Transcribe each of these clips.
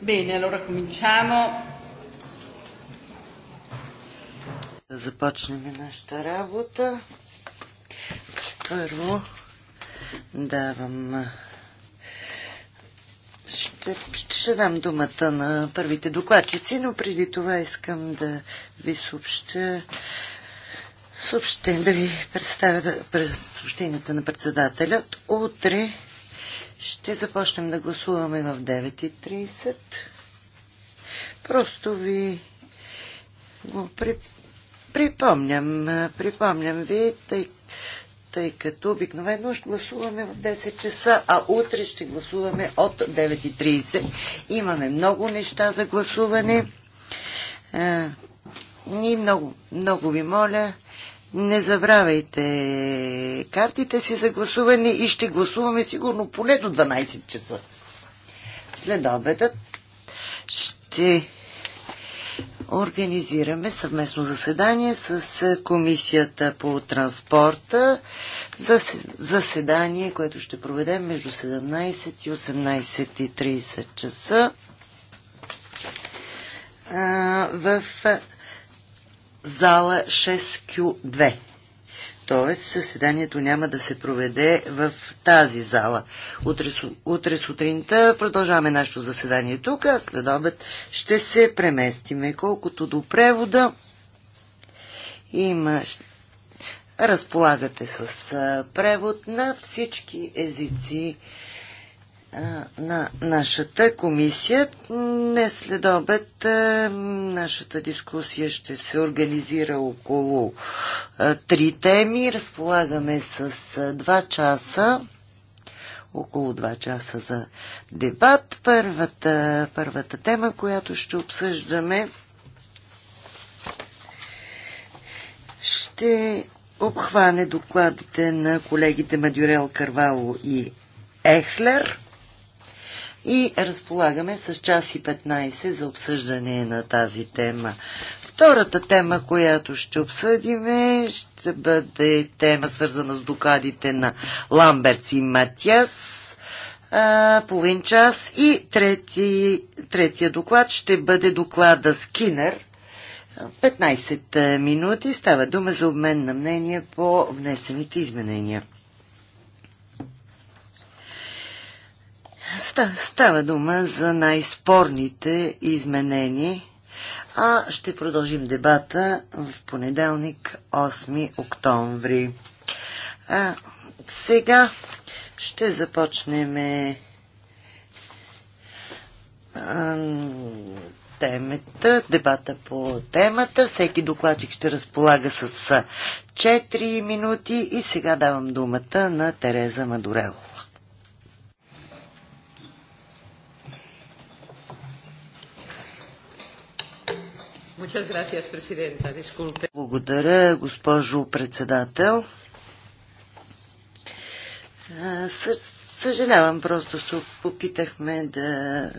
Bene, allora cominciamo. започнем нашата работа. Първо давам ще, ще дам думата на първите докладчици, но преди това искам да ви съобща съобщен, да ви представя през съобщенията на председателя. Утре ще започнем да гласуваме в 9.30. Просто ви го при... припомням, припомням ви, тъй, тъй като обикновено ще гласуваме в 10 часа, а утре ще гласуваме от 9.30. Имаме много неща за гласуване. Ние много, много ви моля не забравяйте картите си за гласуване и ще гласуваме сигурно поне до 12 часа. След обеда ще организираме съвместно заседание с Комисията по транспорта. Заседание, което ще проведем между 17 и 18.30 часа в зала 6Q2. Тоест, съседанието няма да се проведе в тази зала. Утре, утре сутринта продължаваме нашето заседание тук, а след обед ще се преместиме. Колкото до превода, има... разполагате с превод на всички езици на нашата комисия. Днес след обед нашата дискусия ще се организира около три теми. Разполагаме с два часа около 2 часа за дебат. Първата, първата тема, която ще обсъждаме, ще обхване докладите на колегите Мадюрел Карвало и Ехлер – и разполагаме с час и 15 за обсъждане на тази тема. Втората тема, която ще обсъдим, е, ще бъде тема свързана с докладите на Ламберц и Матиас. Половин час и трети, третия доклад ще бъде доклада Скинер. 15 минути става дума за обмен на мнение по внесените изменения. Става дума за най-спорните изменения, а ще продължим дебата в понеделник, 8 октомври. А, сега ще започнем темата, дебата по темата. Всеки докладчик ще разполага с 4 минути и сега давам думата на Тереза Мадорело. Благодаря, госпожо председател. Съжалявам, просто се опитахме да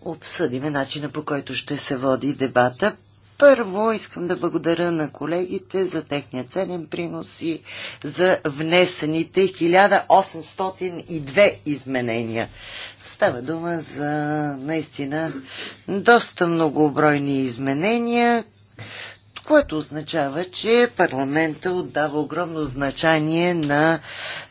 обсъдиме начина по който ще се води дебата. Първо искам да благодаря на колегите за техния ценен принос и за внесените 1802 изменения. Става дума за наистина доста многобройни изменения, което означава, че парламента отдава огромно значение на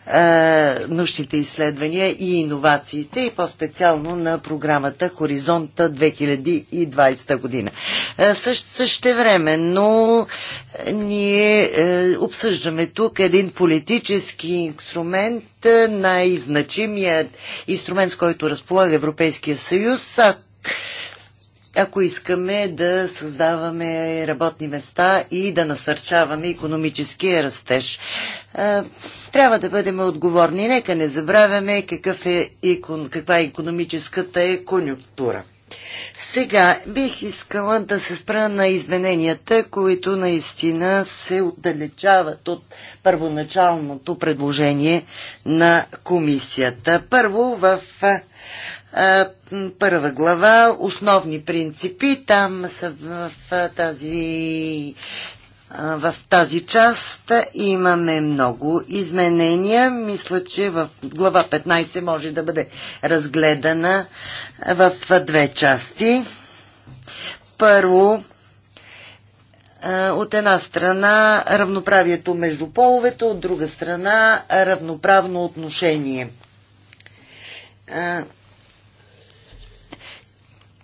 е, нощните изследвания и иновациите и по-специално на програмата Хоризонта 2020 година. Е, същ, същевременно е, ние е, обсъждаме тук един политически инструмент, е, най-значимият инструмент, с който разполага Европейския съюз, ако искаме да създаваме работни места и да насърчаваме економическия растеж. Е, трябва да бъдем отговорни. Нека не забравяме какъв е, каква е економическата е конюнктура. Сега бих искала да се спра на измененията, които наистина се отдалечават от първоначалното предложение на комисията. Първо в първа глава, основни принципи, там са в, в тази в тази част имаме много изменения. Мисля, че в глава 15 може да бъде разгледана в две части. Първо, от една страна равноправието между половете, от друга страна равноправно отношение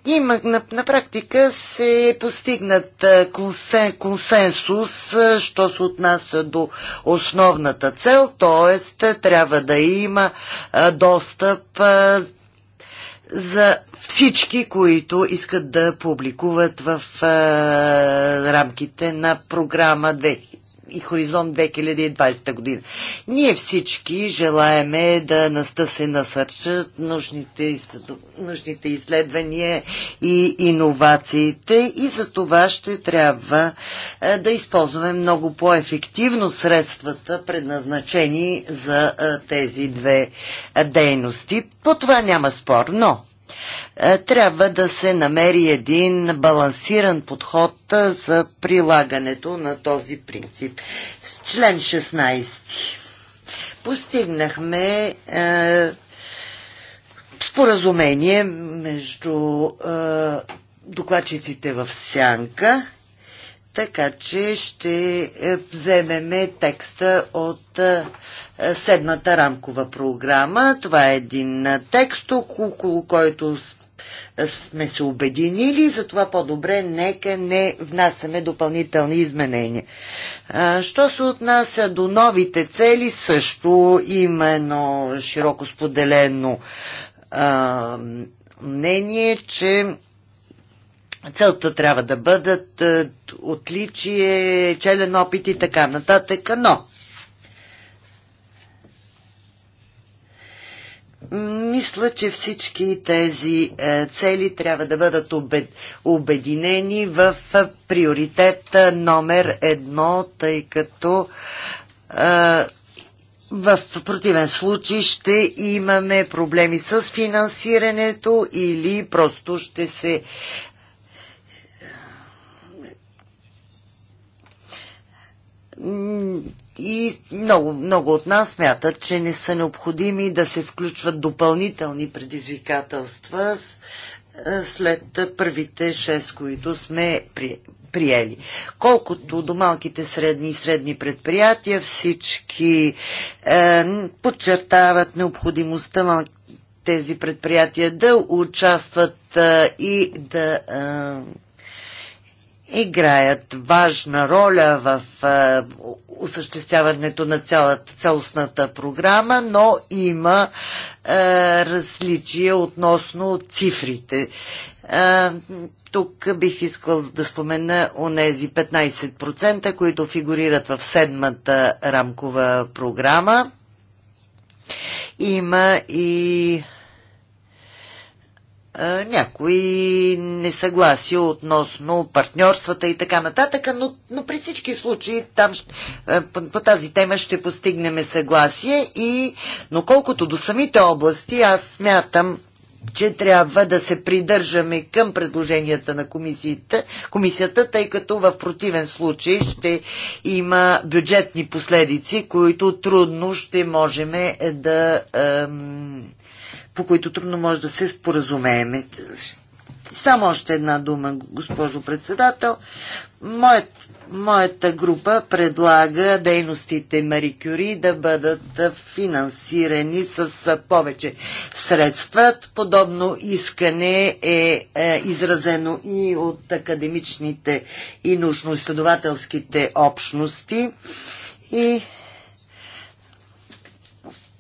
има, на, на практика се е постигнат консен, консенсус, що се отнася до основната цел, т.е. трябва да има достъп за всички, които искат да публикуват в рамките на програма 2 и Хоризонт 2020 година. Ние всички желаеме да наста се насърчат нужните, нужните изследвания и иновациите и за това ще трябва е, да използваме много по-ефективно средствата, предназначени за е, тези две е, дейности. По това няма спор, но е, трябва да се намери един балансиран подход е, за прилагането на този принцип. Член 16. Постигнахме е, споразумение между е, докладчиците в Сянка, така че ще е, вземеме текста от е, седмата рамкова програма. Това е един текст, около който сме се обединили, затова по-добре нека не внасяме допълнителни изменения. Що се отнася до новите цели, също има едно широко споделено а, мнение, че целта трябва да бъдат отличие, челен опит и така нататък, но Мисля, че всички тези е, цели трябва да бъдат обединени в е, приоритет е, номер едно, тъй като в противен случай ще имаме проблеми с финансирането или просто ще се и много, много от нас смятат, че не са необходими да се включват допълнителни предизвикателства е, след първите 6, които сме приели. Колкото до малките средни и средни предприятия, всички е, подчертават необходимостта мал... тези предприятия да участват е, и да е, играят важна роля в е, осъществяването на цялата, цялостната програма, но има е, различия относно цифрите. Е, тук бих искал да спомена онези 15%, които фигурират в седмата рамкова програма. Има и някои несъгласия относно партньорствата и така нататък, но, но при всички случаи там, по, по тази тема ще постигнем съгласие. И, но колкото до самите области, аз смятам, че трябва да се придържаме към предложенията на комисията, комисията, тъй като в противен случай ще има бюджетни последици, които трудно ще можем е, да ем, по които трудно може да се споразумееме. Само още една дума, госпожо председател. Моят, моята група предлага дейностите Мари Кюри да бъдат финансирани с повече средства. Подобно искане е, е изразено и от академичните и научно-изследователските общности. И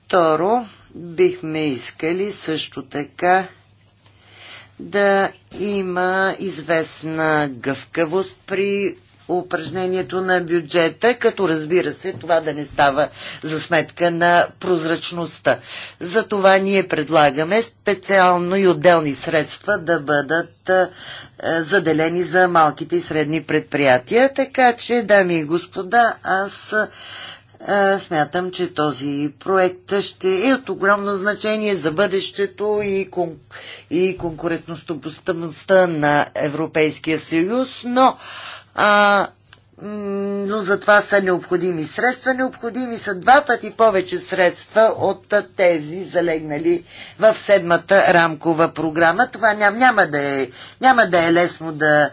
второ, Бихме искали също така да има известна гъвкавост при упражнението на бюджета, като разбира се това да не става за сметка на прозрачността. Затова ние предлагаме специално и отделни средства да бъдат заделени за малките и средни предприятия. Така че, дами и господа, аз смятам, че този проект ще е от огромно значение за бъдещето и, кон, и конкурентността на Европейския съюз, но а, но за това са необходими средства. Необходими са два пъти повече средства от тези залегнали в седмата рамкова програма. Това ням, няма, да е, няма да е лесно да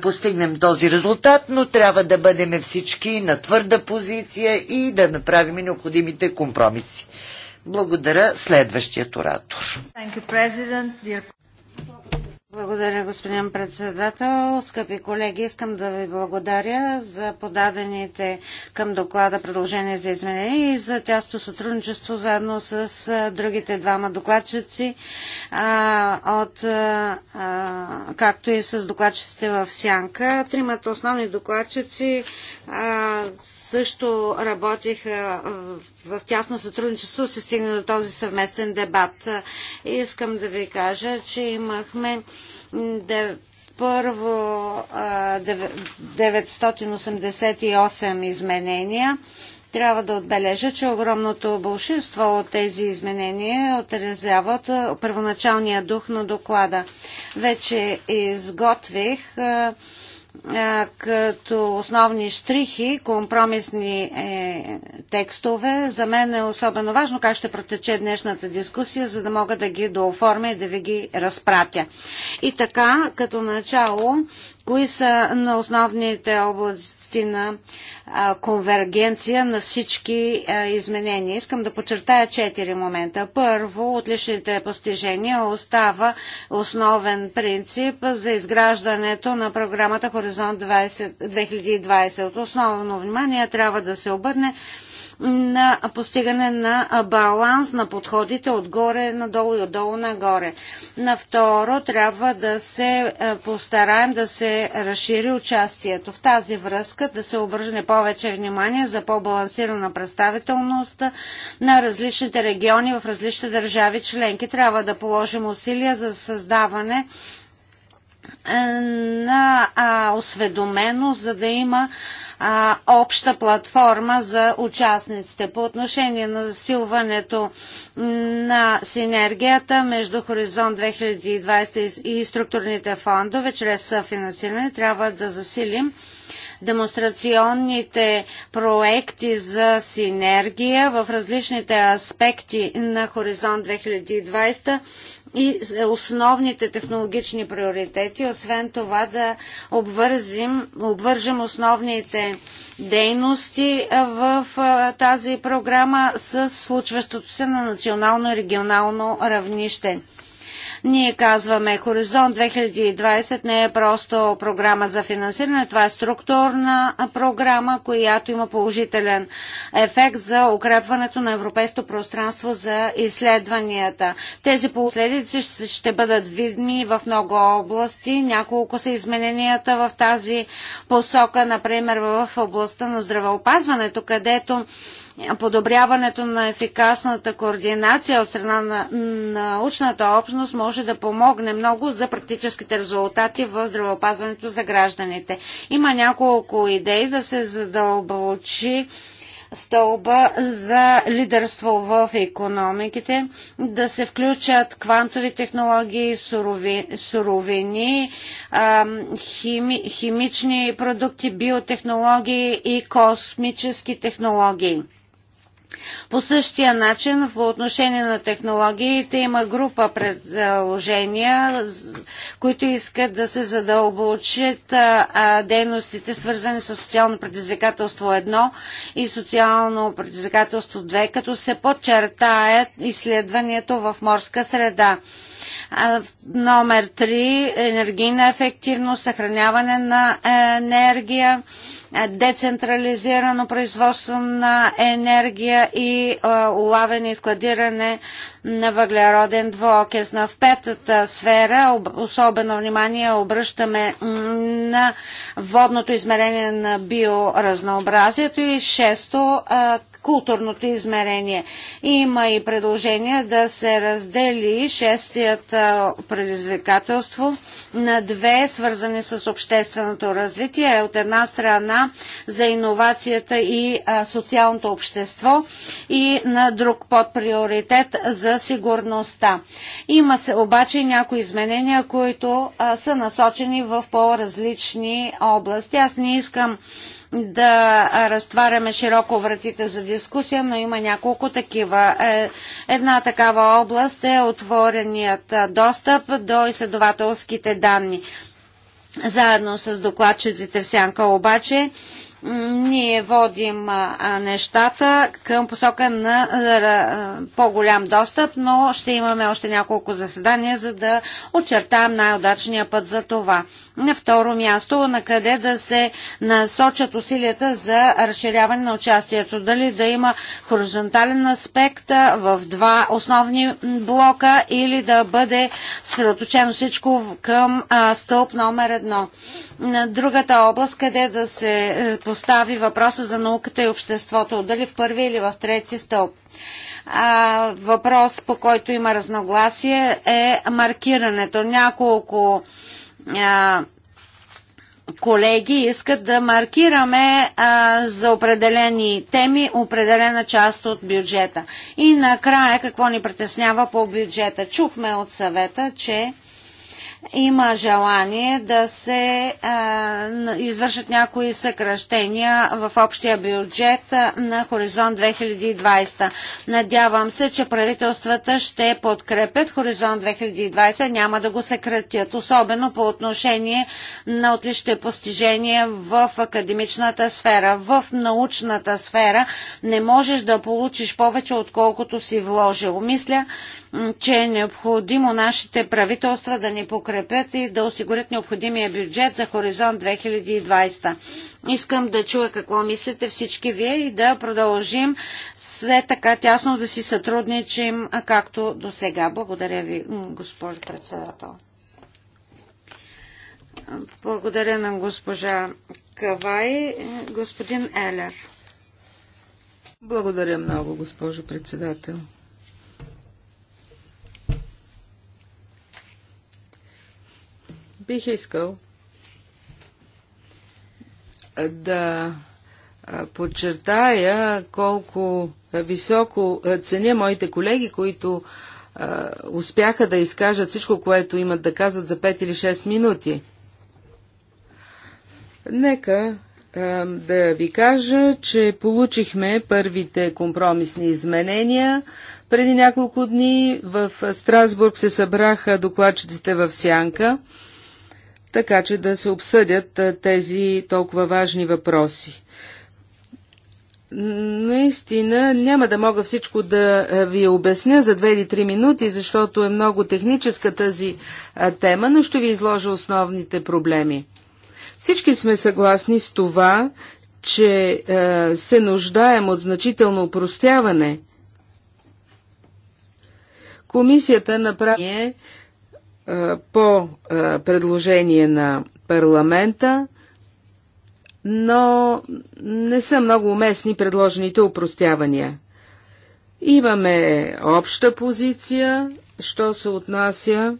постигнем този резултат, но трябва да бъдем всички на твърда позиция и да направим необходимите компромиси. Благодаря следващият оратор. Благодаря, господин председател. Скъпи колеги, искам да ви благодаря за подадените към доклада предложения за изменение и за тясто сътрудничество заедно с другите двама докладчици, а, от, а, както и с докладчиците в Сянка. Тримата основни докладчици а, също работих в тясно сътрудничество, се стигна до този съвместен дебат. Искам да ви кажа, че имахме де, първо 988 изменения. Трябва да отбележа, че огромното большинство от тези изменения отразяват първоначалния дух на доклада. Вече изготвих като основни штрихи, компромисни е, текстове. За мен е особено важно как ще протече днешната дискусия, за да мога да ги дооформя и да ви ги разпратя. И така, като начало, кои са на основните области на конвергенция на всички изменения. Искам да подчертая четири момента. Първо, отличните постижения остава основен принцип за изграждането на програмата Хоризонт 2020. От основно внимание трябва да се обърне на постигане на баланс на подходите отгоре надолу и отдолу нагоре. На второ, трябва да се е, постараем да се разшири участието. В тази връзка да се обърне повече внимание за по-балансирана представителност на различните региони в различните държави членки. Трябва да положим усилия за създаване е, на а, осведоменост, за да има а, обща платформа за участниците. По отношение на засилването на синергията между Хоризонт 2020 и структурните фондове чрез финансиране трябва да засилим демонстрационните проекти за синергия в различните аспекти на Хоризонт 2020 и е основните технологични приоритети, освен това да обвързим, обвържем основните дейности в тази програма с случващото се на национално и регионално равнище. Ние казваме, Хоризонт 2020 не е просто програма за финансиране, това е структурна програма, която има положителен ефект за укрепването на европейското пространство за изследванията. Тези последици ще бъдат видни в много области. Няколко са измененията в тази посока, например в областта на здравеопазването, където подобряването на ефикасната координация от страна на научната общност може да помогне много за практическите резултати в здравеопазването за гражданите. Има няколко идеи да се задълбочи стълба за лидерство в економиките, да се включат квантови технологии, сурови, суровини, хими, химични продукти, биотехнологии и космически технологии. По същия начин, по отношение на технологиите, има група предложения, които искат да се задълбочат дейностите, свързани с социално предизвикателство 1 и социално предизвикателство 2, като се подчертаят изследването в морска среда. Номер 3 енергийна ефективност, съхраняване на е, енергия е, децентрализирано производство на енергия и е, улавяне и складиране на въглероден двуокис. В петата сфера особено внимание обръщаме на водното измерение на биоразнообразието и шесто е, културното измерение. Има и предложение да се раздели шестият предизвикателство на две, свързани с общественото развитие. От една страна за иновацията и социалното общество и на друг подприоритет за сигурността. Има се обаче някои изменения, които са насочени в по-различни области. Аз не искам да разтваряме широко вратите за дискусия, но има няколко такива. Е, една такава област е отвореният достъп до изследователските данни. Заедно с докладчиците в Сянка обаче ние водим нещата към посока на по-голям достъп, но ще имаме още няколко заседания, за да очертаем най-удачния път за това. На второ място, на къде да се насочат усилията за разширяване на участието. Дали да има хоризонтален аспект в два основни блока или да бъде средоточено всичко към а, стълб номер едно. На другата област, къде да се е, постави въпроса за науката и обществото, дали в първи или в трети стълб а, въпрос, по който има разногласие, е маркирането. Няколко колеги искат да маркираме а, за определени теми определена част от бюджета. И накрая какво ни притеснява по бюджета? Чухме от съвета, че има желание да се извършат някои съкръщения в общия бюджет на Хоризонт 2020. Надявам се, че правителствата ще подкрепят Хоризонт 2020, няма да го съкратят, особено по отношение на отличните постижения в академичната сфера. В научната сфера не можеш да получиш повече, отколкото си вложил. Мисля, че е необходимо нашите правителства да ни покрепят и да осигурят необходимия бюджет за Хоризонт 2020. Искам да чуя какво мислите всички вие и да продължим все така тясно да си сътрудничим, както до сега. Благодаря ви, госпожо председател. Благодаря на госпожа Кавай, господин Елер. Благодаря много, госпожо председател. Бих искал да подчертая колко високо ценя моите колеги, които успяха да изкажат всичко, което имат да казват за 5 или 6 минути. Нека да ви кажа, че получихме първите компромисни изменения. Преди няколко дни в Страсбург се събраха докладчиците в Сянка така че да се обсъдят тези толкова важни въпроси. Наистина няма да мога всичко да ви обясня за 2 или 3 минути, защото е много техническа тази тема, но ще ви изложа основните проблеми. Всички сме съгласни с това, че се нуждаем от значително упростяване. Комисията направи е, по е, предложение на парламента, но не са много уместни предложените упростявания. Имаме обща позиция, що се отнася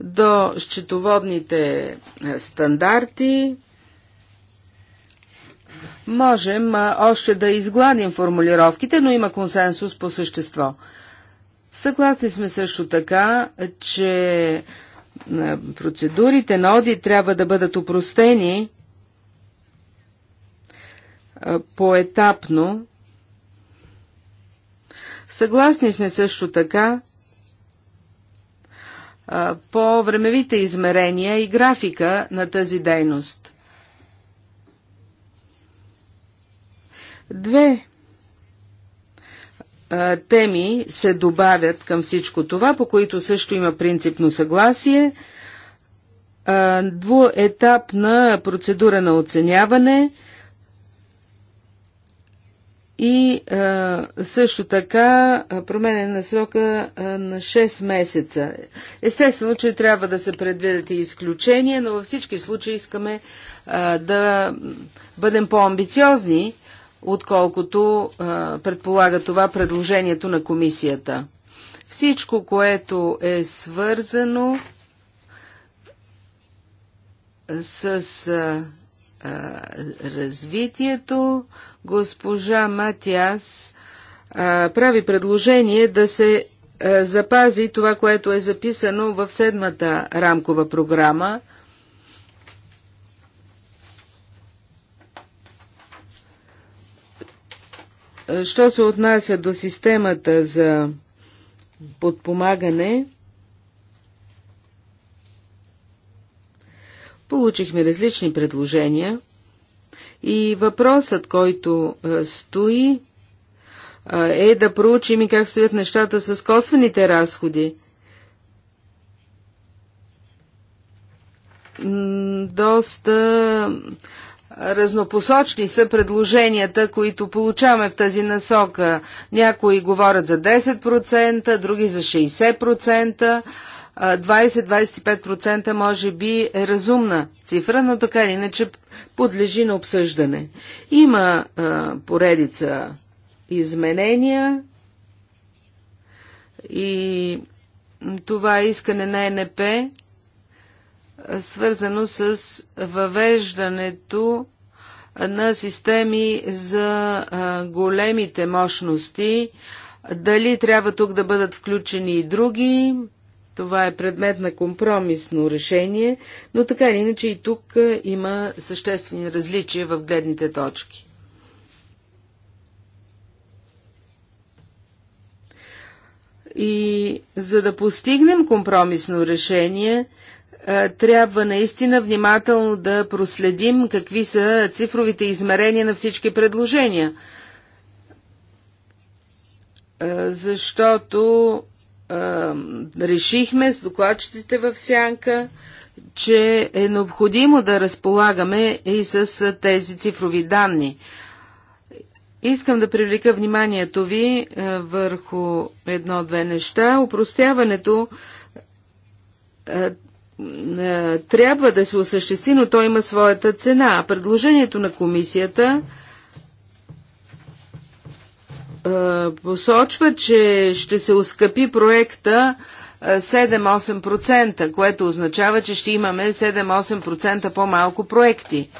до счетоводните е, стандарти. Можем още да изгладим формулировките, но има консенсус по същество. Съгласни сме също така, че е, процедурите на ОДИ трябва да бъдат упростени е, поетапно. Съгласни сме също така е, по времевите измерения и графика на тази дейност. Две теми се добавят към всичко това, по които също има принципно съгласие. Двуетапна процедура на оценяване и също така промене на срока на 6 месеца. Естествено, че трябва да се предвидят и изключения, но във всички случаи искаме да бъдем по-амбициозни отколкото а, предполага това предложението на комисията. Всичко, което е свързано с а, а, развитието, госпожа Матиас а, прави предложение да се запази това, което е записано в седмата рамкова програма – Що се отнася до системата за подпомагане, получихме различни предложения и въпросът, който стои, е да проучим и как стоят нещата с косвените разходи. Доста Разнопосочни са предложенията, които получаваме в тази насока. Някои говорят за 10%, други за 60%. 20-25% може би е разумна цифра, но така или иначе подлежи на обсъждане. Има а, поредица изменения и това искане на НП свързано с въвеждането на системи за големите мощности. Дали трябва тук да бъдат включени и други, това е предмет на компромисно решение, но така или иначе и тук има съществени различия в гледните точки. И за да постигнем компромисно решение, е, трябва наистина внимателно да проследим какви са цифровите измерения на всички предложения. Е, защото е, решихме с докладчиците в Сянка, че е необходимо да разполагаме и с тези цифрови данни. Искам да привлека вниманието ви върху едно-две неща. упростяването. Е, трябва да се осъществи, но то има своята цена. Предложението на комисията е, посочва, че ще се оскъпи проекта 7-8%, е, което означава, че ще имаме 7-8% по-малко проекти.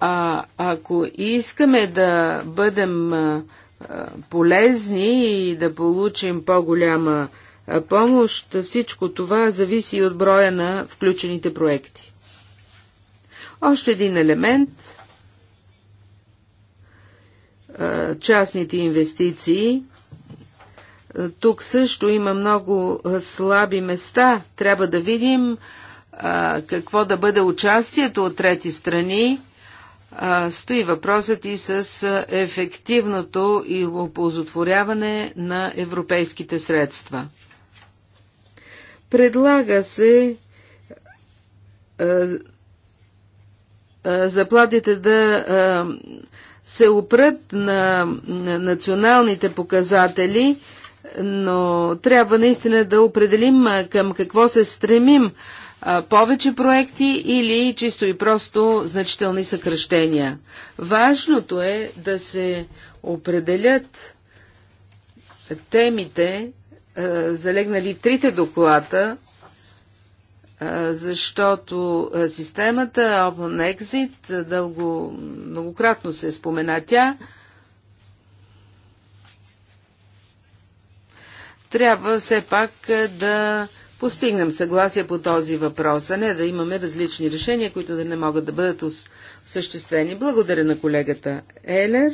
А ако искаме да бъдем полезни и да получим по-голяма помощ, всичко това зависи от броя на включените проекти. Още един елемент частните инвестиции. Тук също има много слаби места. Трябва да видим какво да бъде участието от трети страни. Стои въпросът и с ефективното и оползотворяване на европейските средства. Предлага се заплатите да се опрат на националните показатели, но трябва наистина да определим към какво се стремим повече проекти или чисто и просто значителни съкръщения. Важното е да се определят темите, е, залегнали в трите доклада, е, защото е, системата Open Exit дълго, многократно се спомена тя, трябва все пак да постигнем съгласие по този въпрос, а не да имаме различни решения, които да не могат да бъдат осъществени. Благодаря на колегата Елер.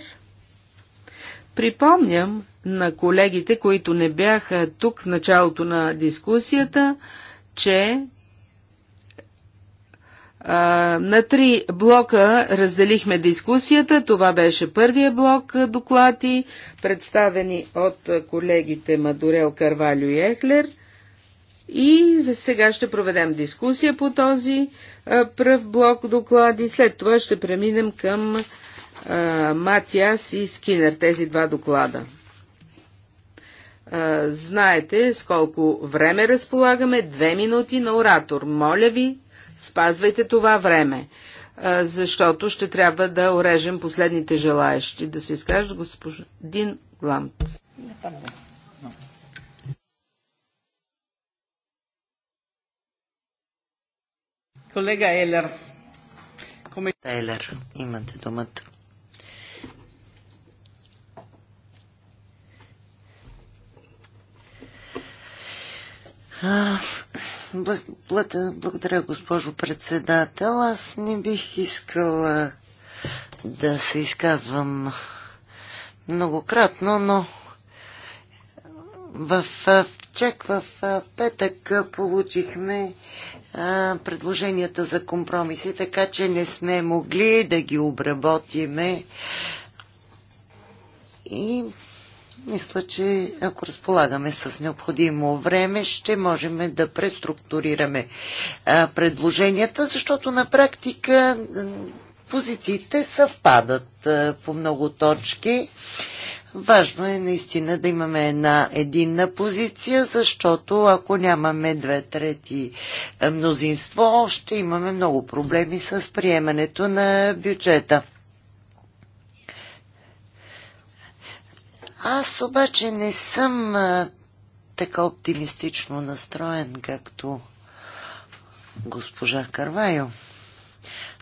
Припомням, на колегите, които не бяха тук в началото на дискусията, че на три блока разделихме дискусията. Това беше първия блок доклади, представени от колегите Мадурел, Карвалю и Ехлер. И за сега ще проведем дискусия по този пръв блок доклади. След това ще преминем към Матиас и Скинер, тези два доклада. Знаете с колко време разполагаме. Две минути на оратор. Моля ви, спазвайте това време, защото ще трябва да орежем последните желаящи. Да се изкаже господин Гламт. Колега Елер. Елер, имате думата. Благодаря, госпожо председател. Аз не бих искала да се изказвам многократно, но в чак в петък получихме предложенията за компромиси, така че не сме могли да ги обработиме. И мисля, че ако разполагаме с необходимо време, ще можем да преструктурираме предложенията, защото на практика позициите съвпадат по много точки. Важно е наистина да имаме една единна позиция, защото ако нямаме две трети мнозинство, ще имаме много проблеми с приемането на бюджета. Аз обаче не съм а, така оптимистично настроен, както госпожа Карвайо,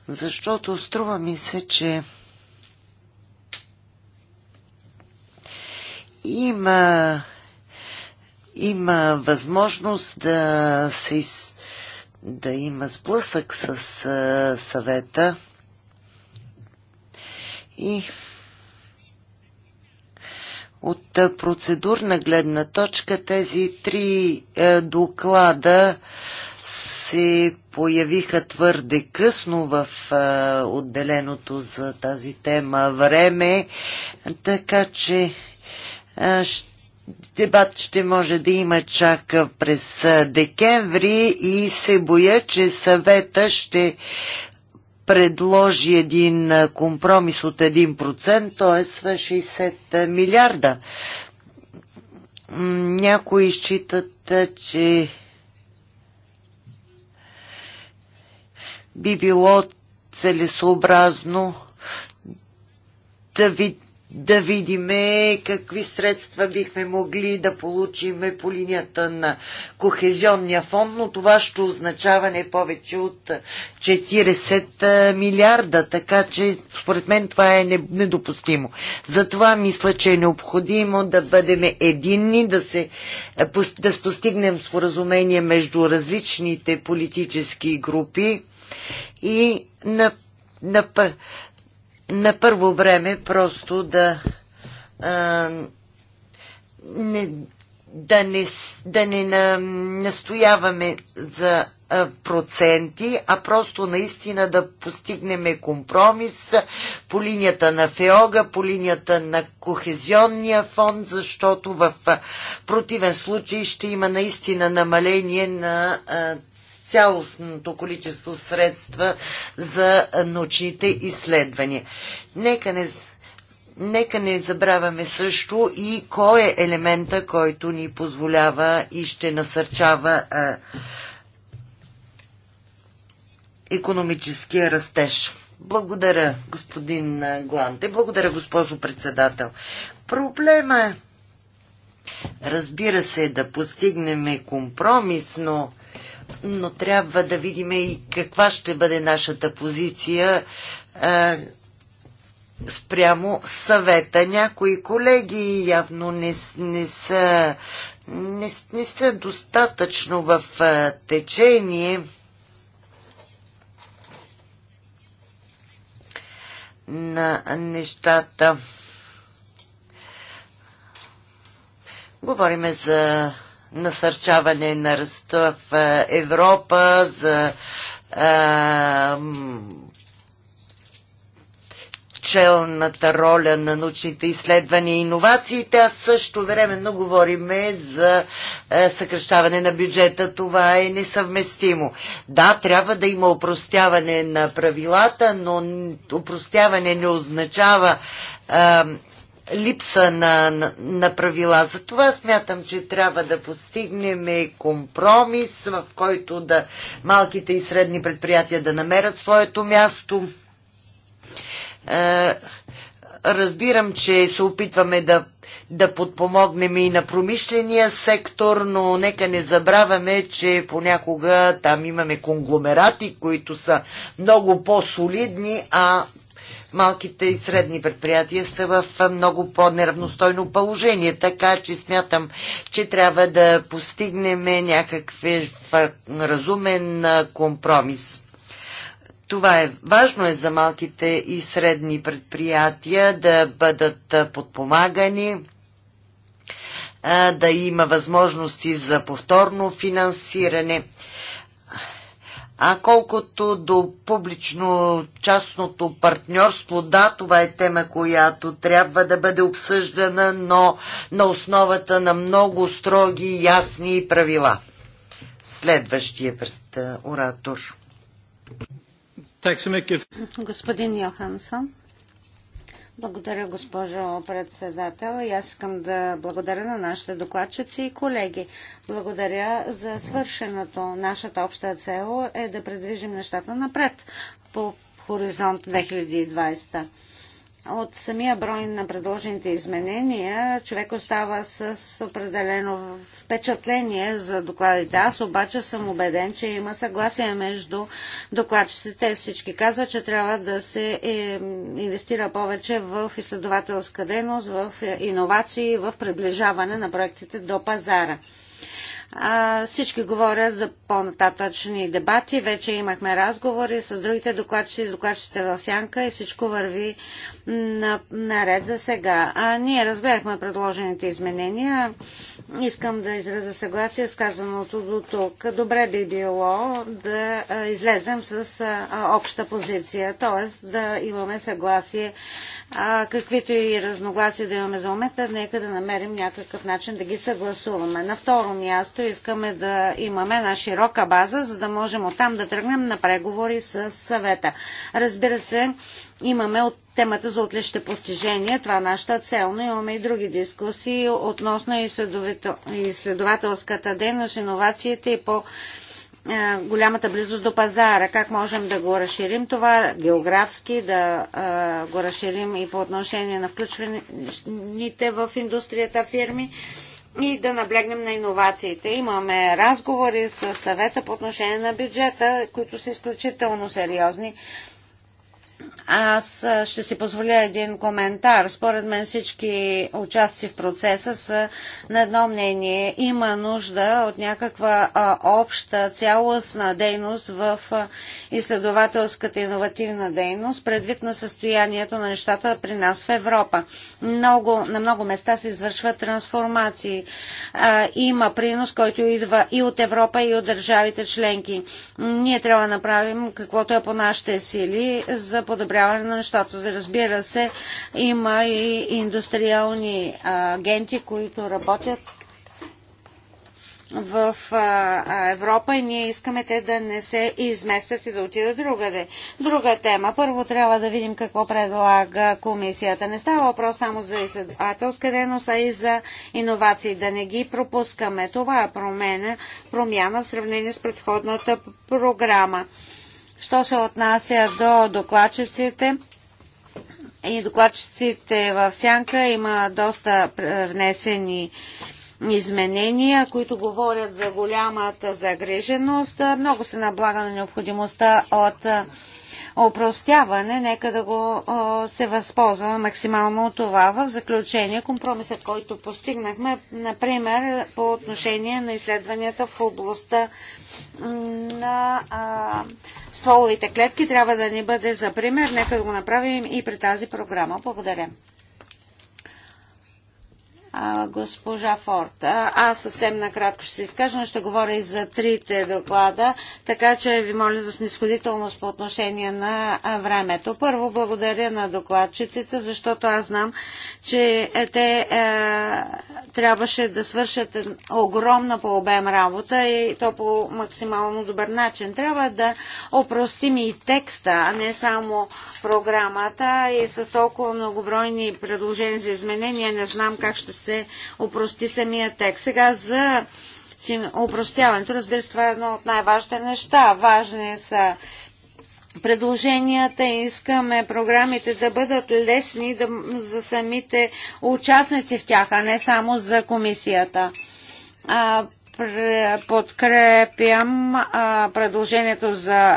защото струва ми се, че има, има възможност да, се, да има сблъсък с а, съвета и от процедурна гледна точка тези три е, доклада се появиха твърде късно в отделеното за тази тема време, така че дебат ще може да има чак през декември и се боя, че съвета ще предложи един компромис от 1%, т.е. 60 милиарда. Някои считат, че би било целесообразно да, ви, да видиме какви средства бихме могли да получиме по линията на Кохезионния фонд, но това ще означава не повече от 40 милиарда, така че според мен това е недопустимо. Затова мисля, че е необходимо да бъдем единни, да, се, да постигнем споразумение между различните политически групи и на, на, на първо време просто да а, не, да не, да не на, настояваме за а, проценти, а просто наистина да постигнем компромис по линията на ФЕОГА, по линията на Кохезионния фонд, защото в противен случай ще има наистина намаление на а, цялостното количество средства за научните изследвания. Нека не, нека не забравяме също и кой е елемента, който ни позволява и ще насърчава а, економическия растеж. Благодаря, господин Гланте. Благодаря, госпожо председател. Проблема е, разбира се, да постигнем компромис, но но трябва да видим и каква ще бъде нашата позиция а, е, спрямо съвета. Някои колеги явно не, не са не, не са достатъчно в а, е, течение на нещата. Говориме за насърчаване на ръста в е, Европа, за челната роля на научните изследвания и иновациите, а също временно говориме за е, съкръщаване на бюджета. Това е несъвместимо. Да, трябва да има упростяване на правилата, но упростяване не означава липса на, на, на правила. Затова смятам, че трябва да постигнем компромис, в който да малките и средни предприятия да намерят своето място. Е, разбирам, че се опитваме да, да подпомогнем и на промишления сектор, но нека не забравяме, че понякога там имаме конгломерати, които са много по-солидни, а малките и средни предприятия са в много по-неравностойно положение, така че смятам, че трябва да постигнем някакъв разумен компромис. Това е важно е за малките и средни предприятия да бъдат подпомагани, да има възможности за повторно финансиране. А колкото до публично-частното партньорство, да, това е тема, която трябва да бъде обсъждана, но на основата на много строги, ясни правила. Следващия пред оратор. Господин Йохансон. Благодаря, госпожо председател. И аз искам да благодаря на нашите докладчици и колеги. Благодаря за свършеното. Нашата обща цел е да предвижим нещата напред по хоризонт 2020 от самия брой на предложените изменения, човек остава с определено впечатление за докладите. Аз обаче съм убеден, че има съгласие между докладчиците. Всички казват, че трябва да се е, инвестира повече в изследователска дейност, в е, иновации, в приближаване на проектите до пазара. А, всички говорят за по-нататъчни дебати. Вече имахме разговори с другите докладчици, докладчиците в сянка и всичко върви на, наред за сега. А, ние разгледахме предложените изменения. Искам да изразя съгласие с казаното до тук. Добре би било да излезем с а, обща позиция, т.е. да имаме съгласие, а, каквито и разногласия да имаме за момента, нека да намерим някакъв начин да ги съгласуваме. На второ място също искаме да имаме една широка база, за да можем оттам да тръгнем на преговори с съвета. Разбира се, имаме от темата за отличните постижения. Това е нашата цел, но имаме и други дискусии относно изследователската дейност, иновациите и по е, голямата близост до пазара, как можем да го разширим това географски, да а, е, го разширим и по отношение на включваните в индустрията фирми и да наблегнем на иновациите. Имаме разговори с съвета по отношение на бюджета, които са изключително сериозни. Аз ще си позволя един коментар. Според мен всички участци в процеса са на едно мнение. Има нужда от някаква обща цялостна дейност в изследователската иновативна дейност, предвид на състоянието на нещата при нас в Европа. Много, на много места се извършват трансформации. има принос, който идва и от Европа, и от държавите членки. Ние трябва да направим каквото е по нашите сили за подобряване подобряване на нещата. Разбира се, има и индустриални агенти, които работят в Европа и ние искаме те да не се изместят и да отидат другаде. Друга тема. Първо трябва да видим какво предлага комисията. Не става въпрос само за изследователска дейност, а и за иновации. Да не ги пропускаме. Това е промена, промяна в сравнение с предходната програма. Що се отнася до докладчиците и докладчиците в Сянка има доста внесени изменения, които говорят за голямата загриженост. Много се наблага на необходимостта от опростяване, нека да го се възползва максимално от това. В заключение, компромисът, който постигнахме, например, по отношение на изследванията в областта на а, стволовите клетки, трябва да ни бъде за пример. Нека да го направим и при тази програма. Благодаря а, госпожа Форд. А, аз съвсем накратко ще се изкажа, но ще говоря и за трите доклада, така че ви моля за снисходителност по отношение на времето. Първо, благодаря на докладчиците, защото аз знам, че е, те е, трябваше да свършат огромна по обем работа и то по максимално добър начин. Трябва да опростим и текста, а не само програмата и с толкова многобройни предложения за изменения не знам как ще се опрости самия текст. Сега за опростяването, разбира се, това е едно от най-важните неща. Важни са предложенията. и Искаме програмите да бъдат лесни да, за самите участници в тях, а не само за комисията. А, подкрепям а, предложението за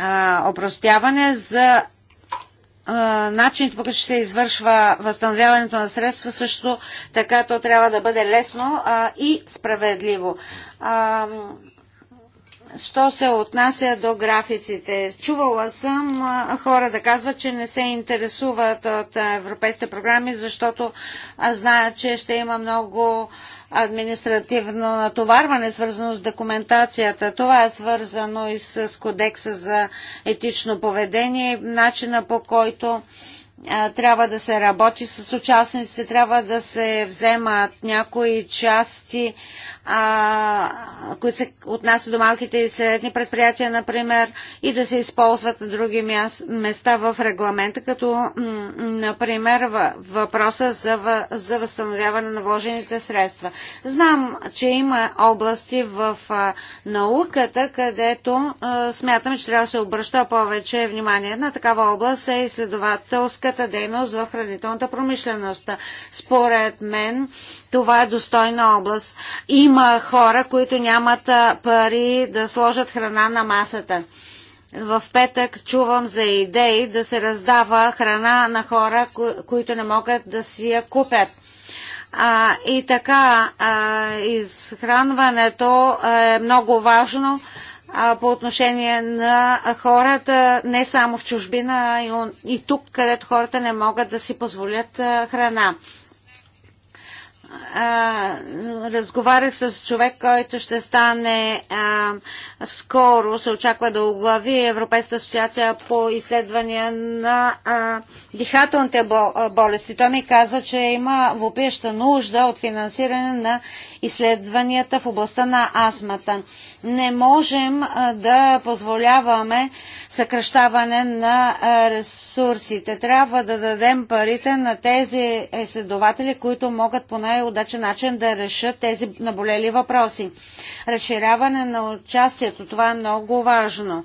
а, опростяване за начинът по който се извършва възстановяването на средства, също така то трябва да бъде лесно а, и справедливо. А, Що се отнася до графиците? Чувала съм хора да казват, че не се интересуват от европейските програми, защото знаят, че ще има много административно натоварване, свързано с документацията. Това е свързано и с кодекса за етично поведение, начина по който трябва да се работи с участниците, трябва да се вземат някои части които се отнасят до малките и средни предприятия, например, и да се използват на други места в регламента, като, например, въпроса за, за възстановяване на вложените средства. Знам, че има области в науката, където смятаме, смятам, че трябва да се обръща повече внимание. Една такава област е изследователската дейност в хранителната промишленост. Според мен, това е достойна област. Има хора, които нямат пари да сложат храна на масата. В петък чувам за идеи да се раздава храна на хора, които не могат да си я купят. А, и така, а, изхранването е много важно а, по отношение на хората, не само в чужбина, а и, и тук, където хората не могат да си позволят а, храна а, разговарях с човек, който ще стане а, скоро, се очаква да оглави Европейската асоциация по изследвания на а, дихателните болести. Той ми каза, че има въпиеща нужда от финансиране на изследванията в областта на астмата. Не можем да позволяваме съкръщаване на ресурсите. Трябва да дадем парите на тези изследователи, които могат по най-удачен начин да решат тези наболели въпроси. Разширяване на участието, това е много важно.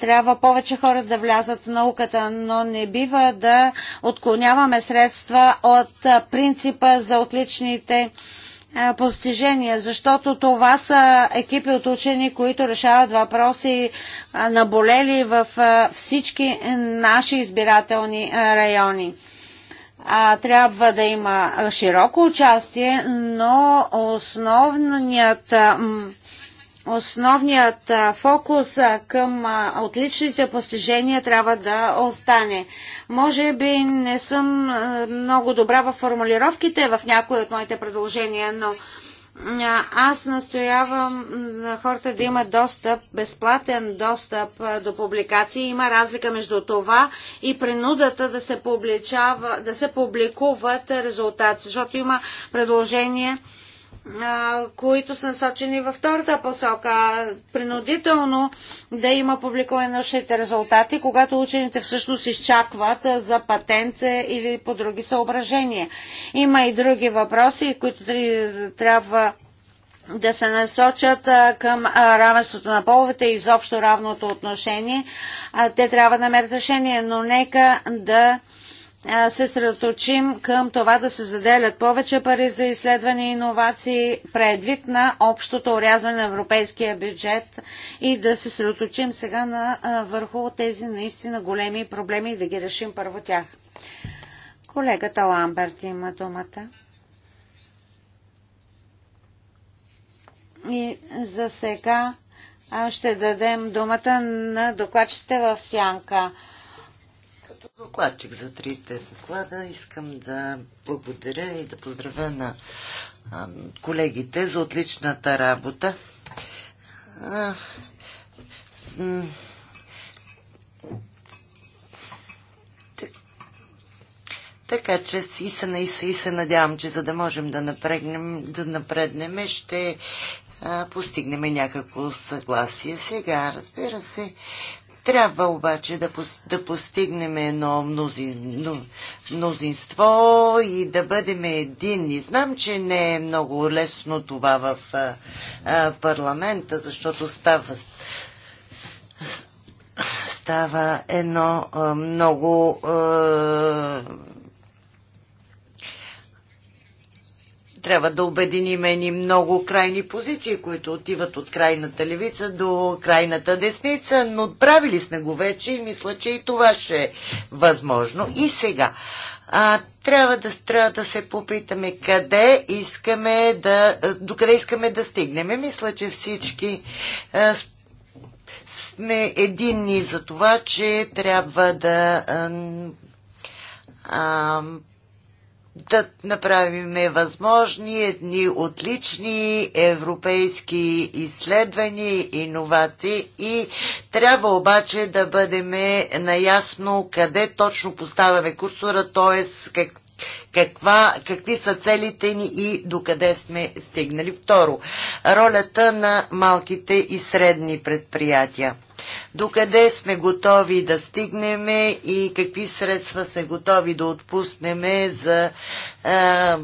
Трябва повече хора да влязат в науката, но не бива да отклоняваме средства от принципа за отличните е, постижения, защото това са екипи от учени, които решават въпроси е, наболели в е, всички наши избирателни райони. Трябва да има широко участие, но основният основният фокус към отличните постижения трябва да остане. Може би не съм много добра в формулировките в някои от моите предложения, но аз настоявам за хората да имат достъп, безплатен достъп до публикации. Има разлика между това и принудата да се, да се публикуват резултати, защото има предложения които са насочени във втората посока. Принудително да има публикуване на научните резултати, когато учените всъщност изчакват за патент или по други съображения. Има и други въпроси, които трябва да се насочат към равенството на половете и изобщо равното отношение. Те трябва да намерят решение, но нека да се средоточим към това да се заделят повече пари за изследване и иновации предвид на общото урязване на европейския бюджет и да се средоточим сега на, върху тези наистина големи проблеми и да ги решим първо тях. Колегата Ламберт има думата. И за сега ще дадем думата на докладчите в сянка докладчик за трите доклада. Искам да благодаря и да поздравя на колегите за отличната работа. Така че и се, и се, и се надявам, че за да можем да, напрегнем, да напреднем, ще а, постигнем някакво съгласие. Сега, разбира се, трябва обаче да, пос, да постигнем едно мнозин, мнозинство и да бъдем единни. Знам, че не е много лесно това в а, парламента, защото става, става едно а, много а, трябва да обединим едни много крайни позиции, които отиват от крайната левица до крайната десница, но правили сме го вече и мисля, че и това ще е възможно. И сега, а, трябва, да, трябва да се попитаме къде искаме да, До къде искаме да стигнем. Мисля, че всички а, сме единни за това, че трябва да а, а, да направим възможни едни отлични европейски изследвания, иновации и трябва обаче да бъдем наясно къде точно поставяме курсора, т.е. Как, каква, какви са целите ни и докъде сме стигнали. Второ, ролята на малките и средни предприятия докъде сме готови да стигнем и какви средства сме готови да отпуснем за а,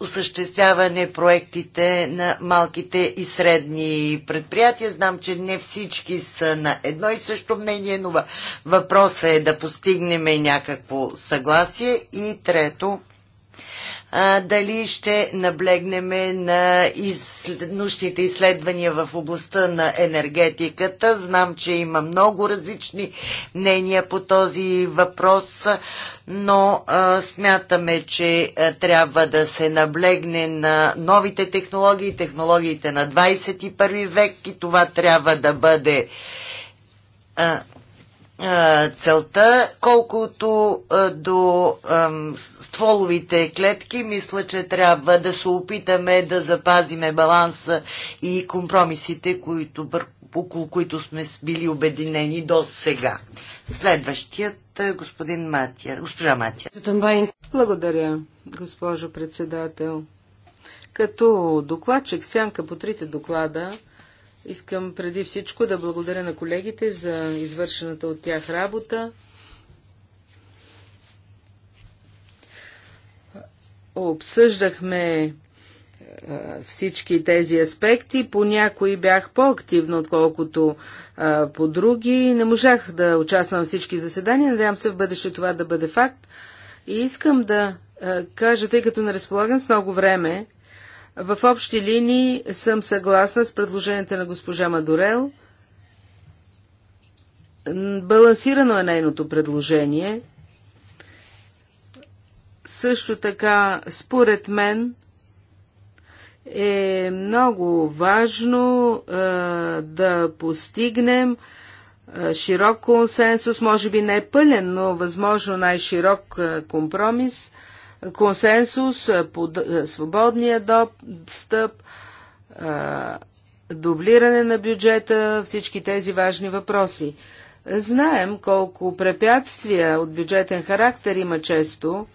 осъществяване проектите на малките и средни предприятия. Знам, че не всички са на едно и също мнение, но въпросът е да постигнем някакво съгласие. И трето, дали ще наблегнеме на из... изследвания в областта на енергетиката. Знам, че има много различни мнения по този въпрос, но смятаме, че трябва да се наблегне на новите технологии, технологиите на 21 век и това трябва да бъде целта, колкото до стволовите клетки, мисля, че трябва да се опитаме да запазиме баланса и компромисите, които, около които сме били обединени до сега. Следващият господин Матия, госпожа Матия. Благодаря, госпожо председател. Като докладчик сянка по трите доклада, Искам преди всичко да благодаря на колегите за извършената от тях работа. Обсъждахме е, всички тези аспекти. По някои бях по-активна, отколкото а, е, по други. Не можах да участвам в всички заседания. Надявам се в бъдеще това да бъде факт. И искам да а, е, кажа, тъй като не разполагам с много време, в общи линии съм съгласна с предложенията на госпожа Мадорел. Балансирано е нейното предложение. Също така, според мен, е много важно е, да постигнем е, широк консенсус, може би не е пълен, но възможно най-широк е, компромис консенсус, под, свободния достъп, дублиране на бюджета, всички тези важни въпроси. Знаем колко препятствия от бюджетен характер има често,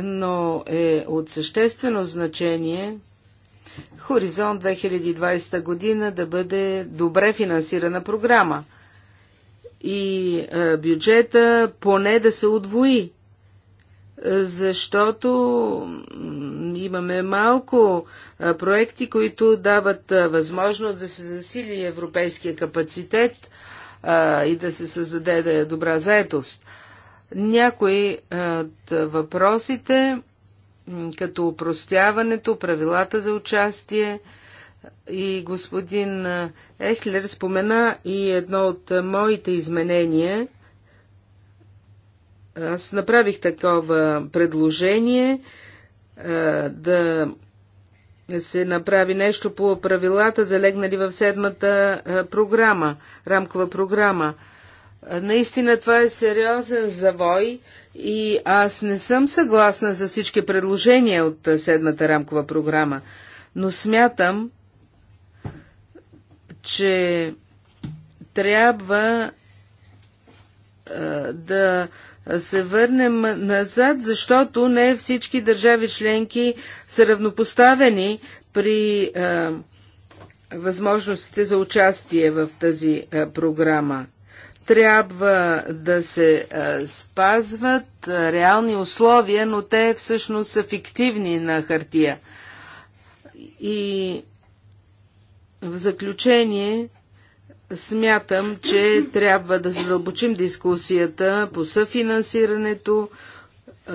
но е от съществено значение Хоризонт 2020 година да бъде добре финансирана програма и бюджета поне да се удвои защото имаме малко проекти, които дават възможност да се засили европейския капацитет и да се създаде добра заетост. Някои от въпросите, като упростяването, правилата за участие, и господин Ехлер спомена и едно от моите изменения – аз направих такова предложение да се направи нещо по правилата, залегнали в седмата програма, рамкова програма. Наистина това е сериозен завой и аз не съм съгласна за всички предложения от седмата рамкова програма, но смятам, че трябва да се върнем назад, защото не всички държави членки са равнопоставени при а, възможностите за участие в тази а, програма. Трябва да се а, спазват реални условия, но те всъщност са фиктивни на хартия. И в заключение Смятам, че трябва да задълбочим дискусията по съфинансирането, е,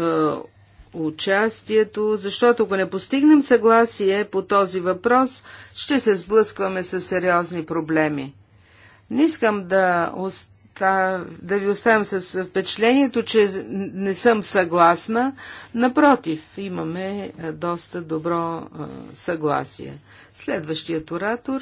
участието, защото ако не постигнем съгласие по този въпрос, ще се сблъскваме с сериозни проблеми. Не искам да, да ви оставям с впечатлението, че не съм съгласна. Напротив, имаме е, доста добро е, съгласие. Следващият оратор.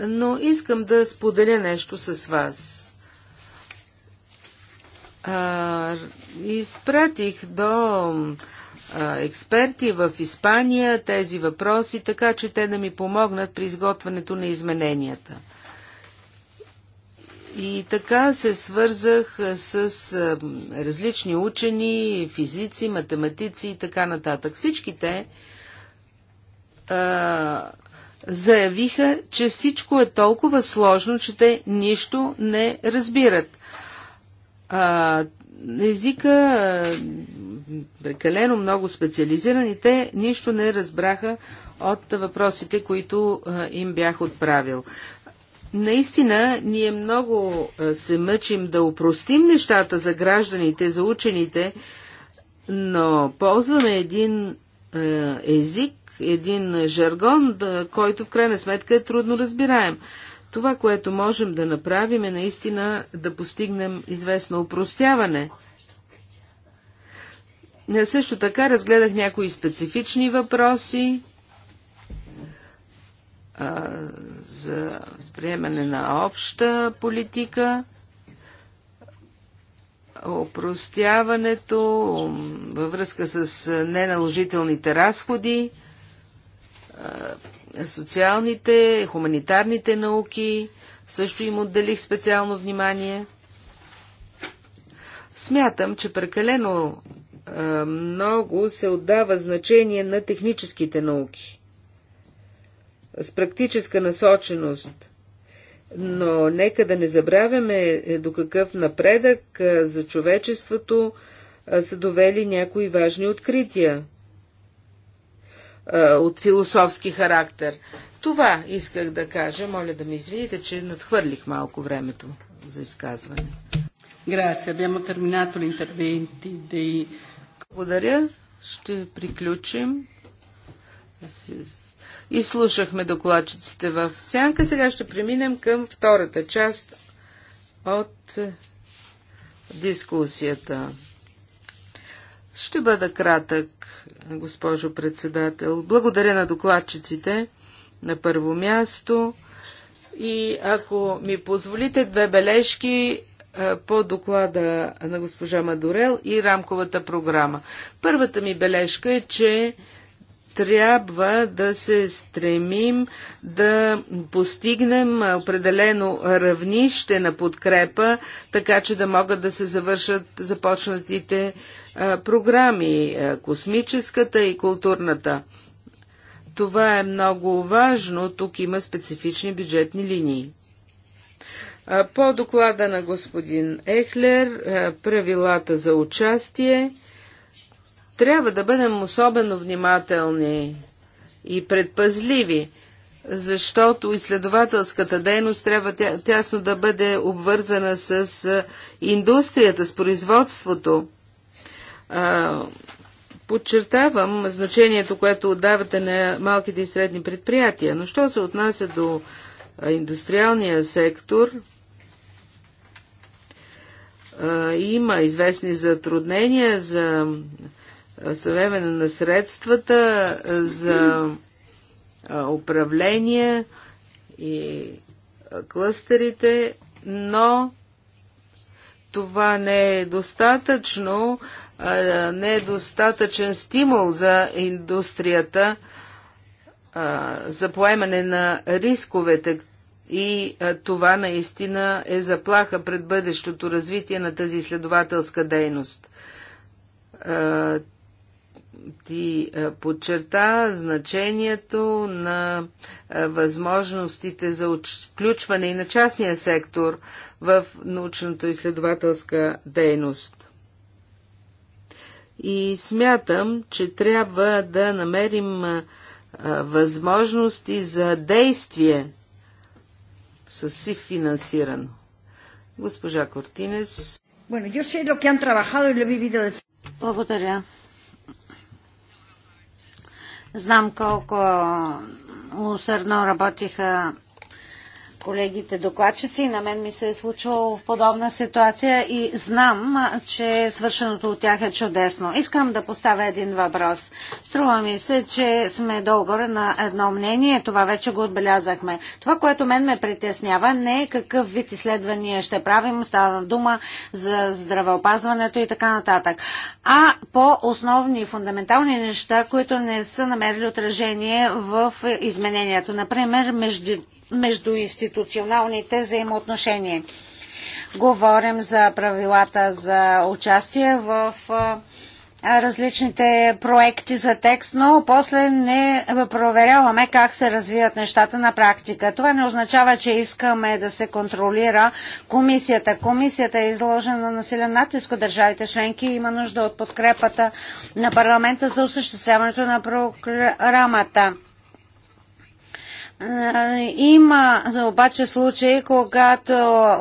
но искам да споделя нещо с вас. А, изпратих до а, експерти в Испания тези въпроси, така че те да ми помогнат при изготвянето на измененията. И така се свързах с а, различни учени, физици, математици и така нататък. Всички те а, заявиха, че всичко е толкова сложно, че те нищо не разбират. А, езика прекалено много специализиран и те нищо не разбраха от въпросите, които а, им бях отправил. Наистина, ние много се мъчим да упростим нещата за гражданите, за учените, но ползваме един език, един жаргон, да, който в крайна сметка е трудно разбираем. Това, което можем да направим е наистина да постигнем известно упростяване. Е, също така разгледах някои специфични въпроси а, за приемане на обща политика опростяването във връзка с неналожителните разходи, социалните, хуманитарните науки, също им отделих специално внимание. Смятам, че прекалено много се отдава значение на техническите науки с практическа насоченост. Но нека да не забравяме е, до какъв напредък за човечеството са довели някои важни открития. Е, от философски характер. Това исках да кажа. Моля да ми извините, че надхвърлих малко времето за изказване. Благодаря. Ще приключим. И слушахме докладчиците в сянка. Сега ще преминем към втората част от дискусията. Ще бъда кратък госпожо председател. Благодаря на докладчиците на първо място. И ако ми позволите две бележки е, по доклада на госпожа Мадорел и рамковата програма. Първата ми бележка е, че трябва да се стремим да постигнем определено равнище на подкрепа, така че да могат да се завършат започнатите програми космическата и културната. Това е много важно. Тук има специфични бюджетни линии. По доклада на господин Ехлер, правилата за участие, трябва да бъдем особено внимателни и предпазливи, защото изследователската дейност трябва тясно да бъде обвързана с индустрията, с производството. Подчертавам значението, което отдавате на малките и средни предприятия, но що се отнася до индустриалния сектор, има известни затруднения за съвемене на средствата, за управление и клъстерите, но това не е достатъчно, недостатъчен стимул за индустрията за поемане на рисковете и това наистина е заплаха пред бъдещото развитие на тази изследователска дейност. Ти подчерта значението на възможностите за включване и на частния сектор в научната изследователска дейност и смятам, че трябва да намерим възможности за действие с си финансирано. Госпожа Кортинес. Благодаря. Знам колко усърдно работиха колегите докладчици. На мен ми се е случило в подобна ситуация и знам, че свършеното от тях е чудесно. Искам да поставя един въпрос. Струва ми се, че сме долу-горе на едно мнение. Това вече го отбелязахме. Това, което мен ме притеснява, не е какъв вид изследвания ще правим. Става дума за здравеопазването и така нататък. А по основни фундаментални неща, които не са намерили отражение в изменението. Например, между междуинституционалните взаимоотношения. Говорим за правилата за участие в различните проекти за текст, но после не проверяваме как се развиват нещата на практика. Това не означава, че искаме да се контролира комисията. Комисията е изложена на силен натиск от държавите членки и има нужда от подкрепата на парламента за осъществяването на програмата. Има обаче случаи, когато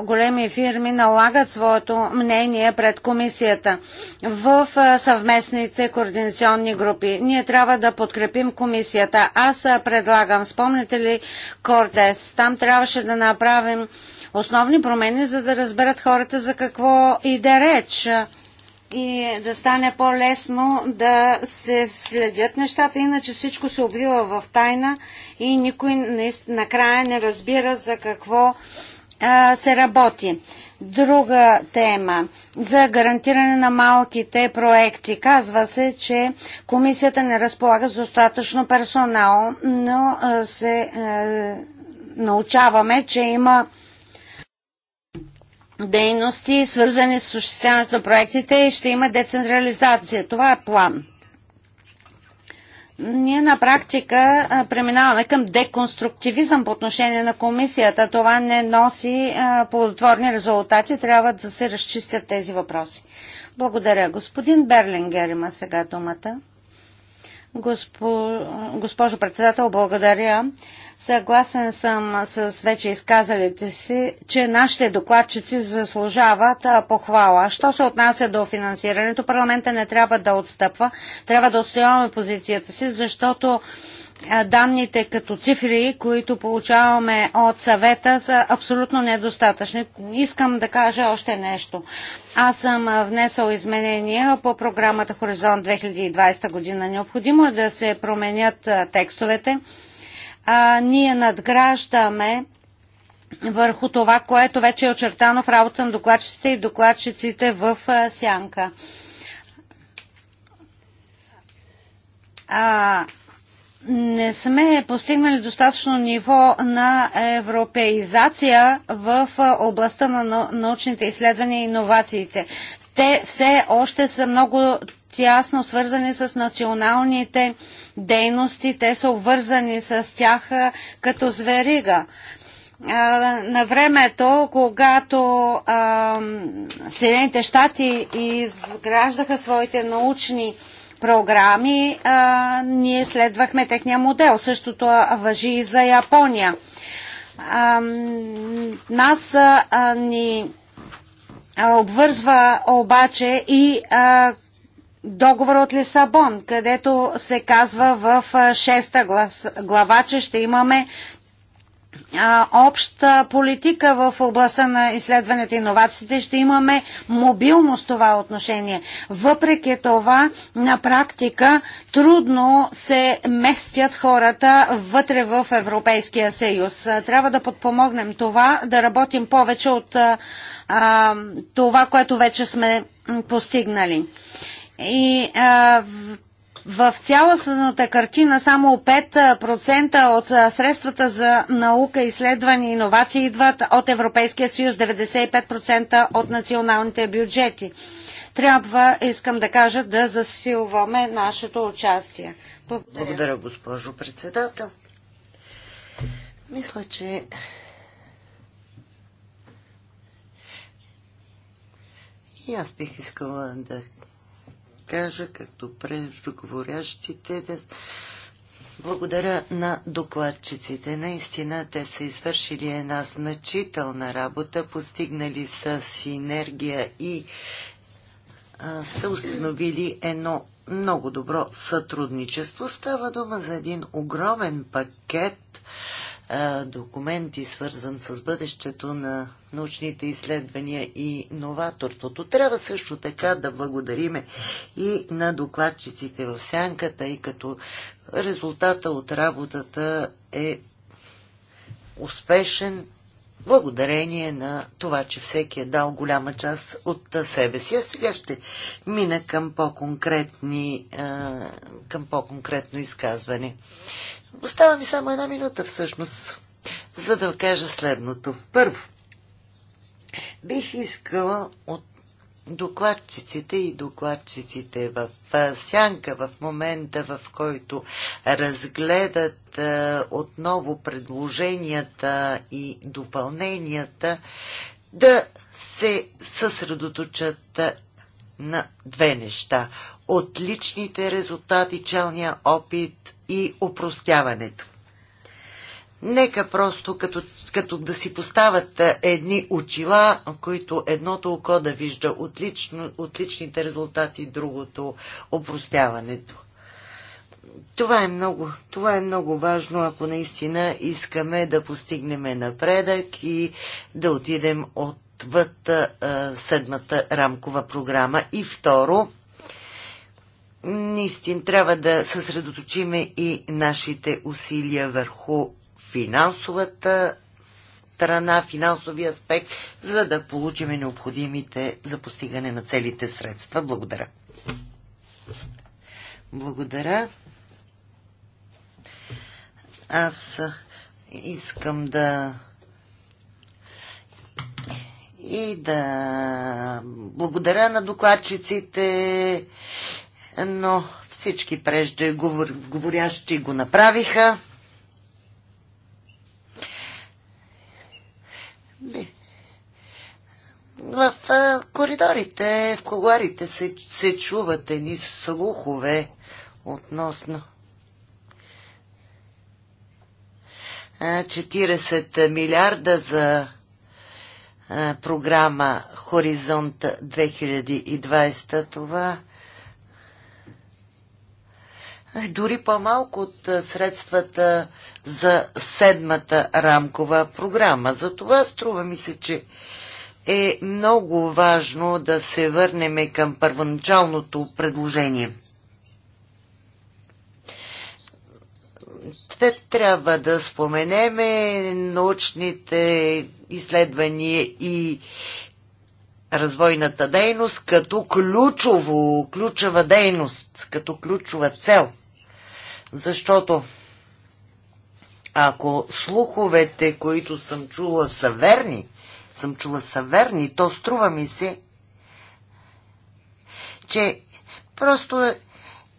големи фирми налагат своето мнение пред комисията в съвместните координационни групи. Ние трябва да подкрепим комисията. Аз предлагам, спомните ли Кордес, там трябваше да направим основни промени, за да разберат хората за какво иде реч и да стане по-лесно да се следят нещата, иначе всичко се облива в тайна и никой накрая не разбира за какво а, се работи. Друга тема за гарантиране на малките проекти. Казва се, че комисията не разполага с достатъчно персонал, но се а, научаваме, че има дейности, свързани с осъществяването на проектите и ще има децентрализация. Това е план. Ние на практика преминаваме към деконструктивизъм по отношение на комисията. Това не носи плодотворни резултати. Трябва да се разчистят тези въпроси. Благодаря. Господин Берлингер има сега думата. Госпо... Госпожо председател, благодаря. Съгласен съм с вече изказалите си, че нашите докладчици заслужават похвала. Що се отнася до финансирането, парламента не трябва да отстъпва, трябва да отстояваме позицията си, защото данните като цифри, които получаваме от съвета, са абсолютно недостатъчни. Искам да кажа още нещо. Аз съм внесъл изменения по програмата Хоризонт 2020 година. Необходимо е да се променят текстовете а, ние надграждаме върху това, което вече е очертано в работа на докладчиците и докладчиците в а, сянка. А, не сме постигнали достатъчно ниво на европеизация в областта на научните изследвания и иновациите. Те все още са много тясно свързани с националните дейности, те са обвързани с тях като зверига на времето, когато Съединените щати изграждаха своите научни програми, ние следвахме техния модел. Същото въжи и за Япония. нас ни обвързва обаче и а, договор от Лисабон, където се казва в шеста глава, че ще имаме обща политика в областта на изследването и иновациите. Ще имаме мобилност това отношение. Въпреки това, на практика трудно се местят хората вътре в Европейския съюз. Трябва да подпомогнем това, да работим повече от а, това, което вече сме постигнали. И а, в цялостната картина само 5% от средствата за наука, изследване и иновации идват от Европейския съюз, 95% от националните бюджети. Трябва, искам да кажа, да засилваме нашето участие. Благодаря, Благодаря госпожо председател. Мисля, че и аз бих искала да кажа, както преждоговорящите. Да... Благодаря на докладчиците. Наистина те са извършили една значителна работа, постигнали са синергия и а, са установили едно много добро сътрудничество. Става дума за един огромен пакет документи, свързан с бъдещето на научните изследвания и новаторството. Трябва също така да благодариме и на докладчиците в сянката, и като резултата от работата е успешен благодарение на това, че всеки е дал голяма част от себе си. А сега ще мина към по-конкретни, към по-конкретно изказване. Остава ми само една минута всъщност, за да кажа следното. Първо, бих искала от докладчиците и докладчиците в сянка в момента, в който разгледат отново предложенията и допълненията, да се съсредоточат на две неща. Отличните резултати, челния опит и опростяването. Нека просто като, като да си поставят едни очила, които едното око да вижда отлично, отличните резултати, другото опростяването. Това е, много, това е много важно, ако наистина искаме да постигнем напредък и да отидем отвъд а, седмата рамкова програма. И второ, наистина трябва да съсредоточиме и нашите усилия върху финансовата страна, финансовия аспект, за да получим необходимите за постигане на целите средства. Благодаря. Благодаря. Аз искам да и да благодаря на докладчиците но всички прежде говорящи го направиха. В коридорите, в коларите се, се чуват едни слухове относно 40 милиарда за програма Хоризонт 2020. Това е дори по-малко от средствата за седмата рамкова програма. За това струва ми се, че е много важно да се върнем към първоначалното предложение. Те трябва да споменеме научните изследвания и развойната дейност като ключово, ключова дейност, като ключова цел – защото ако слуховете, които съм чула, са верни, съм чула са верни, то струва ми се, че просто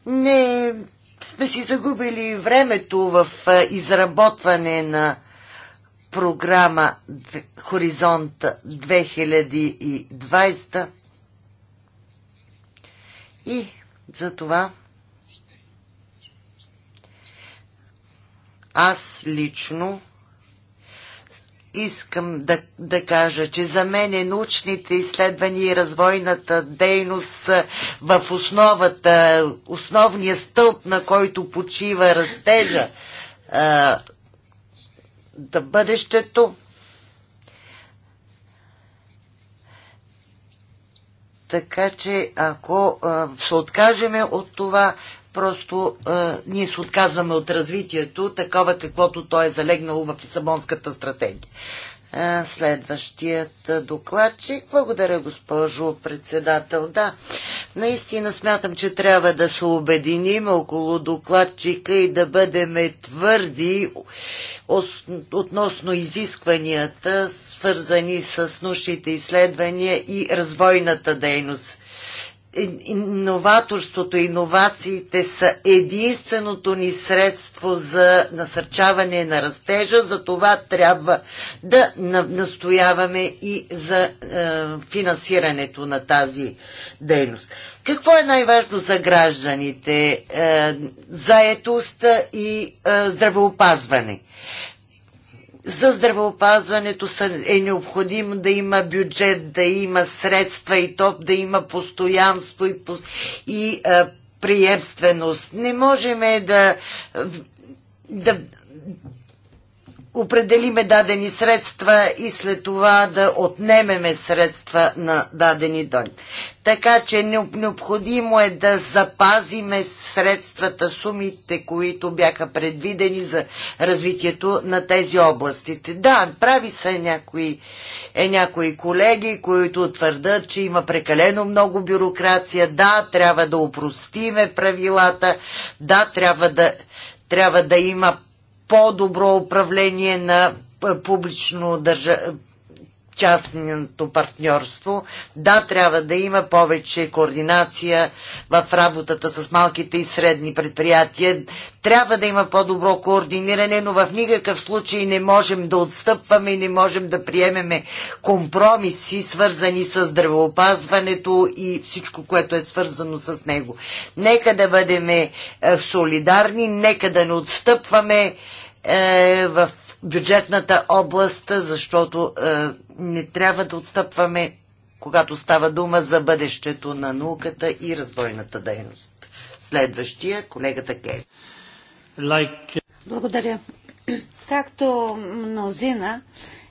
не сме си загубили времето в изработване на програма Хоризонт 2020 и за това Аз лично искам да, да кажа, че за мен е научните изследвания и развойната дейност в основата, основния стълб, на който почива растежа а, да бъдещето. Така че ако а, се откажеме от това Просто а, ние се отказваме от развитието, такова каквото то е залегнало в Лисабонската стратегия. А, следващият докладчик. Благодаря, госпожо председател. Да, наистина смятам, че трябва да се обединим около докладчика и да бъдем твърди относно изискванията, свързани с научните изследвания и развойната дейност иноваторството, иновациите са единственото ни средство за насърчаване на растежа, за това трябва да настояваме и за е, финансирането на тази дейност. Какво е най-важно за гражданите? Е, заетост и е, здравеопазване за здравеопазването е необходимо да има бюджет, да има средства и топ, да има постоянство и, и а, приемственост. Не можем да, да определиме дадени средства и след това да отнемеме средства на дадени дони. Така че необходимо е да запазиме средствата, сумите, които бяха предвидени за развитието на тези области. Да, прави са някои, е, някои колеги, които твърдат, че има прекалено много бюрокрация. Да, трябва да упростиме правилата. Да, трябва да, трябва да има по-добро управление на публично държа, частното партньорство. Да, трябва да има повече координация в работата с малките и средни предприятия. Трябва да има по-добро координиране, но в никакъв случай не можем да отстъпваме и не можем да приемеме компромиси, свързани с здравеопазването и всичко, което е свързано с него. Нека да бъдем е, солидарни, нека да не отстъпваме е, в бюджетната област, защото е, не трябва да отстъпваме, когато става дума за бъдещето на науката и разбойната дейност. Следващия, колегата Кели. Like... Благодаря. Както мнозина,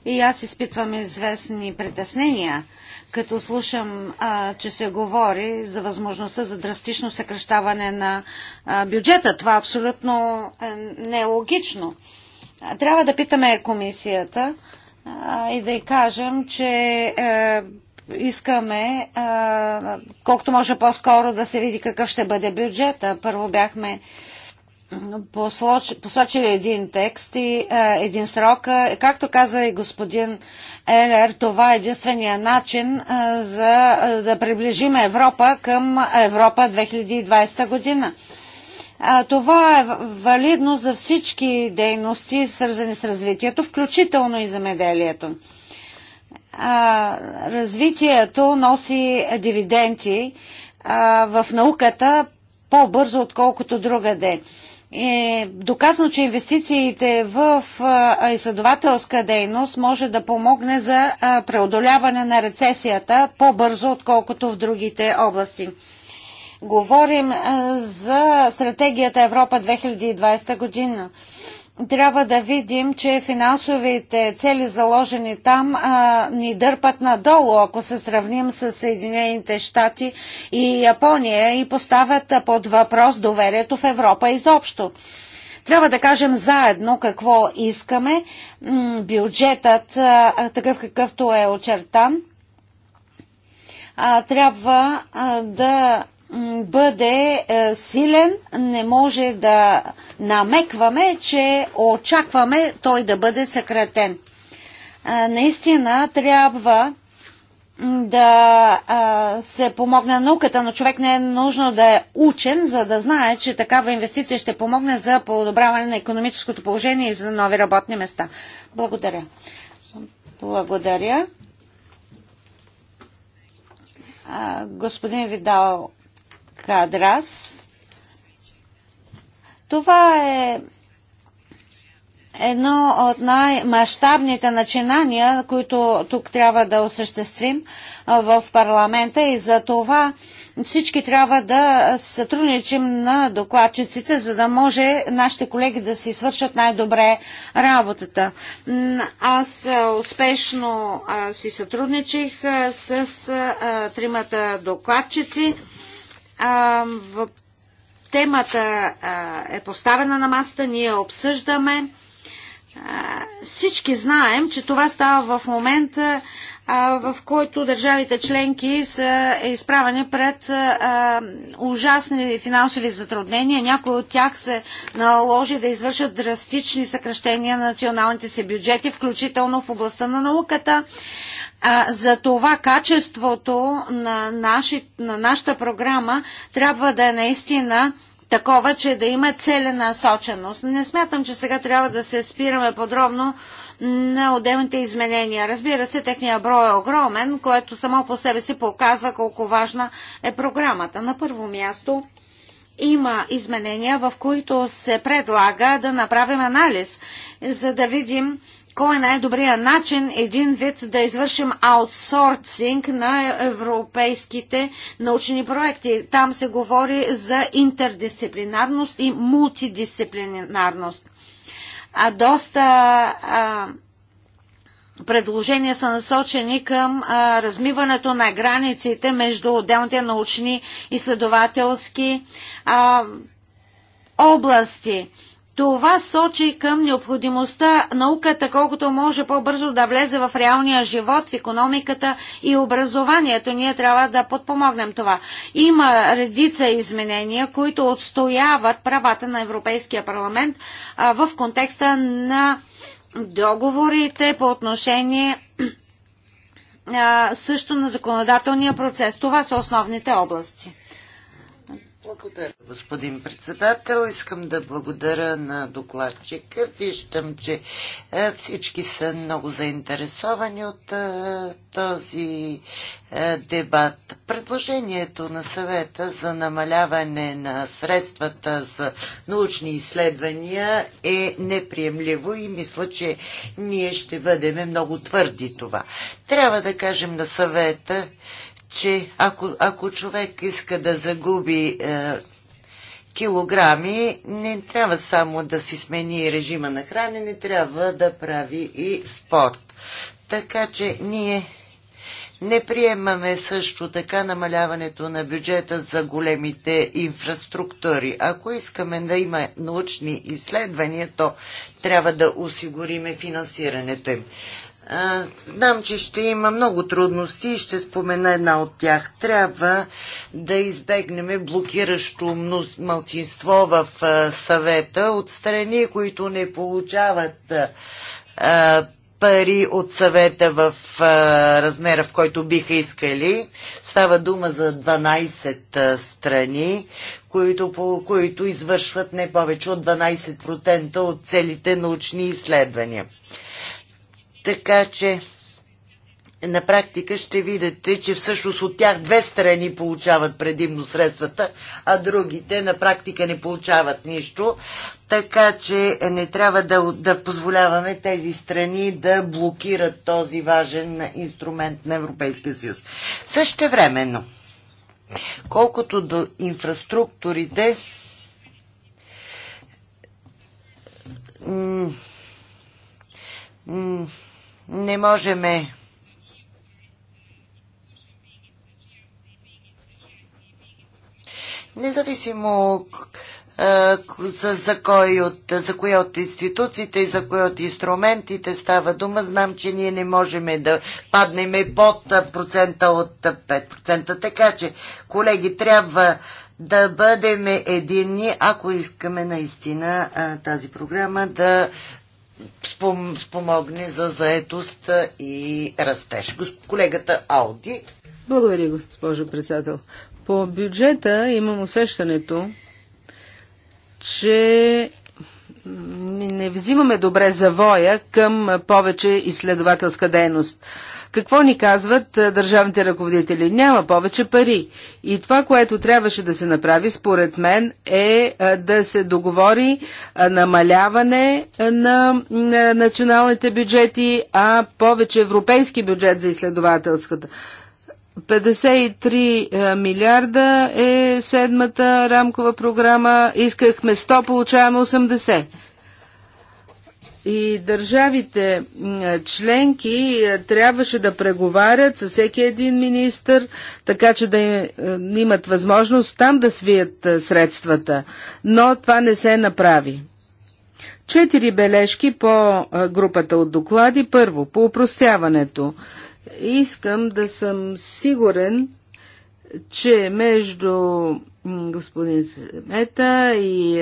и аз изпитвам известни притеснения, като слушам, а, че се говори за възможността за драстично съкръщаване на а, бюджета. Това е абсолютно е нелогично. Трябва да питаме комисията и да й кажем, че е, искаме е, колкото може по-скоро да се види какъв ще бъде бюджета. Първо бяхме посочили един текст и е, един срок. Както каза и господин Елер, това е единствения начин за да приближим Европа към Европа 2020 година това е валидно за всички дейности, свързани с развитието, включително и замеделието. развитието носи дивиденти в науката по-бързо, отколкото другаде. Е доказано, че инвестициите в изследователска дейност може да помогне за преодоляване на рецесията по-бързо, отколкото в другите области говорим за стратегията Европа 2020 година. Трябва да видим, че финансовите цели заложени там а, ни дърпат надолу, ако се сравним с Съединените щати и Япония и поставят под въпрос доверието в Европа изобщо. Трябва да кажем заедно какво искаме. Бюджетът, такъв какъвто е очертан, трябва да бъде е, силен, не може да намекваме, че очакваме той да бъде съкратен. Наистина трябва да а, се помогне науката, но човек не е нужно да е учен, за да знае, че такава инвестиция ще помогне за подобряване на економическото положение и за нови работни места. Благодаря. Благодаря. А, господин Видал Кадрас. Това е едно от най-мащабните начинания, които тук трябва да осъществим в парламента и за това всички трябва да сътрудничим на докладчиците, за да може нашите колеги да си свършат най-добре работата. Аз успешно си сътрудничих с тримата докладчици в Темата е поставена на масата, ние обсъждаме. Всички знаем, че това става в момента в който държавите членки са е изправени пред ужасни финансови затруднения. Някои от тях се наложи да извършат драстични съкръщения на националните си бюджети, включително в областта на науката. За това качеството на, наши, на нашата програма трябва да е наистина такова, че да има целенасоченост. Не смятам, че сега трябва да се спираме подробно на отделните изменения. Разбира се, техният брой е огромен, което само по себе си показва колко важна е програмата. На първо място има изменения, в които се предлага да направим анализ, за да видим кой е най-добрият начин един вид да извършим аутсорсинг на европейските научни проекти. Там се говори за интердисциплинарност и мултидисциплинарност а доста а, предложения са насочени към а, размиването на границите между отделните научни изследователски а, области. Това сочи към необходимостта науката колкото може по-бързо да влезе в реалния живот, в економиката и образованието. Ние трябва да подпомогнем това. Има редица изменения, които отстояват правата на Европейския парламент а, в контекста на договорите по отношение а, също на законодателния процес. Това са основните области. Благодаря, господин председател. Искам да благодаря на докладчика. Виждам, че е, всички са много заинтересовани от е, този е, дебат. Предложението на съвета за намаляване на средствата за научни изследвания е неприемливо и мисля, че ние ще бъдем много твърди това. Трябва да кажем на съвета, че ако, ако човек иска да загуби е, килограми, не трябва само да си смени режима на хранене, трябва да прави и спорт. Така че ние не приемаме също така намаляването на бюджета за големите инфраструктури. Ако искаме да има научни изследвания, то трябва да осигуриме финансирането им знам, че ще има много трудности и ще спомена една от тях. Трябва да избегнем блокиращо мълчинство в съвета от страни, които не получават пари от съвета в размера, в който биха искали. Става дума за 12 страни, които, по, които извършват не повече от 12% от целите научни изследвания. Така че на практика ще видите, че всъщност от тях две страни получават предимно средствата, а другите на практика не получават нищо. Така че не трябва да, да позволяваме тези страни да блокират този важен инструмент на Европейския съюз. Също времено, колкото до инфраструктурите, не можеме независимо за, кой от, за коя от институциите и за кои от инструментите става дума, знам, че ние не можем да паднем под процента от 5%. Така че, колеги, трябва да бъдем единни, ако искаме наистина тази програма да спом, спомогне за заетост и растеж. Колегата Ауди. Благодаря, госпожо председател. По бюджета имам усещането, че не взимаме добре завоя към повече изследователска дейност. Какво ни казват е, държавните ръководители? Няма повече пари. И това, което трябваше да се направи, според мен, е, е да се договори е, намаляване на националните бюджети, а повече европейски бюджет за изследователската 53 е, милиарда е седмата рамкова програма. Искахме 100, получаваме 80. И държавите е, членки е, трябваше да преговарят с всеки един министр, така че да имат възможност там да свият средствата. Но това не се направи. Четири бележки по групата от доклади. Първо, по упростяването. Искам да съм сигурен, че между господин Мета и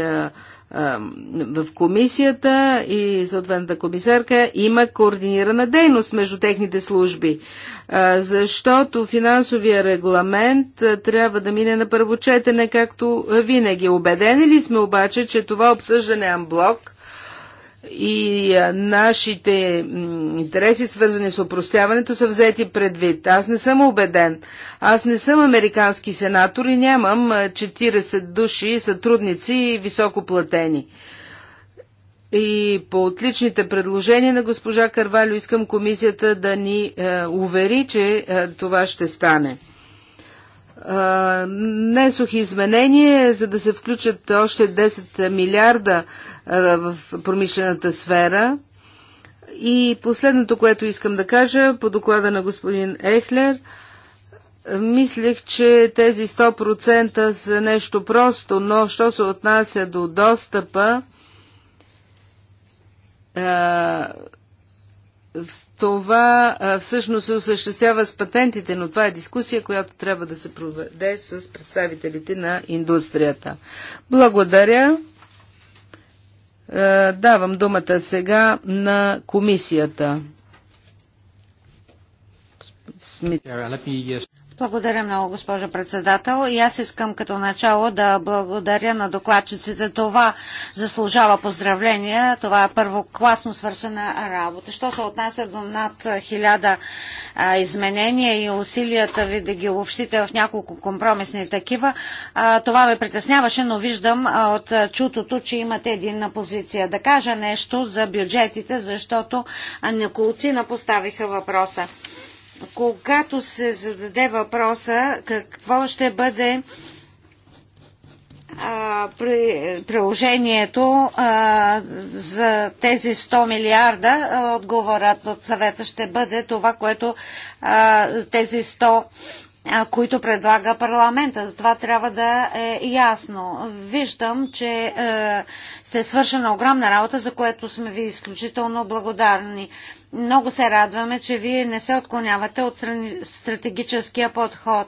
в комисията и съответната комисарка има координирана дейност между техните служби, защото финансовия регламент трябва да мине на първо четене, както винаги. Обедени ли сме обаче, че това обсъждане амблок и нашите интереси, свързани с опростяването, са взети предвид. Аз не съм убеден. Аз не съм американски сенатор и нямам 40 души сътрудници и високо платени. И по отличните предложения на госпожа Карвалю искам комисията да ни е, увери, че е, това ще стане. Несох изменение, за да се включат още 10 милиарда в промишлената сфера. И последното, което искам да кажа по доклада на господин Ехлер, мислех, че тези 100% са нещо просто, но що се отнася до достъпа, това всъщност се осъществява с патентите, но това е дискусия, която трябва да се проведе с представителите на индустрията. Благодаря. Давам думата сега на комисията. Смит. Благодаря много, госпожа председател. И аз искам като начало да благодаря на докладчиците. Това заслужава поздравления. Това е първокласно свършена работа. Що се отнася до над хиляда изменения и усилията ви да ги общите в няколко компромисни такива, а, това ме притесняваше, но виждам а, от чутото, че имате единна позиция. Да кажа нещо за бюджетите, защото на поставиха въпроса когато се зададе въпроса какво ще бъде а, при приложението а, за тези 100 милиарда, отговорът от съвета ще бъде това, което а, тези 100 които предлага парламента. Затова трябва да е ясно. Виждам, че е, сте свършена огромна работа, за което сме ви изключително благодарни. Много се радваме, че вие не се отклонявате от стратегическия подход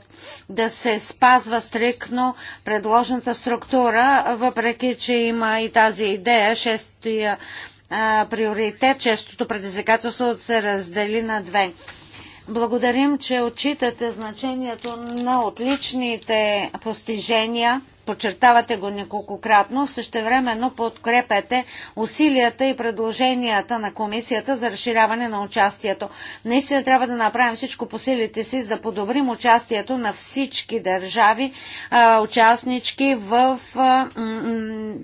да се спазва стрикно предложната структура, въпреки че има и тази идея, шестия а, приоритет, честото предизвикателство да се раздели на две. Благодарим, че отчитате значението на отличните постижения Подчертавате го неколкократно, същевременно подкрепяте усилията и предложенията на комисията за разширяване на участието. Наистина трябва да направим всичко по силите си, за да подобрим участието на всички държави, участнички в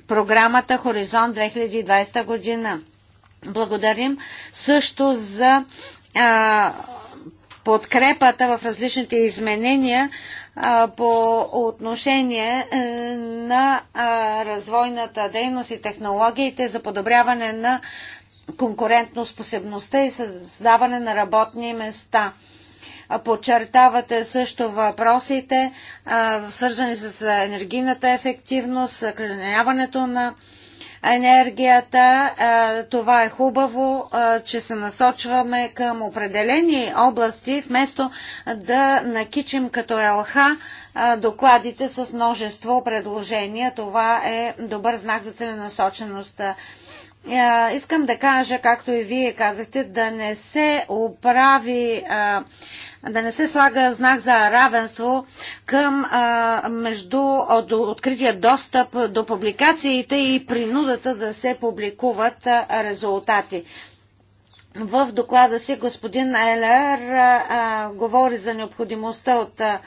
програмата Хоризонт 2020 година. Благодарим също за подкрепата в различните изменения по отношение е, на развойната дейност и технологиите за подобряване на конкурентоспособността и създаване на работни места. Подчертавате също въпросите, свързани с енергийната ефективност, съхраняването на енергията. Е, това е хубаво, е, че се насочваме към определени области, вместо да накичим като ЛХ е, докладите с множество предложения. Това е добър знак за целенасочеността искам да кажа, както и вие казахте, да не се оправи, да не се слага знак за равенство към между открития достъп до публикациите и принудата да се публикуват резултати. В доклада си господин Елер говори за необходимостта от а,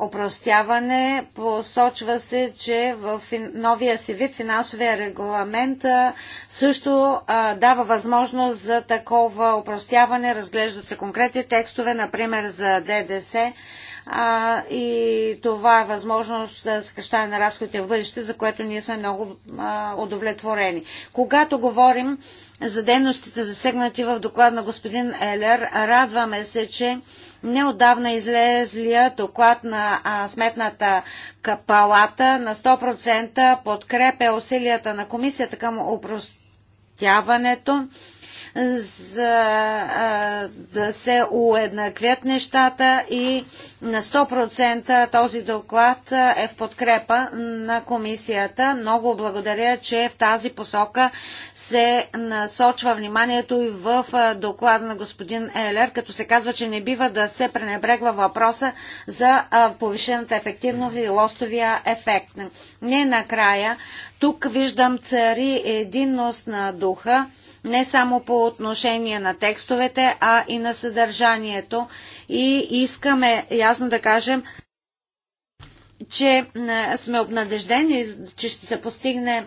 опростяване. Посочва се, че в новия си вид финансовия регламент също дава възможност за такова опростяване. Разглеждат се конкретни текстове, например за ДДС. А, и това е възможност за да на разходите в бъдеще, за което ние сме много а, удовлетворени. Когато говорим за дейностите засегнати в доклад на господин Елер. Радваме се, че неодавна излезлия доклад на а, Сметната палата на 100% подкрепя усилията на комисията към упростяването за да се уеднаквят нещата и на 100% този доклад е в подкрепа на комисията. Много благодаря, че в тази посока се насочва вниманието и в доклада на господин Елер, като се казва, че не бива да се пренебрегва въпроса за повишената ефективност и лостовия ефект. Не накрая. Тук виждам цари единност на духа не само по отношение на текстовете, а и на съдържанието. И искаме ясно да кажем, че сме обнадеждени, че ще се постигне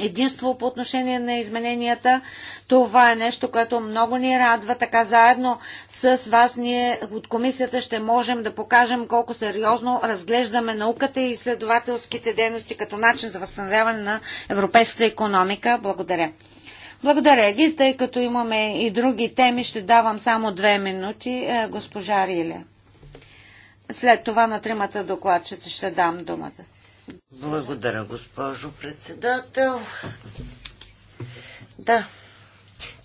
единство по отношение на измененията. Това е нещо, което много ни радва. Така заедно с вас ние от комисията ще можем да покажем колко сериозно разглеждаме науката и изследователските дейности като начин за възстановяване на европейската економика. Благодаря. Благодаря ги, тъй като имаме и други теми, ще давам само две минути, е, госпожа Риле. След това на тримата докладчица ще дам думата. Благодаря, госпожо председател. Да,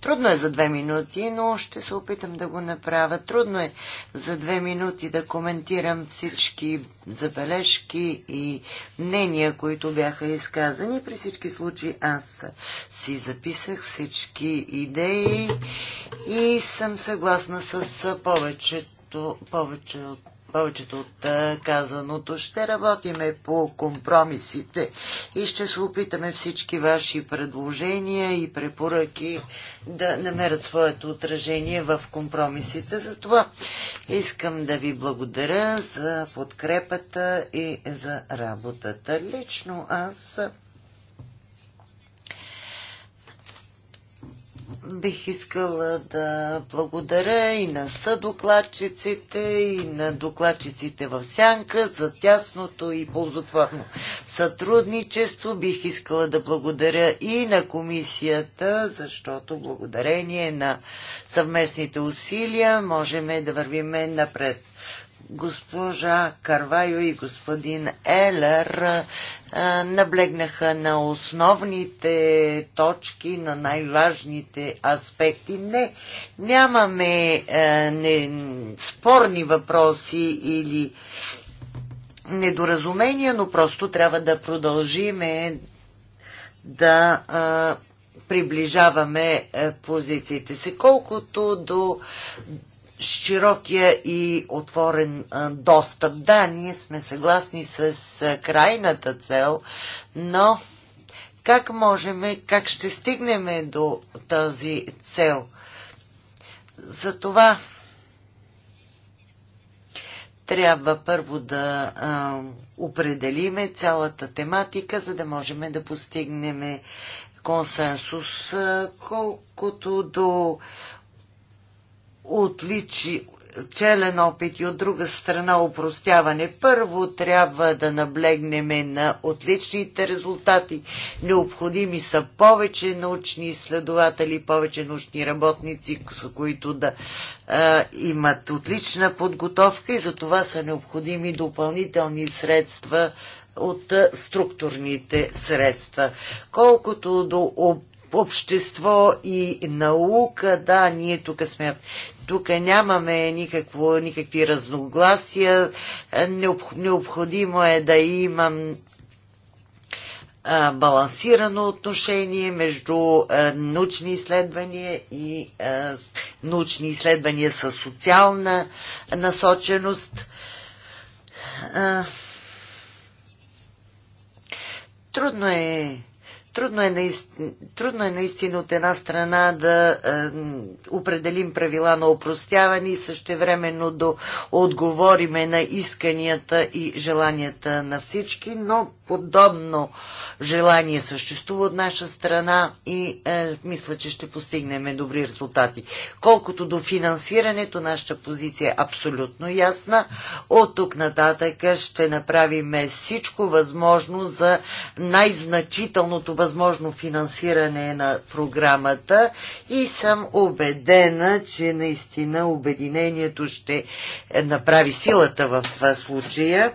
Трудно е за две минути, но ще се опитам да го направя. Трудно е за две минути да коментирам всички забележки и мнения, които бяха изказани. При всички случаи аз си записах всички идеи и съм съгласна с повечето, повече от повечето от казаното. Ще работиме по компромисите и ще се опитаме всички ваши предложения и препоръки да намерят своето отражение в компромисите. Затова искам да ви благодаря за подкрепата и за работата. Лично аз Бих искала да благодаря и на съдокладчиците, и на докладчиците в Сянка за тясното и ползотворно сътрудничество. Бих искала да благодаря и на комисията, защото благодарение на съвместните усилия можем да вървиме напред госпожа Карвайо и господин Елер а, наблегнаха на основните точки, на най-важните аспекти. Не, нямаме а, не, спорни въпроси или недоразумения, но просто трябва да продължиме да а, приближаваме позициите си. Колкото до широкия и отворен достъп. Да, ние сме съгласни с крайната цел, но как можем, как ще стигнем до тази цел? Затова трябва първо да а, определиме цялата тематика, за да можем да постигнем консенсус, колкото до отличи челен опит и от друга страна упростяване, първо трябва да наблегнем на отличните резултати. Необходими са повече научни изследователи, повече научни работници, с които да а, имат отлична подготовка и за това са необходими допълнителни средства от а, структурните средства. Колкото до общество и наука, да, ние тук сме тук нямаме никакво, никакви разногласия. Е, необходимо е да имам балансирано отношение между научни изследвания и научни изследвания с социална насоченост. Трудно е Трудно е, наистина, трудно е наистина от една страна да е, определим правила на опростяване и същевременно да отговориме на исканията и желанията на всички, но подобно желание съществува от наша страна и е, мисля, че ще постигнем добри резултати. Колкото до финансирането, нашата позиция е абсолютно ясна. От тук нататък ще направим всичко възможно за най-значителното възможност възможно финансиране на програмата и съм убедена, че наистина обединението ще направи силата в случая,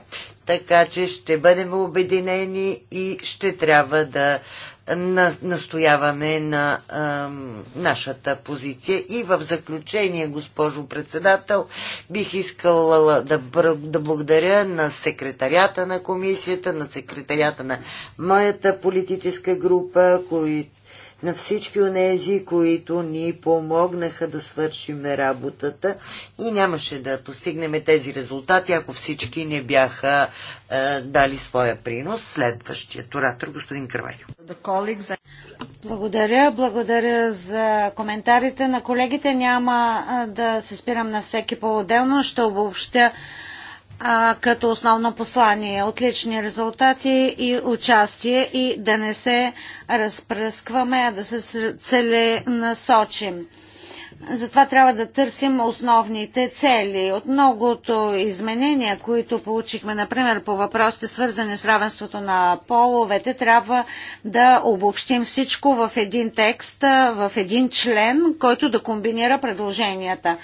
така че ще бъдем обединени и ще трябва да на, настояваме на а, нашата позиция. И в заключение, госпожо председател, бих искала да, да благодаря на секретарята на комисията, на секретарята на моята политическа група, които на всички онези, които ни помогнаха да свършим работата и нямаше да постигнем тези резултати, ако всички не бяха е, дали своя принос. Следващият оратор, господин Кървайо. Благодаря, благодаря за коментарите на колегите. Няма е, да се спирам на всеки по-отделно, ще обобщя а, като основно послание. Отлични резултати и участие и да не се разпръскваме, а да се целенасочим. Затова трябва да търсим основните цели. От многото изменения, които получихме, например, по въпросите свързани с равенството на половете, трябва да обобщим всичко в един текст, в един член, който да комбинира предложенията.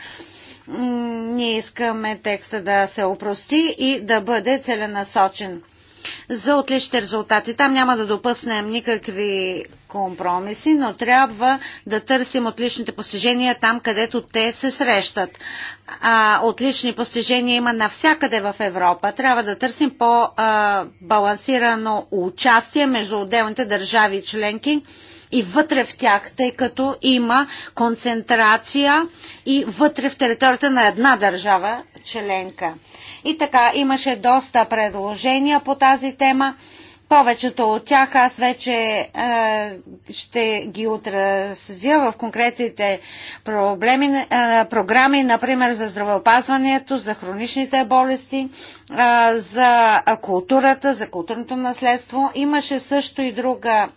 Ние искаме текста да се опрости и да бъде целенасочен за отличните резултати. Там няма да допуснем никакви компромиси, но трябва да търсим отличните постижения там, където те се срещат. А, отлични постижения има навсякъде в Европа. Трябва да търсим по-балансирано участие между отделните държави и членки и вътре в тях, тъй като има концентрация и вътре в територията на една държава членка. И така, имаше доста предложения по тази тема. Повечето от тях аз вече е, ще ги отразя в конкретните проблеми, е, програми, например за здравеопазването, за хроничните болести, е, за културата, за културното наследство. Имаше също и друга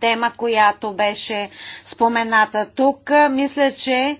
тема, която беше спомената тук. Мисля, че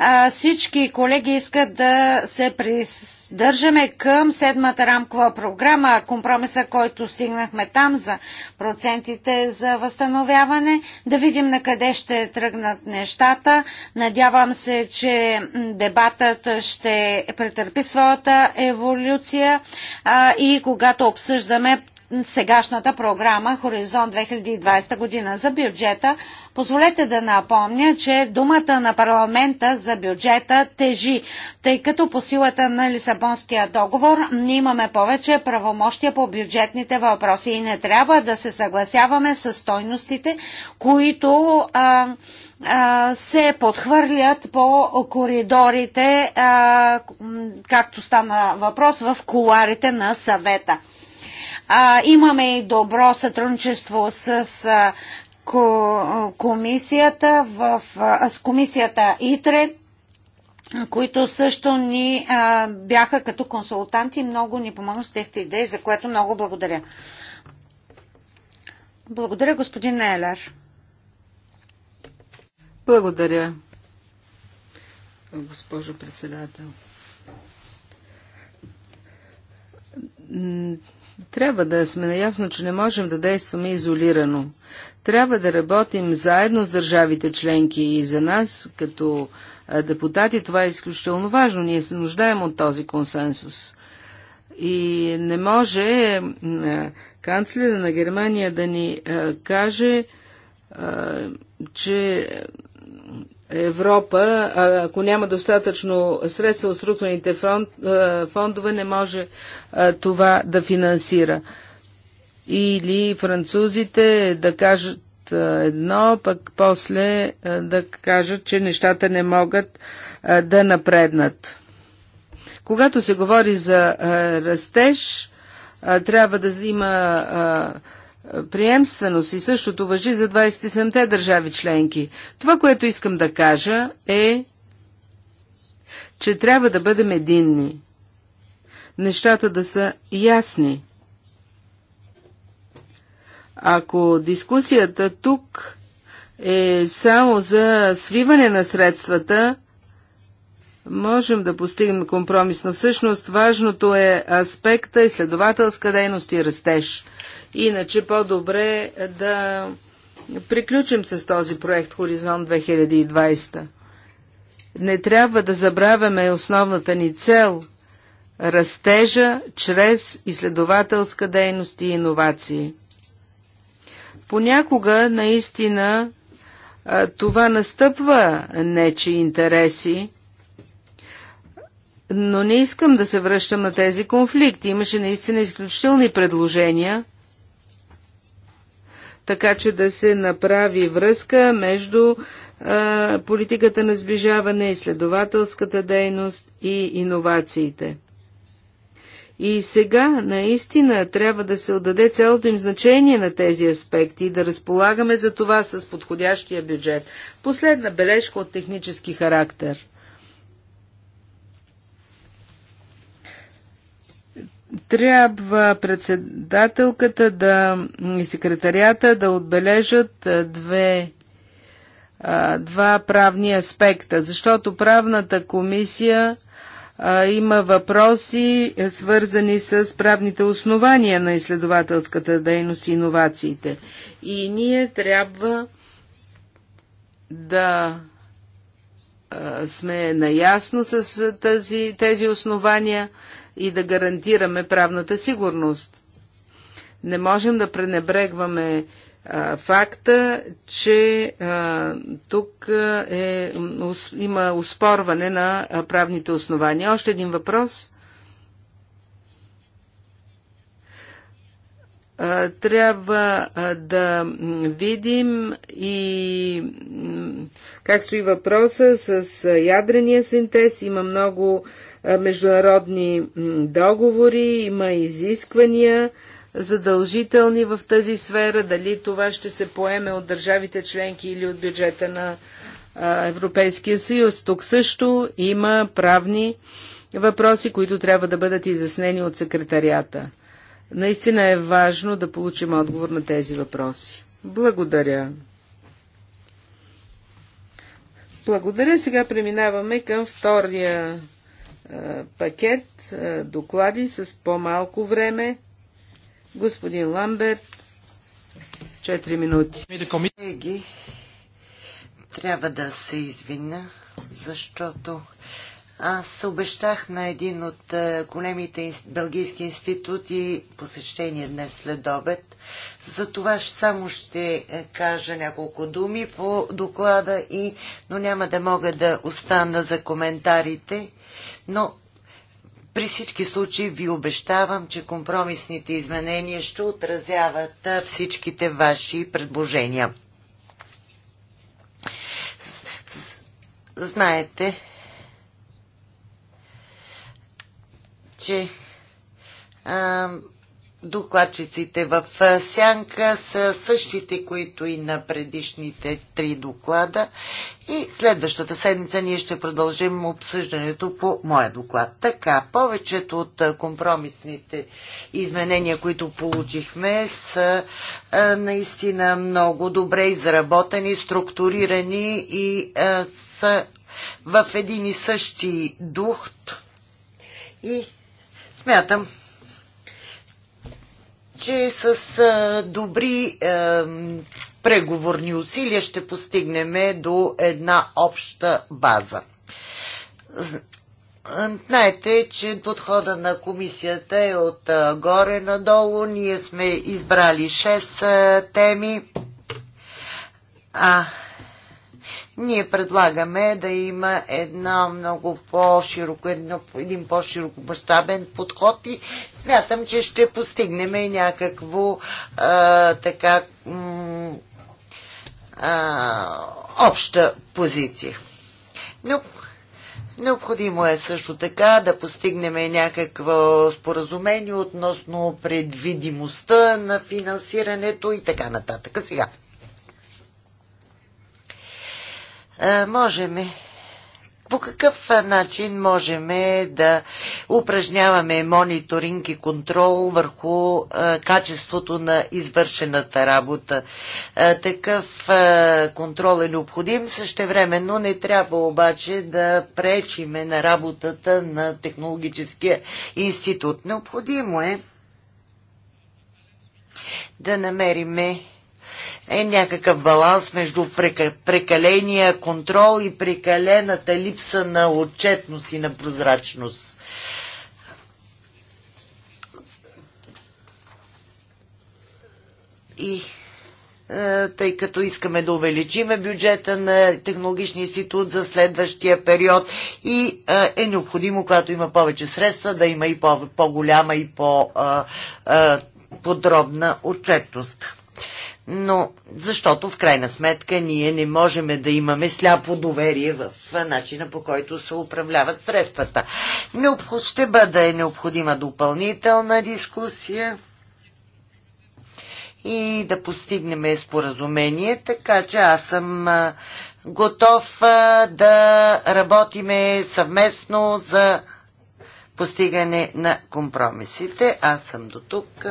а, всички колеги искат да се придържаме към седмата рамкова програма, компромиса, който стигнахме там за процентите за възстановяване, да видим на къде ще тръгнат нещата. Надявам се, че дебатът ще претърпи своята еволюция а, и когато обсъждаме сегашната програма Хоризонт 2020 година за бюджета. Позволете да напомня, че думата на парламента за бюджета тежи, тъй като по силата на Лисабонския договор ние имаме повече правомощия по бюджетните въпроси и не трябва да се съгласяваме с стойностите, които а, а, се подхвърлят по коридорите, а, както стана въпрос, в коларите на съвета. А, имаме и добро сътрудничество с а, ко, комисията, в, а, с комисията ИТРЕ, които също ни а, бяха като консултанти. Много ни помогна с техните идеи, за което много благодаря. Благодаря, господин Елер. Благодаря, госпожо председател. Трябва да сме наясно, че не можем да действаме изолирано. Трябва да работим заедно с държавите членки и за нас, като депутати, това е изключително важно. Ние се нуждаем от този консенсус. И не може канцлера на Германия да ни каже, че Европа, ако няма достатъчно средства от структурните фондове, не може това да финансира. Или французите да кажат едно, пък после да кажат, че нещата не могат да напреднат. Когато се говори за растеж, трябва да има приемственост и същото въжи за 27-те държави членки. Това, което искам да кажа е, че трябва да бъдем единни. Нещата да са ясни. Ако дискусията тук е само за свиване на средствата, можем да постигнем компромис, но всъщност важното е аспекта изследователска дейност и растеж. Иначе по-добре да приключим с този проект Хоризонт 2020. Не трябва да забравяме основната ни цел – растежа чрез изследователска дейност и иновации. Понякога наистина това настъпва нечи интереси, но не искам да се връщам на тези конфликти. Имаше наистина изключителни предложения – така че да се направи връзка между а, политиката на сближаване, изследователската дейност и иновациите. И сега наистина трябва да се отдаде цялото им значение на тези аспекти и да разполагаме за това с подходящия бюджет. Последна бележка от технически характер. трябва председателката да, и секретарията да отбележат две, два правни аспекта, защото правната комисия има въпроси, е, свързани с правните основания на изследователската дейност и иновациите. И ние трябва да сме наясно с тази, тези основания и да гарантираме правната сигурност. Не можем да пренебрегваме а, факта, че а, тук е, ус, има успорване на правните основания. Още един въпрос. А, трябва да видим и как стои въпроса с ядрения синтез. Има много международни договори, има изисквания задължителни в тази сфера, дали това ще се поеме от държавите членки или от бюджета на Европейския съюз. Тук също има правни въпроси, които трябва да бъдат изяснени от секретарията. Наистина е важно да получим отговор на тези въпроси. Благодаря. Благодаря. Сега преминаваме към втория пакет доклади с по-малко време. Господин Ламберт, 4 минути. Колеги, трябва да се извиня, защото аз обещах на един от големите бългийски институти посещение днес след обед, за това само ще е, кажа няколко думи по доклада, и, но няма да мога да остана за коментарите. Но при всички случаи ви обещавам, че компромисните изменения ще отразяват е, всичките ваши предложения. Знаете, че а, докладчиците в сянка са същите, които и на предишните три доклада. И следващата седмица ние ще продължим обсъждането по моя доклад. Така, повечето от компромисните изменения, които получихме, са а, наистина много добре изработени, структурирани и а, са в един и същи дух. И смятам, че с а, добри а, преговорни усилия ще постигнем до една обща база. Знаете, че подхода на комисията е от а, горе надолу. Ние сме избрали 6 а, теми. А, ние предлагаме да има една много по-широко, един по-широко мащабен подход и смятам, че ще постигнем и някакво а, така а, обща позиция. Но Необходимо е също така да постигнем някакво споразумение относно предвидимостта на финансирането и така нататък. Сега, можеме по какъв начин можем да упражняваме мониторинг и контрол върху качеството на извършената работа. Такъв контрол е необходим, същевременно не трябва обаче да пречиме на работата на Технологическия институт. Необходимо е да намериме е някакъв баланс между прекаления контрол и прекалената липса на отчетност и на прозрачност. И е, тъй като искаме да увеличиме бюджета на Технологичния институт за следващия период и е, е необходимо, когато има повече средства, да има и по-голяма и по-подробна е, отчетност но защото в крайна сметка ние не можем да имаме сляпо доверие в начина по който се управляват средствата. Необход, ще бъде необходима допълнителна дискусия и да постигнем споразумение, така че аз съм готов да работиме съвместно за постигане на компромисите. Аз съм до тук.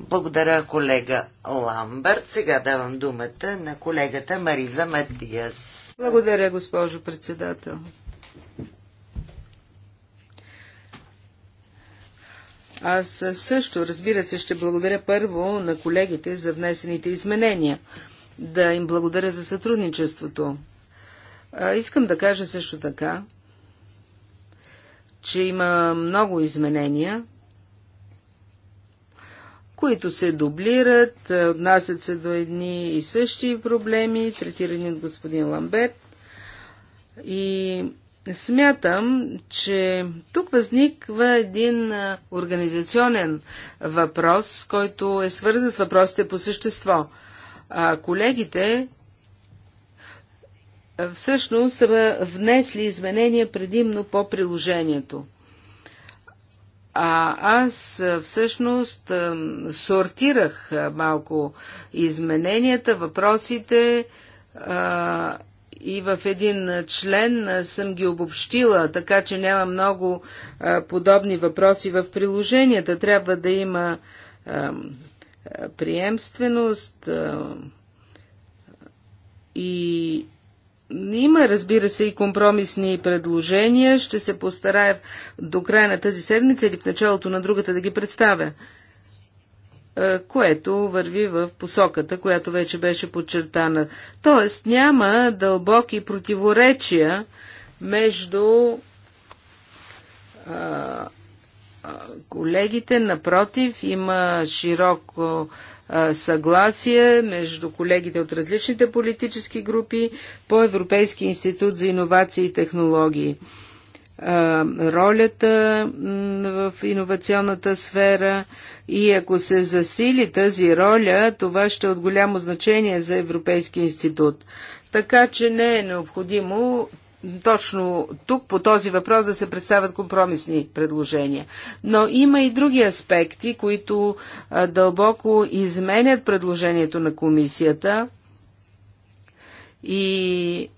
Благодаря, колега Ламбърт. Сега давам думата на колегата Мариза Матиас. Благодаря, госпожо председател. Аз също, разбира се, ще благодаря първо на колегите за внесените изменения. Да им благодаря за сътрудничеството. А, искам да кажа също така, че има много изменения, които се дублират, е, отнасят се до едни и същи проблеми, третирани от господин Ламбет. И смятам, че тук възниква един е, организационен въпрос, който е свързан с въпросите по същество. А колегите е, всъщност са внесли изменения предимно по приложението – а аз всъщност сортирах малко измененията, въпросите а, и в един член съм ги обобщила, така че няма много а, подобни въпроси в приложенията. Трябва да има а, приемственост и има, разбира се, и компромисни предложения. Ще се постарая до края на тази седмица или в началото на другата да ги представя, е, което върви в посоката, която вече беше подчертана. Тоест няма дълбоки противоречия между колегите. Напротив, има широко съгласие между колегите от различните политически групи по Европейски институт за иновации и технологии. Ролята в иновационната сфера и ако се засили тази роля, това ще е от голямо значение за Европейски институт. Така че не е необходимо точно тук по този въпрос да се представят компромисни предложения. Но има и други аспекти, които дълбоко изменят предложението на комисията и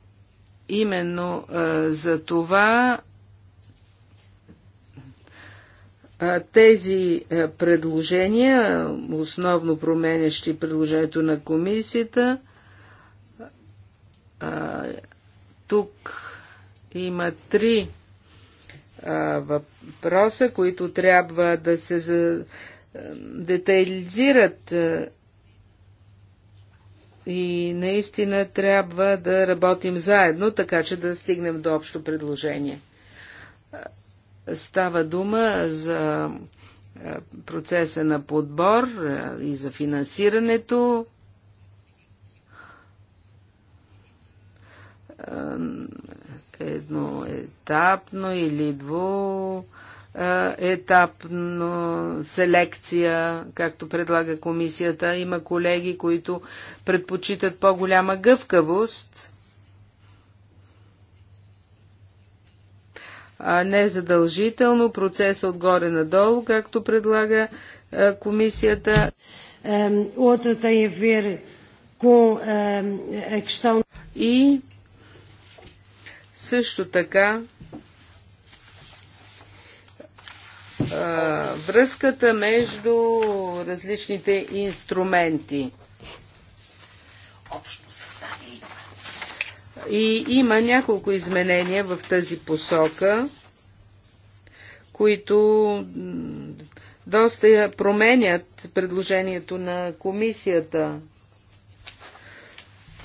именно за това тези предложения, основно променящи предложението на комисията, тук има три а, въпроса, които трябва да се за, а, детайлизират а, и наистина трябва да работим заедно, така че да стигнем до общо предложение. Става дума за процеса на подбор и за финансирането едноетапно или дву етапно селекция, както предлага комисията. Има колеги, които предпочитат по-голяма гъвкавост, а не задължително процеса отгоре надолу, както предлага комисията. Е е, е, И също така а, връзката между различните инструменти. И има няколко изменения в тази посока, които доста променят предложението на комисията.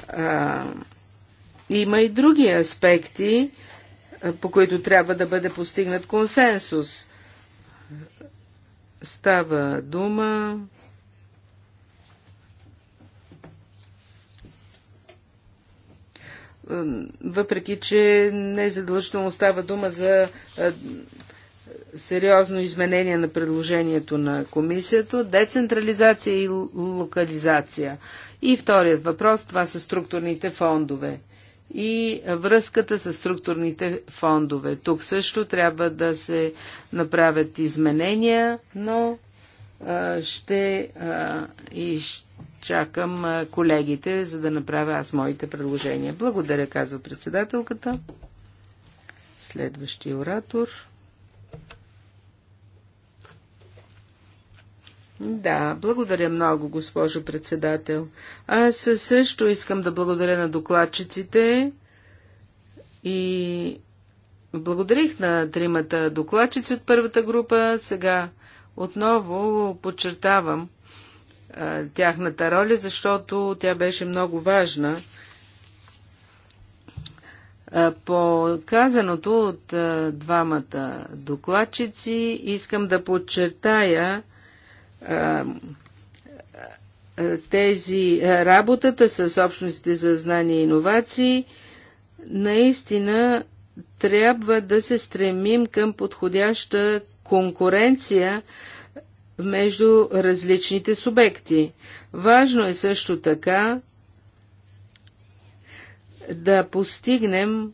А, има и други аспекти, по които трябва да бъде постигнат консенсус. Става дума въпреки че не задължително става дума за сериозно изменение на предложението на комисията, децентрализация и локализация. И вторият въпрос, това са структурните фондове и връзката с структурните фондове. Тук също трябва да се направят изменения, но а, ще а, изчакам а, колегите, за да направя аз моите предложения. Благодаря, казва председателката. Следващия оратор. Да, благодаря много, госпожо председател. Аз също искам да благодаря на докладчиците и благодарих на тримата докладчици от първата група. Сега отново подчертавам а, тяхната роля, защото тя беше много важна. А, по казаното от а, двамата докладчици искам да подчертая, тези работата с общностите за знания и иновации, наистина трябва да се стремим към подходяща конкуренция между различните субекти. Важно е също така да постигнем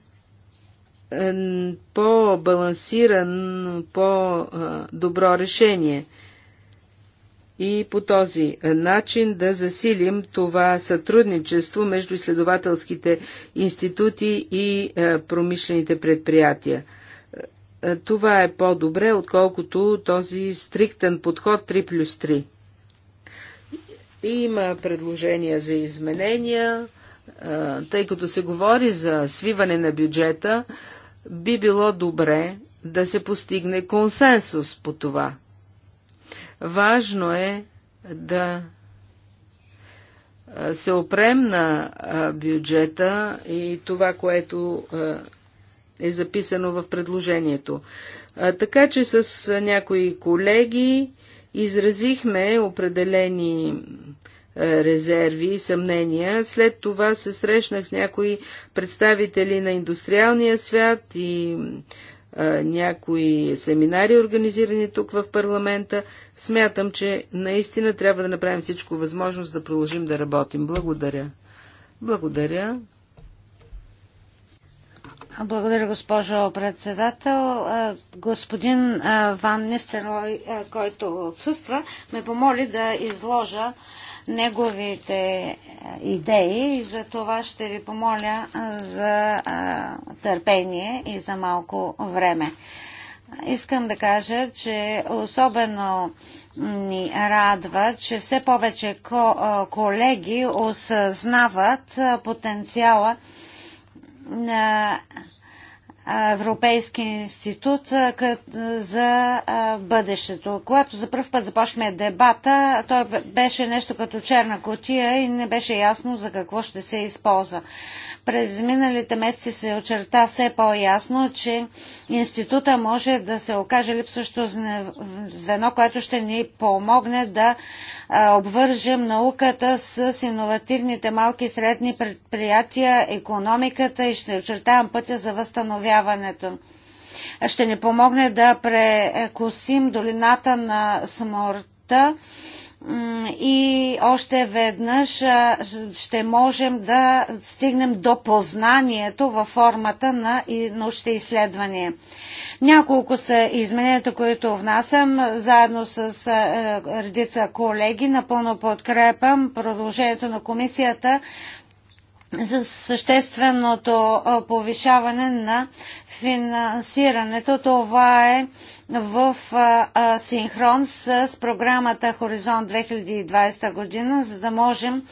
по-балансиран, по-добро решение – и по този начин да засилим това сътрудничество между изследователските институти и е, промишлените предприятия. Е, е, това е по-добре, отколкото този стриктен подход 3 плюс 3. Има предложения за изменения, тъй като се говори за свиване на бюджета, би било добре да се постигне консенсус по това – Важно е да се опрем на бюджета и това, което е записано в предложението. Така че с някои колеги изразихме определени резерви и съмнения. След това се срещнах с някои представители на индустриалния свят и някои семинари, организирани тук в парламента. Смятам, че наистина трябва да направим всичко възможност да продължим да работим. Благодаря. Благодаря. Благодаря, госпожо председател. Господин Ван Нистерой, който отсъства, ме помоли да изложа неговите е, идеи и за това ще ви помоля е, за е, търпение и за малко време. Искам да кажа, че особено ни радва, че все повече колеги осъзнават потенциала на Европейски институт за бъдещето. Когато за първ път започнахме дебата, той беше нещо като черна котия и не беше ясно за какво ще се използва. През миналите месеци се очерта все по-ясно, че института може да се окаже липсващо звено, което ще ни помогне да обвържем науката с иновативните малки и средни предприятия, економиката и ще очертаем пътя за възстановяването ще ни помогне да прекусим долината на смъртта и още веднъж ще можем да стигнем до познанието във формата на научните изследвания. Няколко са измененията, които внасям, заедно с е, редица колеги. Напълно подкрепям продължението на комисията за същественото повишаване на финансирането. Това е в синхрон с програмата Хоризонт 2020 година, за да можем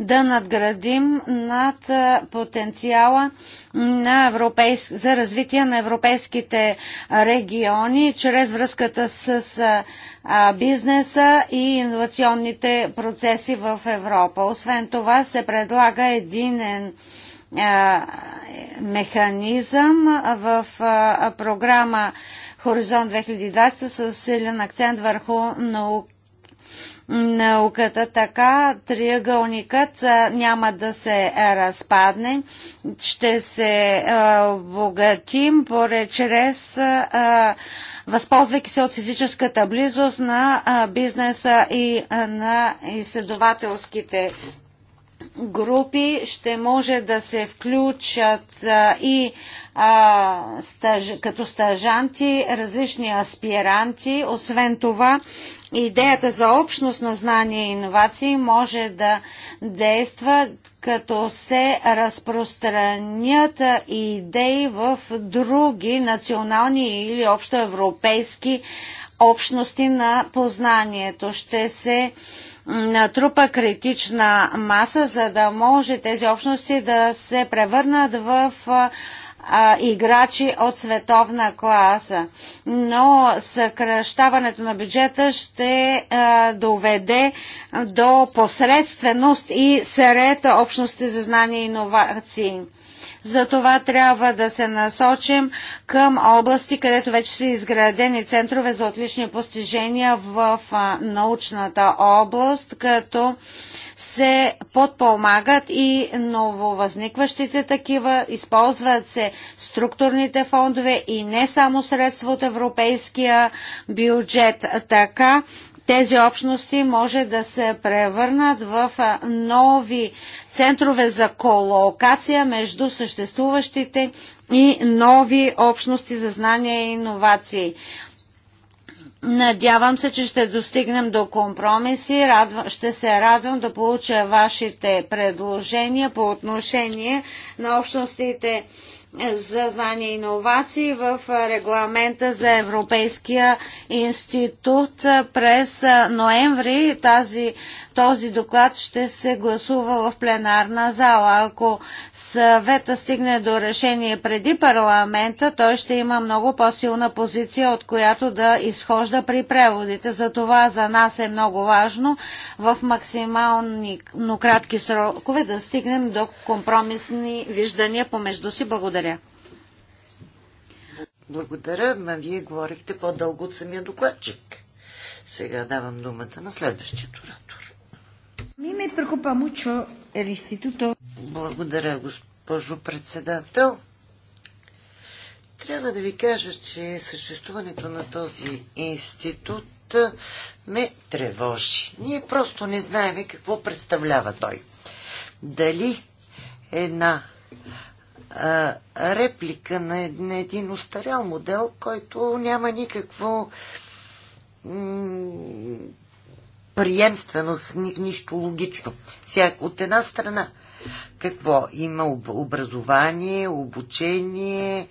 да надградим над потенциала на европейск... за развитие на европейските региони чрез връзката с бизнеса и инновационните процеси в Европа. Освен това се предлага единен механизъм в програма Хоризонт 2020 с силен акцент върху наук, науката. Така триъгълникът няма да се разпадне. Ще се обогатим поред чрез а, възползвайки се от физическата близост на бизнеса и на изследователските групи ще може да се включат а, и а, стаж, като стажанти различни аспиранти. Освен това, идеята за общност на знания и иновации може да действа като се разпространят идеи в други национални или общоевропейски общности на познанието. Ще се а, натрупа критична маса, за да може тези общности да се превърнат в играчи от световна класа. Но съкръщаването на бюджета ще доведе до посредственост и сред общности за знания и иновации. Затова трябва да се насочим към области, където вече са изградени центрове за отлични постижения в научната област, като се подпомагат и нововъзникващите такива, използват се структурните фондове и не само средства от европейския бюджет. Така тези общности може да се превърнат в нови центрове за колокация между съществуващите и нови общности за знания и иновации. Надявам се, че ще достигнем до компромиси. ще се радвам да получа вашите предложения по отношение на общностите за знания и иновации в регламента за Европейския институт през ноември тази този доклад ще се гласува в пленарна зала. Ако съвета стигне до решение преди парламента, той ще има много по-силна позиция, от която да изхожда при преводите. За това за нас е много важно в максимални, но кратки срокове да стигнем до компромисни виждания помежду си. Благодаря. Благодаря, но вие говорихте по-дълго от самия докладчик. Сега давам думата на следващия оратор. Ми ме прекупа мучо институто. Благодаря, госпожо председател. Трябва да ви кажа, че съществуването на този институт ме тревожи. Ние просто не знаем какво представлява той. Дали една а, реплика на, на един устарял модел, който няма никакво приемственост, ни, нищо логично. Сега, от една страна, какво? Има об, образование, обучение,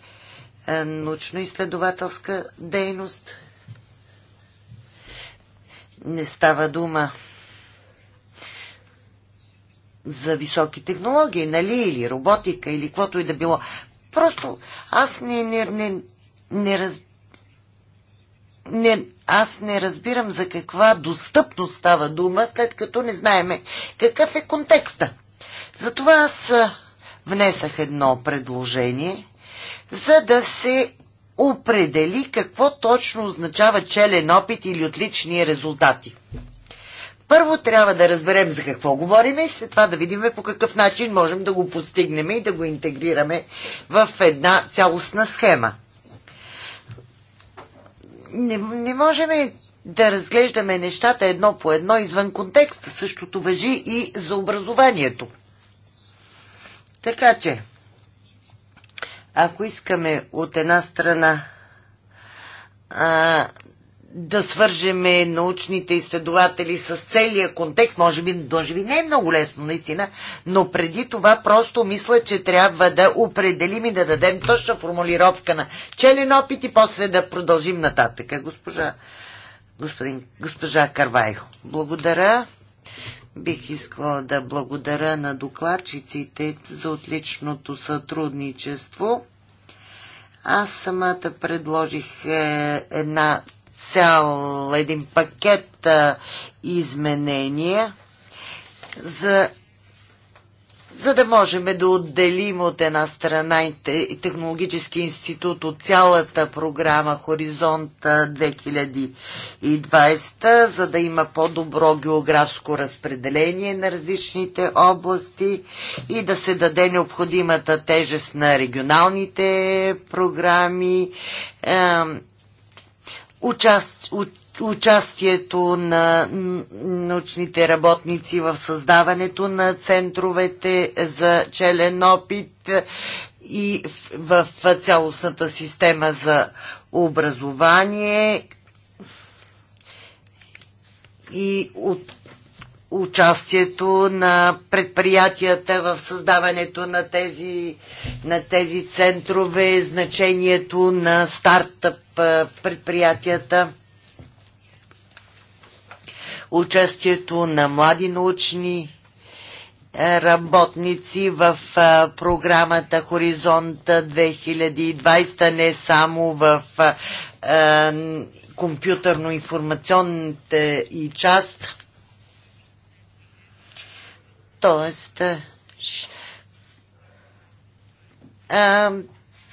е, научно-изследователска дейност. Не става дума за високи технологии, нали, или роботика, или каквото и да било. Просто аз не, не, не, не разбирам не, аз не разбирам за каква достъпност става дума, след като не знаеме какъв е контекста. Затова аз внесах едно предложение, за да се определи какво точно означава челен опит или отлични резултати. Първо трябва да разберем за какво говорим и след това да видим по какъв начин можем да го постигнем и да го интегрираме в една цялостна схема не, не можем да разглеждаме нещата едно по едно извън контекста. Същото въжи и за образованието. Така че, ако искаме от една страна а, да свържеме научните изследователи с целия контекст. Може би, може би не е много лесно, наистина, но преди това просто мисля, че трябва да определим и да дадем точна формулировка на челен опит и после да продължим нататък. Госпожа, господин, госпожа Карвайхо, благодаря. Бих искала да благодаря на докладчиците за отличното сътрудничество. Аз самата предложих е, една цял един пакет а, изменения, за, за да можем да отделим от една страна и Технологически институт от цялата програма Хоризонт 2020, за да има по-добро географско разпределение на различните области и да се даде необходимата тежест на регионалните програми. Е, участ, участието на научните работници в създаването на центровете за челен опит и в, в цялостната система за образование и от участието на предприятията в създаването на тези, на тези центрове, значението на стартъп предприятията, участието на млади научни работници в програмата Хоризонт 2020, не само в компютърно-информационните и част. Тоест,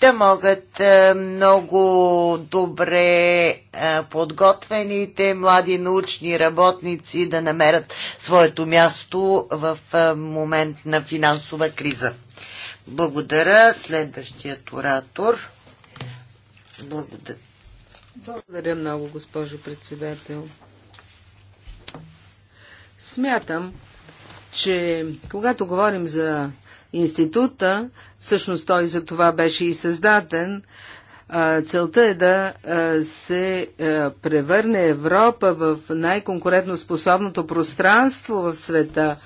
да могат е, много добре е, подготвените млади научни работници да намерят своето място в е, момент на финансова криза. Благодаря. Следващият оратор. Благодаря. Благодаря много, госпожо председател. Смятам, че когато говорим за института, всъщност той за това беше и създаден, целта е да се превърне Европа в най-конкурентно способното пространство в света,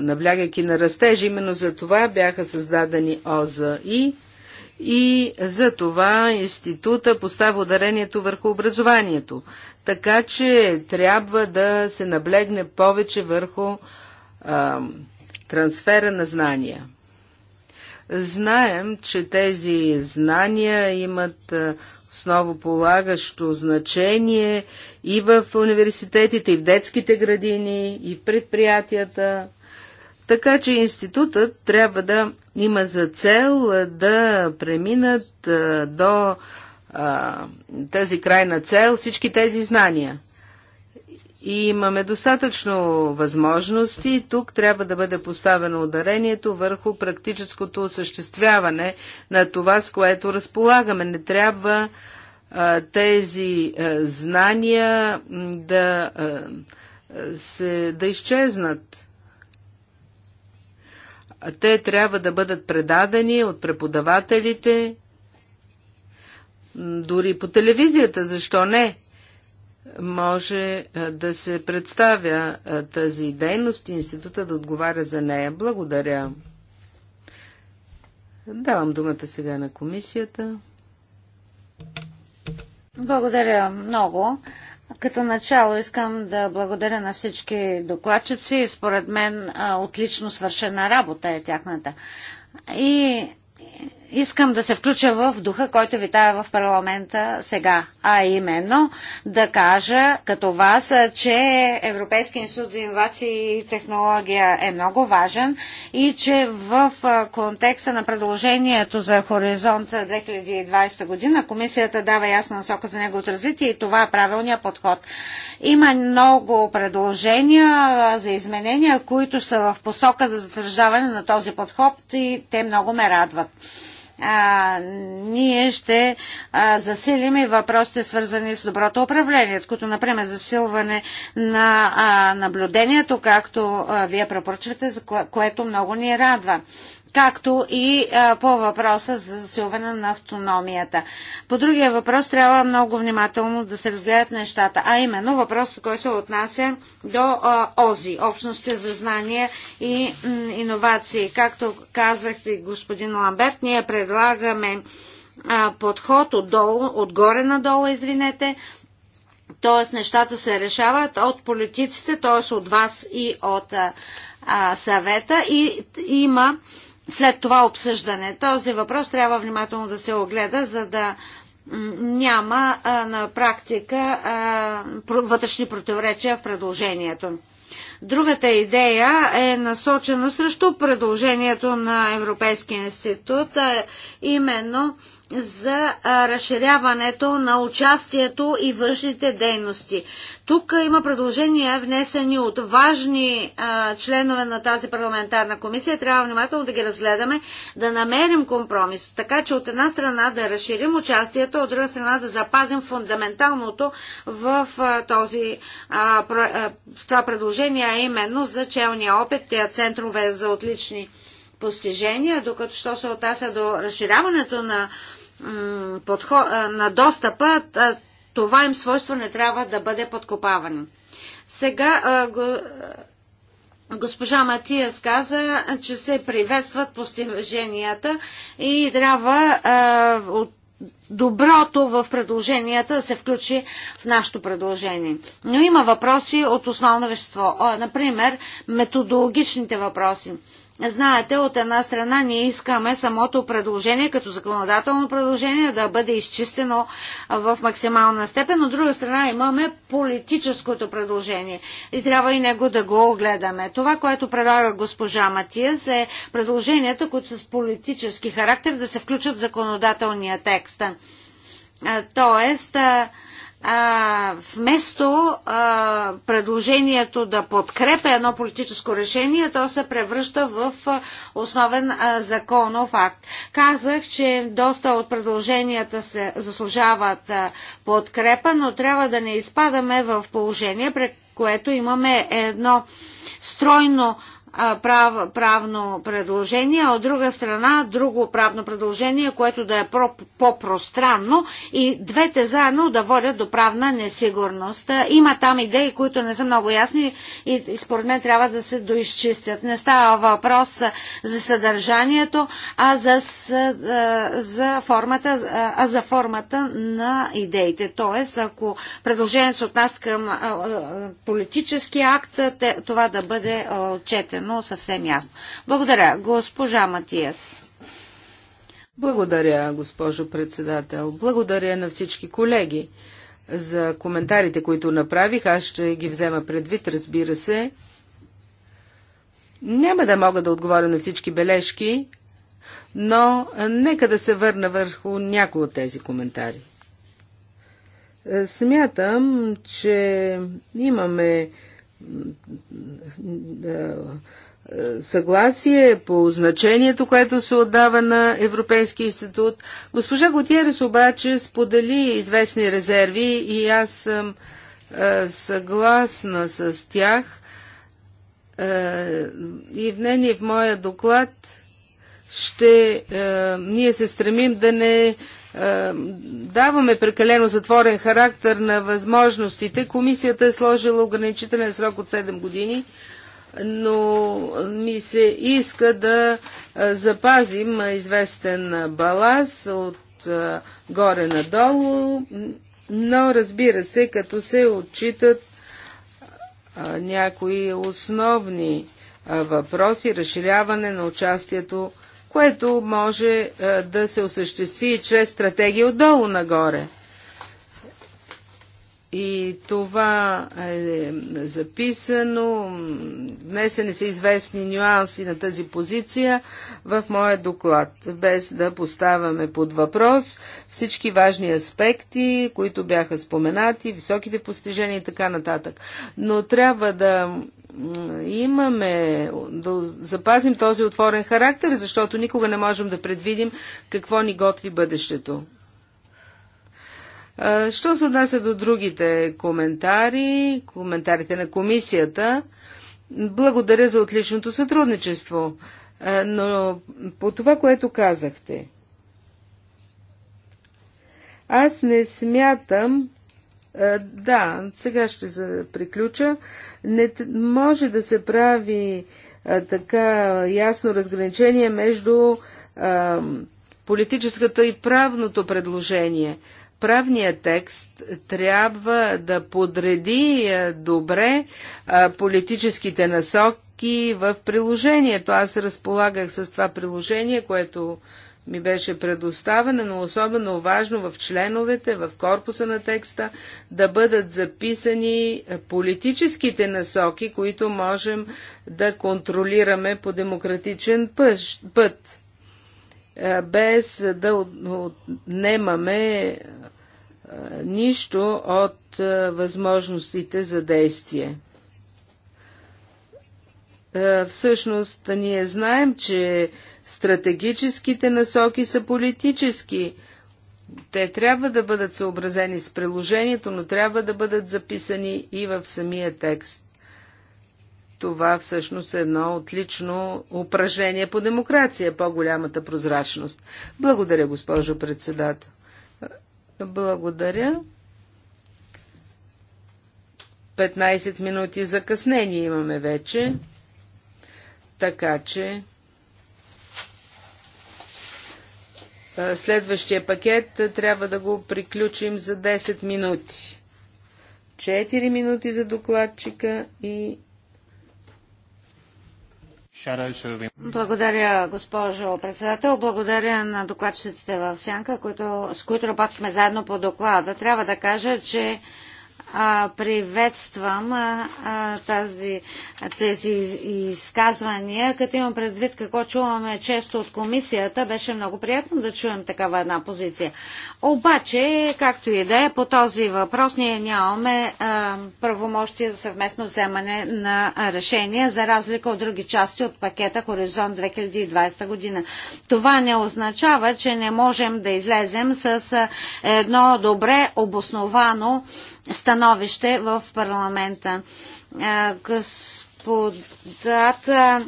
наблягайки на растеж. Именно за това бяха създадени ОЗАИ и за това института поставя ударението върху образованието. Така че трябва да се наблегне повече върху трансфера на знания. Знаем, че тези знания имат основополагащо значение и в университетите, и в детските градини, и в предприятията. Така че институтът трябва да има за цел да преминат до а, тази крайна цел всички тези знания. И имаме достатъчно възможности. Тук трябва да бъде поставено ударението върху практическото осъществяване на това, с което разполагаме. Не трябва а, тези а, знания да, а, се, да изчезнат. Те трябва да бъдат предадени от преподавателите, дори по телевизията, защо не? може да се представя тази дейност и института да отговаря за нея. Благодаря. Давам думата сега на комисията. Благодаря много. Като начало искам да благодаря на всички докладчици. Според мен отлично свършена работа е тяхната. И искам да се включа в духа, който витая в парламента сега, а именно да кажа като вас, че Европейския институт за инновации и технология е много важен и че в контекста на предложението за Хоризонт 2020 година комисията дава ясна насока за неговото развитие и това е правилният подход. Има много предложения за изменения, които са в посока за задържаване на този подход и те много ме радват а, ние ще а, засилим и въпросите свързани с доброто управление, като например засилване на а, наблюдението, както а, вие препоръчвате, за кое, което много ни радва както и а, по въпроса за засилване на автономията. По другия въпрос трябва много внимателно да се разгледат нещата, а именно въпрос, който се отнася до а, ОЗИ, Общности за знания и иновации. Както казвахте, господин Ламберт, ние предлагаме а, подход отдолу, отгоре надолу, извинете, т.е. нещата се решават от политиците, т.е. от вас и от а, съвета и има след това обсъждане. Този въпрос трябва внимателно да се огледа, за да няма а, на практика а, вътрешни противоречия в предложението. Другата идея е насочена срещу предложението на Европейския институт, а именно за разширяването на участието и външните дейности. Тук има предложения внесени от важни а, членове на тази парламентарна комисия. Трябва внимателно да ги разгледаме, да намерим компромис, така че от една страна да разширим участието, от друга страна да запазим фундаменталното в, а, този, а, в това предложение, а именно за челния опит, тези центрове за отлични постижения, докато що се отнася до разширяването на подход, на достъпа, това им свойство не трябва да бъде подкопаване. Сега госпожа Матиас каза, че се приветстват постиженията и трябва от доброто в предложенията да се включи в нашето предложение. Но има въпроси от основно вещество. Например, методологичните въпроси. Знаете, от една страна ние искаме самото предложение, като законодателно предложение, да бъде изчистено в максимална степен, от друга страна имаме политическото предложение и трябва и него да го огледаме. Това, което предлага госпожа Матиас е предложенията, които са с политически характер да се включат в законодателния текст. Тоест, а, вместо а, предложението да подкрепя едно политическо решение, то се превръща в основен а, законов акт. Казах, че доста от предложенията се заслужават а, подкрепа, но трябва да не изпадаме в положение, при което имаме едно стройно прав, правно предложение, а от друга страна друго правно предложение, което да е по-пространно и двете заедно да водят до правна несигурност. Има там идеи, които не са много ясни и, и според мен трябва да се доизчистят. Не става въпрос за съдържанието, а за, за, формата, а за формата на идеите. Тоест, ако предложението се отнася към политически акт, това да бъде отчетено но съвсем ясно. Благодаря. Госпожа Матиас. Благодаря, госпожо председател. Благодаря на всички колеги за коментарите, които направих. Аз ще ги взема предвид, разбира се. Няма да мога да отговоря на всички бележки, но нека да се върна върху някои от тези коментари. Смятам, че имаме съгласие по значението, което се отдава на Европейския институт. Госпожа Готиерес обаче сподели известни резерви и аз съм е, съгласна с тях. Е, и в нейния в моя доклад ще, е, ние се стремим да не даваме прекалено затворен характер на възможностите. Комисията е сложила ограничителен срок от 7 години, но ми се иска да запазим известен баланс от горе надолу, но разбира се, като се отчитат някои основни въпроси, разширяване на участието което може е, да се осъществи чрез стратегия отдолу нагоре. И това е записано. не са известни нюанси на тази позиция в моя доклад, без да поставяме под въпрос всички важни аспекти, които бяха споменати, високите постижения и така нататък. Но трябва да имаме, да запазим този отворен характер, защото никога не можем да предвидим какво ни готви бъдещето. Що се отнася до другите коментари, коментарите на комисията, благодаря за отличното сътрудничество, но по това, което казахте, аз не смятам, е, да, сега ще се приключа. Не може да се прави е, така ясно разграничение между политическата и правното предложение. Правният текст трябва да подреди е, добре политическите насоки в приложението. Аз разполагах с това приложение, което ми беше предоставена, но особено важно в членовете, в корпуса на текста да бъдат записани е, политическите насоки, които можем да контролираме по демократичен път, е, без да отнемаме е, нищо от възможностите за действие. Всъщност, ние знаем, че Стратегическите насоки са политически. Те трябва да бъдат съобразени с приложението, но трябва да бъдат записани и в самия текст. Това всъщност е едно отлично упражнение по демокрация, по-голямата прозрачност. Благодаря, госпожо председател. Благодаря. 15 минути закъснение имаме вече, така че Следващия пакет трябва да го приключим за 10 минути. 4 минути за докладчика и благодаря, госпожо председател. Благодаря на докладчиците в Сянка, които, с които работихме заедно по доклада. Трябва да кажа, че приветствам тази, тези изказвания, като имам предвид какво чуваме често от комисията. Беше много приятно да чуем такава една позиция. Обаче, както и да е, по този въпрос ние нямаме правомощие за съвместно вземане на решения, за разлика от други части от пакета Хоризонт 2020 година. Това не означава, че не можем да излезем с едно добре обосновано становище в парламента. Господата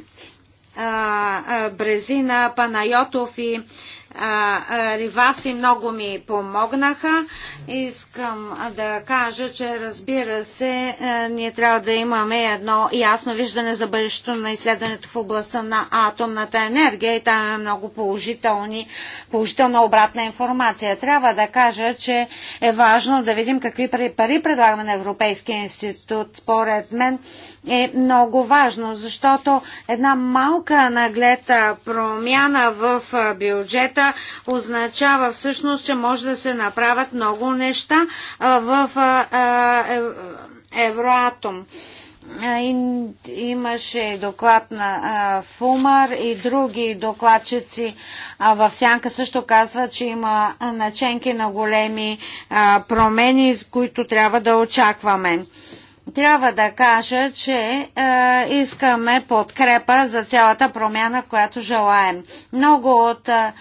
Брезина, Панайотов и Риваси много ми помогнаха. Искам да кажа, че разбира се, ние трябва да имаме едно ясно виждане за бъдещето на изследването в областта на атомната енергия и там е много положителни, положителна обратна информация. Трябва да кажа, че е важно да видим какви пари предлагаме на Европейския институт. Поред мен е много важно, защото една малка нагледа промяна в бюджета означава всъщност, че може да се направят много неща в е, Евроатом имаше доклад на Фумар и други докладчици в Сянка също казва, че има наченки на големи промени, които трябва да очакваме трябва да кажа, че е, искаме подкрепа за цялата промяна, която желаем. Много от е,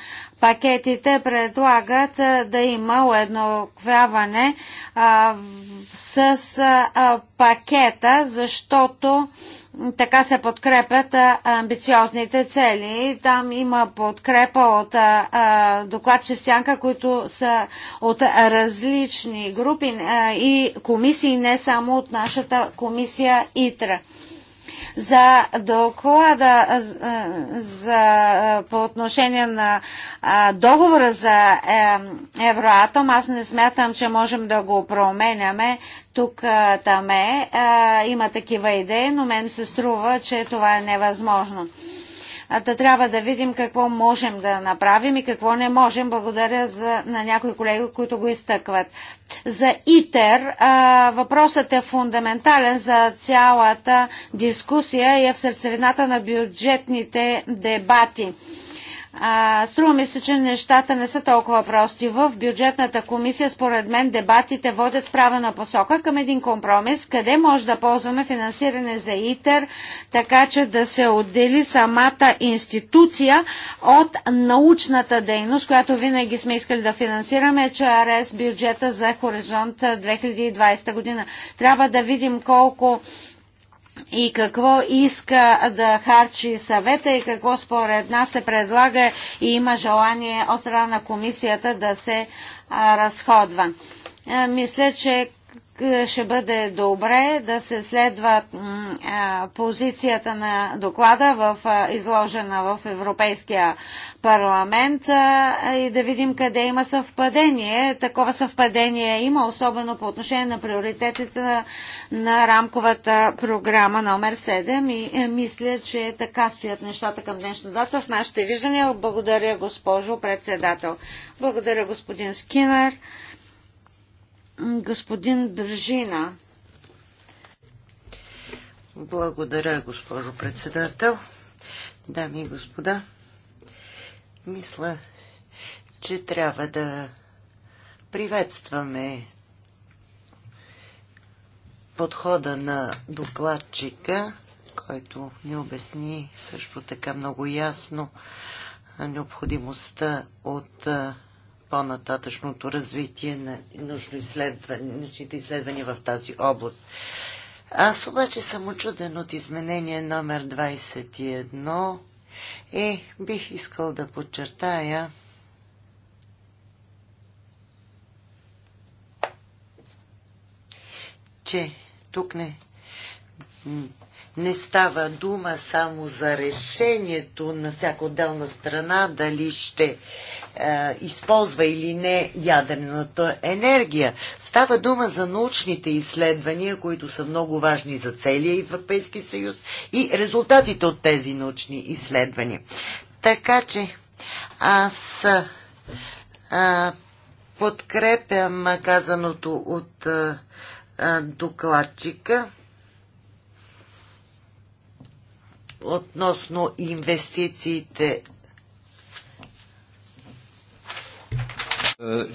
пакетите предлагат да има уедноквяване с пакета, защото така се подкрепят амбициозните цели. Там има подкрепа от докладче сянка, които са от различни групи и комисии, не само от нашата комисия ИТРА за доклада за, по отношение на договора за е, Евроатом. Аз не смятам, че можем да го променяме тук е. Има такива идеи, но мен се струва, че това е невъзможно да трябва да видим какво можем да направим и какво не можем. Благодаря за, на някои колеги, които го изтъкват. За ИТЕР а, въпросът е фундаментален за цялата дискусия и е в сърцевината на бюджетните дебати. А, струва ми се, че нещата не са толкова прости. В бюджетната комисия, според мен, дебатите водят в на посока към един компромис, къде може да ползваме финансиране за ИТЕР, така че да се отдели самата институция от научната дейност, която винаги сме искали да финансираме, ЧРС бюджета за хоризонт 2020 година. Трябва да видим колко и какво иска да харчи съвета и какво според нас се предлага и има желание от страна на комисията да се разходва. Мисля, че е, ще бъде добре да се следва позицията на доклада в изложена в Европейския парламент и да видим къде има съвпадение. Такова съвпадение има, особено по отношение на приоритетите на, на рамковата програма номер 7 и е, мисля, че така стоят нещата към днешна дата в нашите виждания. Благодаря, госпожо председател. Благодаря, господин Скинер. Господин Бержина. Благодаря, госпожо председател. Дами и господа, мисля, че трябва да приветстваме подхода на докладчика, който ни обясни също така много ясно необходимостта от по-нататъчното развитие на нужно изследвания, изследвания в тази област. Аз обаче съм очуден от изменение номер 21 и бих искал да подчертая, че тук не не става дума само за решението на всяка отделна страна дали ще е, използва или не ядрената енергия. Става дума за научните изследвания, които са много важни за целия Европейски съюз и резултатите от тези научни изследвания. Така че аз а, е, е, подкрепям казаното от а, е, докладчика относно инвестициите.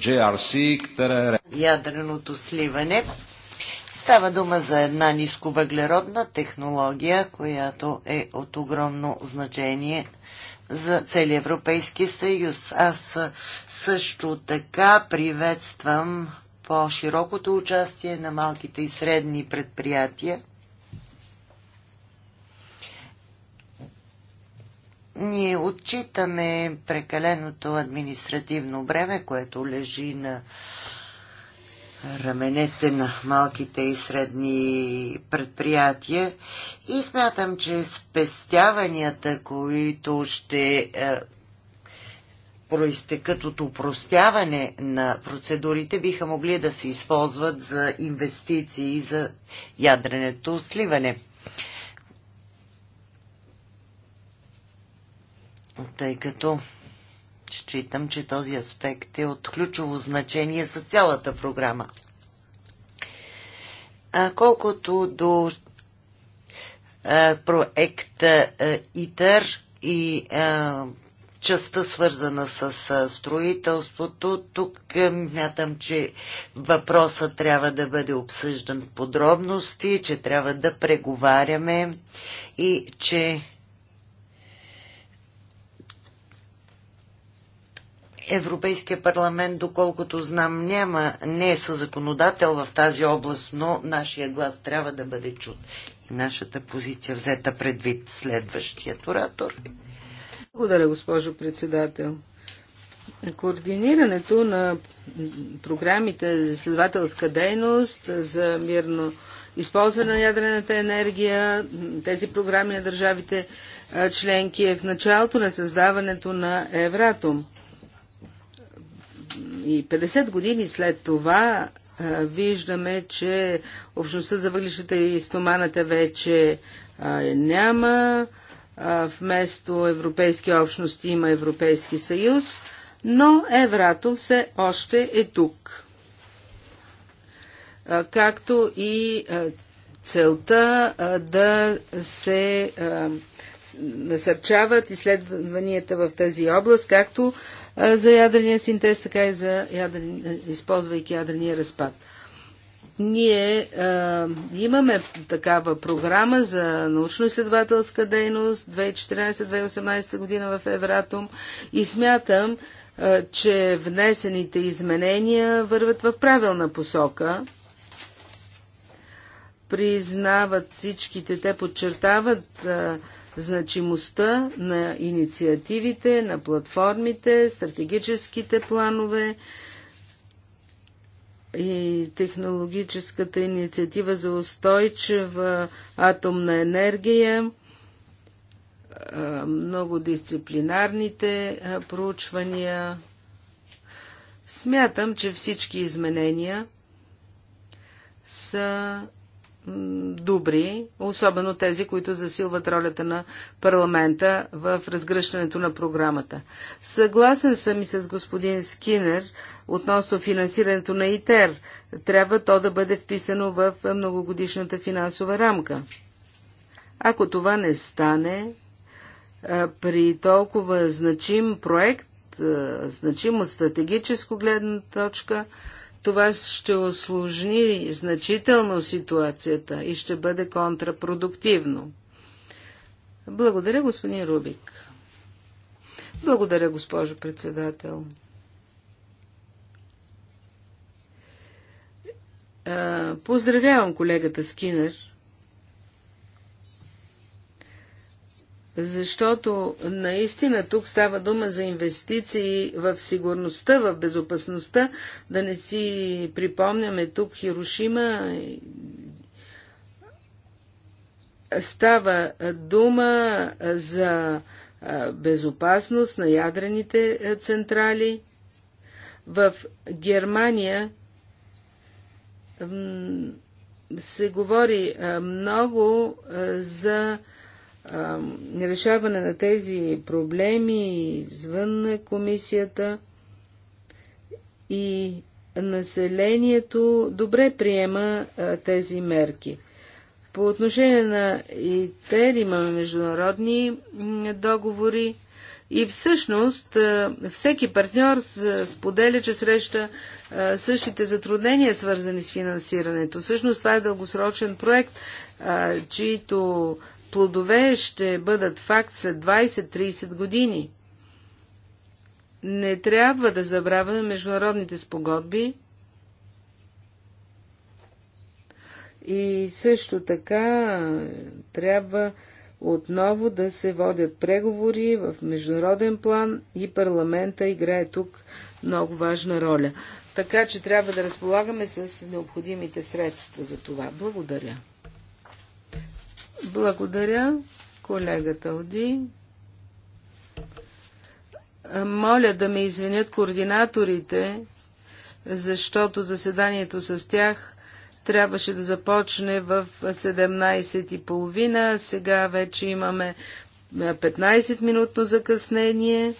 JRC, které... Ядреното сливане. Става дума за една нисковъглеродна технология, която е от огромно значение за целия Европейски съюз. Аз също така приветствам по-широкото участие на малките и средни предприятия ние отчитаме прекаленото административно бреме, което лежи на раменете на малките и средни предприятия и смятам, че спестяванията, които ще е, проистекат от упростяване на процедурите, биха могли да се използват за инвестиции за ядренето сливане. тъй като считам, че този аспект е от ключово значение за цялата програма. А колкото до а, проекта а, ИТЕР и а, частта свързана с строителството. Тук мятам, че въпросът трябва да бъде обсъждан в подробности, че трябва да преговаряме и че Европейския парламент, доколкото знам, няма, не е съзаконодател в тази област, но нашия глас трябва да бъде чут. И нашата позиция взета предвид следващият оратор. Благодаря, госпожо председател. Координирането на програмите за следователска дейност за мирно използване на ядрената енергия, тези програми на държавите членки е в началото на създаването на Евратом. И 50 години след това виждаме, че общността за въглищата и стоманата вече няма. Вместо европейски общности има Европейски съюз, но Еврато все още е тук. Както и целта да се насърчават изследванията в тази област, както за ядрения синтез, така и за ядрен, използвайки ядрения разпад. Ние а, имаме такава програма за научно-изследователска дейност 2014-2018 година в Евратум и смятам, а, че внесените изменения върват в правилна посока. Признават всичките, те подчертават а, значимостта на инициативите, на платформите, стратегическите планове и технологическата инициатива за устойчива атомна енергия, много дисциплинарните проучвания. Смятам, че всички изменения са добри, особено тези, които засилват ролята на парламента в разгръщането на програмата. Съгласен съм и с господин Скинер относно финансирането на ИТЕР. Трябва то да бъде вписано в многогодишната финансова рамка. Ако това не стане, при толкова значим проект, значим от стратегическо гледна точка, това ще осложни значително ситуацията и ще бъде контрапродуктивно. Благодаря, господин Рубик. Благодаря, госпожо председател. Поздравявам колегата Скинер защото наистина тук става дума за инвестиции в сигурността, в безопасността. Да не си припомняме тук Хирошима. Става дума за безопасност на ядрените централи. В Германия се говори много за решаване на тези проблеми извън комисията и населението добре приема тези мерки. По отношение на ИТЕР имаме международни договори и всъщност всеки партньор споделя, че среща същите затруднения, свързани с финансирането. Всъщност това е дългосрочен проект, чието плодове ще бъдат факт след 20-30 години. Не трябва да забравяме международните спогодби и също така трябва отново да се водят преговори в международен план и парламента играе тук много важна роля. Така че трябва да разполагаме с необходимите средства за това. Благодаря. Благодаря, колегата Оди. Моля да ме извинят координаторите, защото заседанието с тях трябваше да започне в 17.30. Сега вече имаме 15-минутно закъснение,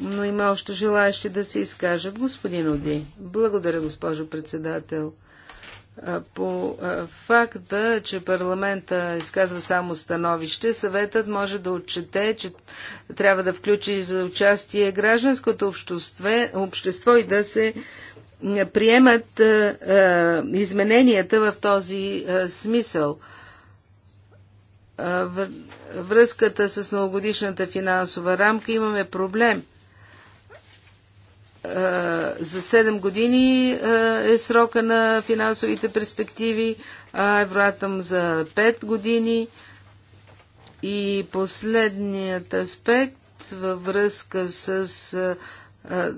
но има още желаящи да се изкажат. Господин Оди, благодаря, госпожо председател. По факта, че парламента изказва само становище, съветът може да отчете, че трябва да включи за участие гражданското общество, общество и да се приемат измененията в този смисъл връзката с новогодишната финансова рамка имаме проблем. Е, за 7 години е, е срока на финансовите перспективи, а Евроатъм за 5 години. И последният аспект във връзка с е,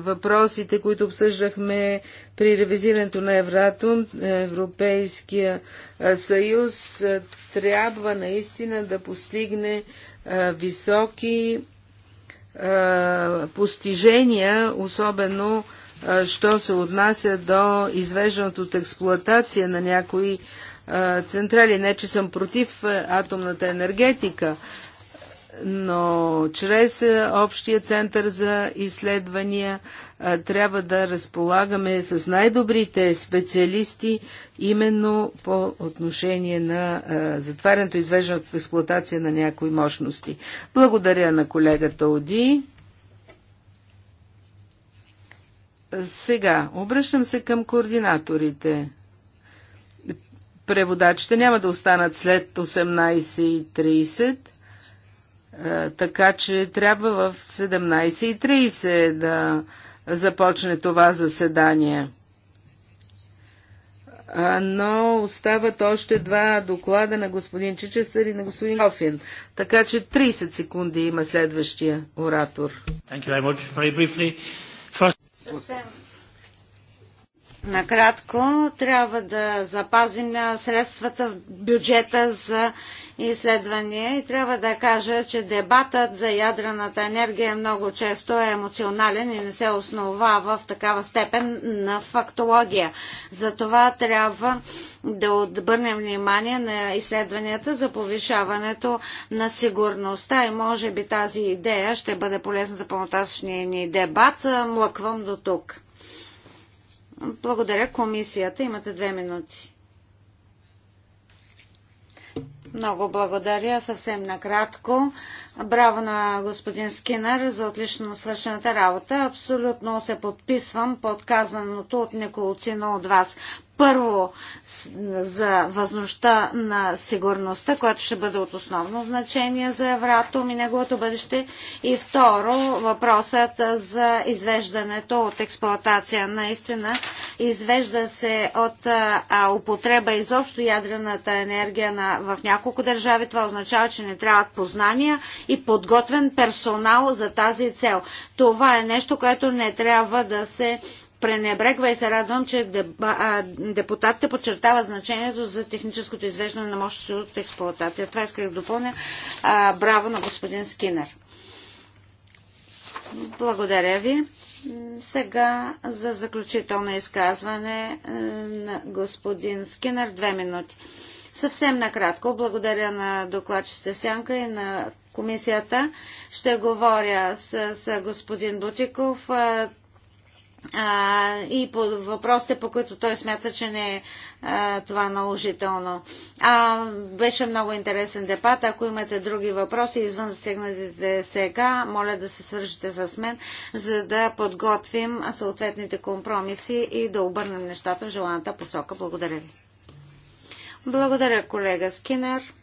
въпросите, които обсъждахме при ревизирането на Евратум, Европейския съюз трябва наистина да постигне високи е, постижения, особено е, що се отнася до извеждането от експлоатация на някои е, централи. Не, че съм против атомната енергетика, но чрез Общия център за изследвания трябва да разполагаме с най-добрите специалисти именно по отношение на затварянето и извеждането в експлуатация на някои мощности. Благодаря на колегата Оди. Сега, обръщам се към координаторите. Преводачите няма да останат след 18.30 така че трябва в 17.30 да започне това заседание. Но остават още два доклада на господин Чичестър и на господин Офин. Така че 30 секунди има следващия оратор. First... Съвсем Накратко, трябва да запазим средствата в бюджета за изследвания и трябва да кажа, че дебатът за ядрената енергия много често е емоционален и не се основава в такава степен на фактология. Затова трябва да отбърнем внимание на изследванията за повишаването на сигурността и може би тази идея ще бъде полезна за по-нататъчния ни дебат. Млъквам до тук. Благодаря комисията. Имате две минути. Много благодаря. Съвсем накратко. Браво на господин Скинър за отлично свършената работа. Абсолютно се подписвам под казаното от неколцина от вас. Първо за възможността на сигурността, която ще бъде от основно значение за Евратом и неговото бъдеще. И второ, въпросът за извеждането от експлоатация. Наистина, извежда се от а, употреба изобщо ядрената енергия на, в няколко държави. Това означава, че не трябват познания и подготвен персонал за тази цел. Това е нещо, което не трябва да се пренебрегва и се радвам, че депутатите подчертава значението за техническото извеждане на мощности от експлуатация. Това исках да допълня. Браво на господин Скинер. Благодаря ви. Сега за заключително изказване е, на господин Скинер. Две минути. Съвсем накратко, благодаря на докладчите Сянка и на комисията. Ще говоря с, с господин Бутиков а, и по въпросите, по които той смята, че не е а, това наложително. А, беше много интересен дебат. Ако имате други въпроси извън засегнатите сега, моля да се свържете с мен, за да подготвим съответните компромиси и да обърнем нещата в желаната посока. Благодаря ви. Благодаря, колега Скинер.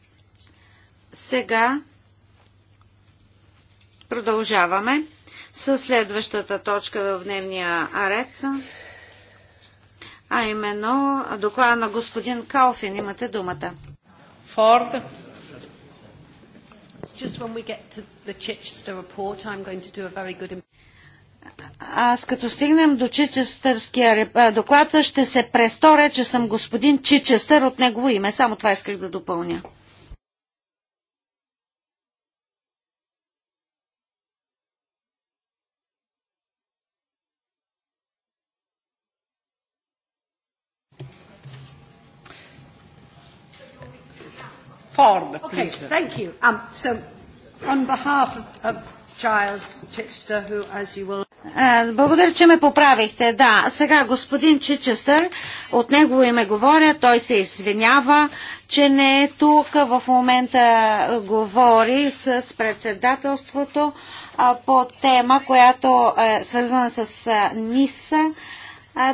Сега Продължаваме с следващата точка в дневния аред. а именно доклада на господин Калфин. Имате думата. Форд. Аз като стигнем до Чичестърския доклад, ще се престоря, че съм господин Чичестър от негово име. Само това исках да допълня. Ford, please. thank you. Um, so, on behalf of, of Giles Chichester, who, as you will... Е, благодаря, че ме поправихте. Да, сега господин Чичестър, от негово име говоря, той се извинява, че не е тук. В момента е, говори с председателството по тема, която е свързана с е, НИСА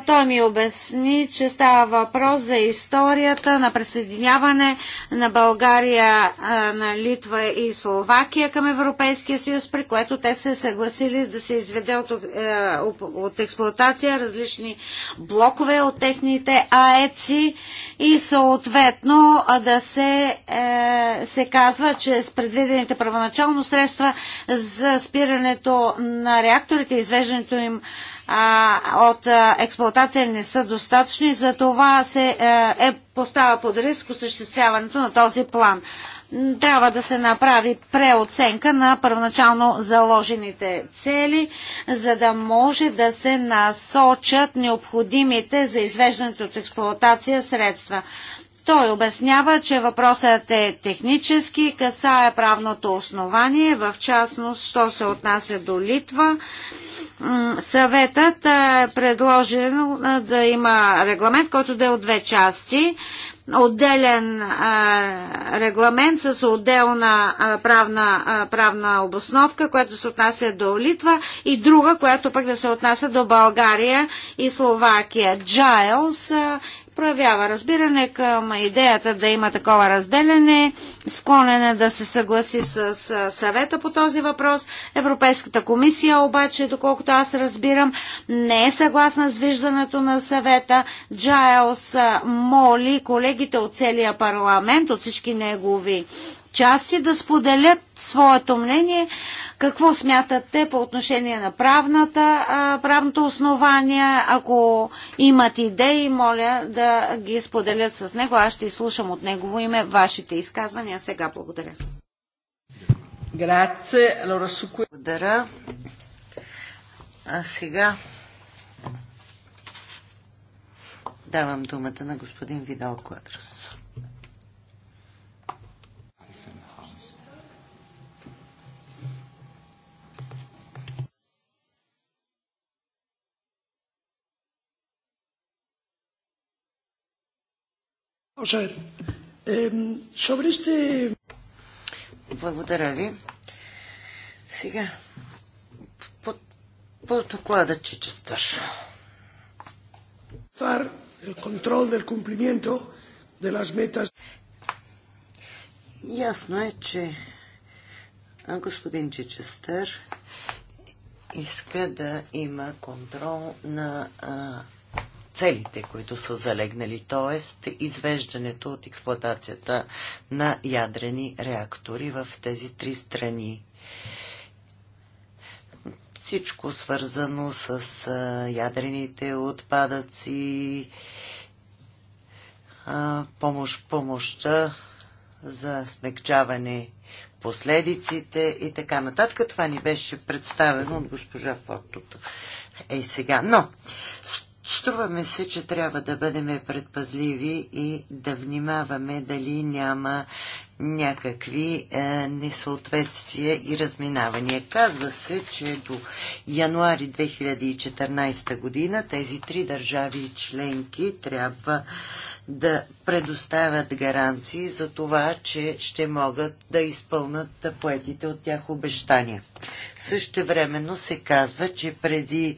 той ми обясни, че става въпрос за историята на присъединяване на България, на Литва и Словакия към Европейския съюз, при което те се съгласили да се изведе от, е, от експлуатация различни блокове от техните АЕЦи и съответно да се, е, се казва, че с предвидените първоначално средства за спирането на реакторите, извеждането им а, от а, експлуатация не са достатъчни, за това се а, е, е поставя под риск осъществяването на този план. Трябва да се направи преоценка на първоначално заложените цели, за да може да се насочат необходимите за извеждането от експлуатация средства. Той обяснява, че въпросът е технически, касае правното основание, в частност, що се отнася до Литва Съветът е предложен да има регламент, който да е от две части. Отделен регламент с отделна правна, правна обосновка, която се отнася до Литва и друга, която пък да се отнася до България и Словакия. Джайлс проявява разбиране към идеята да има такова разделяне, склонен е да се съгласи с, с съвета по този въпрос. Европейската комисия обаче, доколкото аз разбирам, не е съгласна с виждането на съвета. Джайлс моли колегите от целия парламент, от всички негови части да споделят своето мнение, какво смятат те по отношение на правната, правното основание. Ако имат идеи, моля да ги споделят с него. Аз ще изслушам от негово име вашите изказвания. Сега благодаря. Благодаря. А сега давам думата на господин Видал Квадрас. Благодаря ви. Сега, по, по доклада Чичестър. контрол del cumplimiento de las metas. Ясно е, че господин Чичестър иска да има контрол на а, целите, които са залегнали, т.е. извеждането от експлоатацията на ядрени реактори в тези три страни. Всичко свързано с ядрените отпадъци, помощ, помощта за смягчаване последиците и така нататък. Това ни беше представено от госпожа Фортута. Ей сега. Но, Струва ми се, че трябва да бъдем предпазливи и да внимаваме дали няма някакви е, несъответствия и разминавания. Казва се, че до януари 2014 година тези три държави членки трябва да предоставят гаранции за това, че ще могат да изпълнат поетите от тях обещания. Също времено се казва, че преди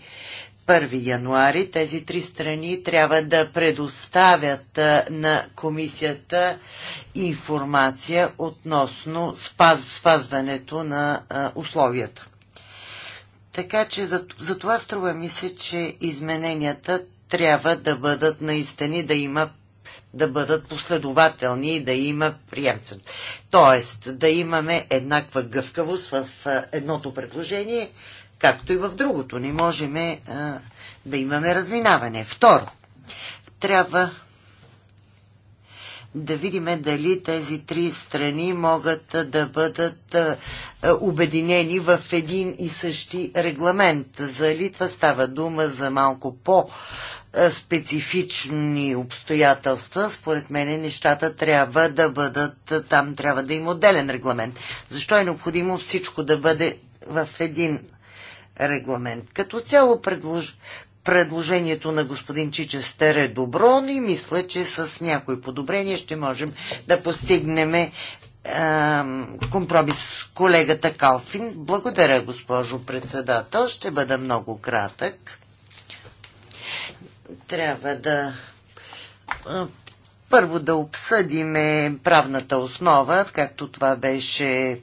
1 януари тези три страни трябва да предоставят на комисията информация относно спаз, спазването на условията. Така че за, за това струва ми се, че измененията трябва да бъдат наистина да има да бъдат последователни и да има приемственост. Тоест да имаме еднаква гъвкавост в едното предложение, както и в другото. Не можем а, е, да имаме разминаване. Второ, трябва да видим дали тези три страни могат да бъдат е, обединени в един и същи регламент. За Литва става дума за малко по- специфични обстоятелства, според мен нещата трябва да бъдат, там трябва да има отделен регламент. Защо е необходимо всичко да бъде в един регламент. Като цяло предлож... предложението на господин Чичестер е добро, но и мисля, че с някои подобрения ще можем да постигнем компромис с колегата Калфин. Благодаря, госпожо председател. Ще бъда много кратък. Трябва да първо да обсъдим правната основа, както това беше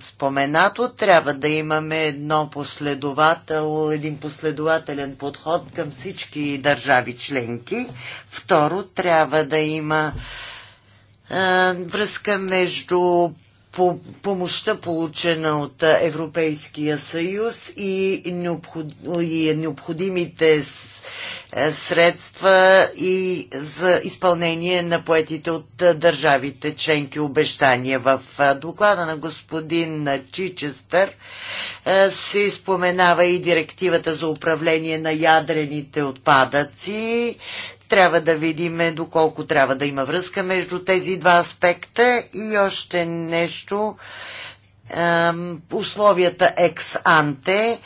споменато, трябва да имаме едно последовател, един последователен подход към всички държави членки. Второ, трябва да има а, връзка между по помощта, получена от Европейския съюз и, необход... и необходимите е, средства и за изпълнение на поетите от е, държавите членки обещания. В е, доклада на господин Чичестър се споменава и директивата за управление на ядрените отпадъци. Трябва да видим доколко трябва да има връзка между тези два аспекта и още нещо условията екс-анте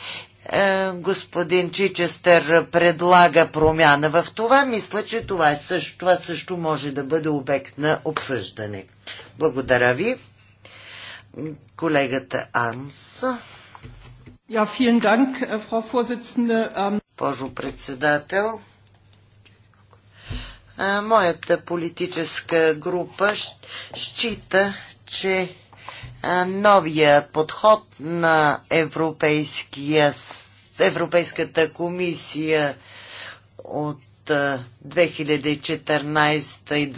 е, господин Чичестър предлага промяна в това, мисля, че това, е също, това също може да бъде обект на обсъждане. Благодаря ви. Колегата Армс. Ja, vielen Dank, äh, Frau Vorsitzende. Ähm, Пожо председател, е, моята политическа група счита, че новия подход на Европейския, Европейската комисия от 2014 и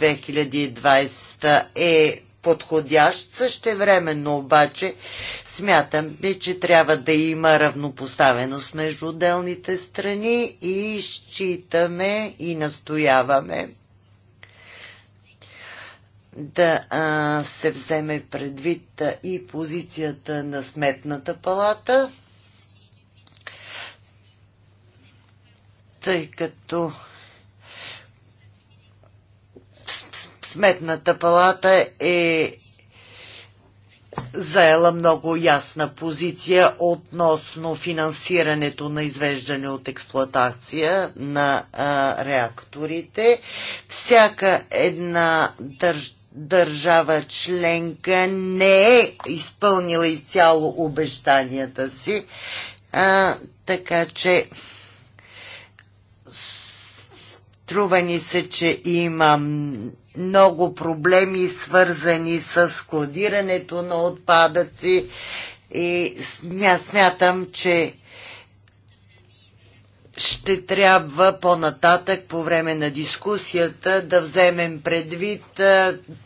2020 е подходящ. Същевременно обаче смятам, че трябва да има равнопоставеност между отделните страни и считаме и настояваме да а, се вземе предвид и позицията на Сметната палата, тъй като Сметната палата е заела много ясна позиция относно финансирането на извеждане от експлоатация на а, реакторите. Всяка една държава държава членка не е изпълнила изцяло обещанията си, а, така че струва ни се, че има много проблеми, свързани с складирането на отпадъци и смятам, че ще трябва по-нататък по време на дискусията да вземем предвид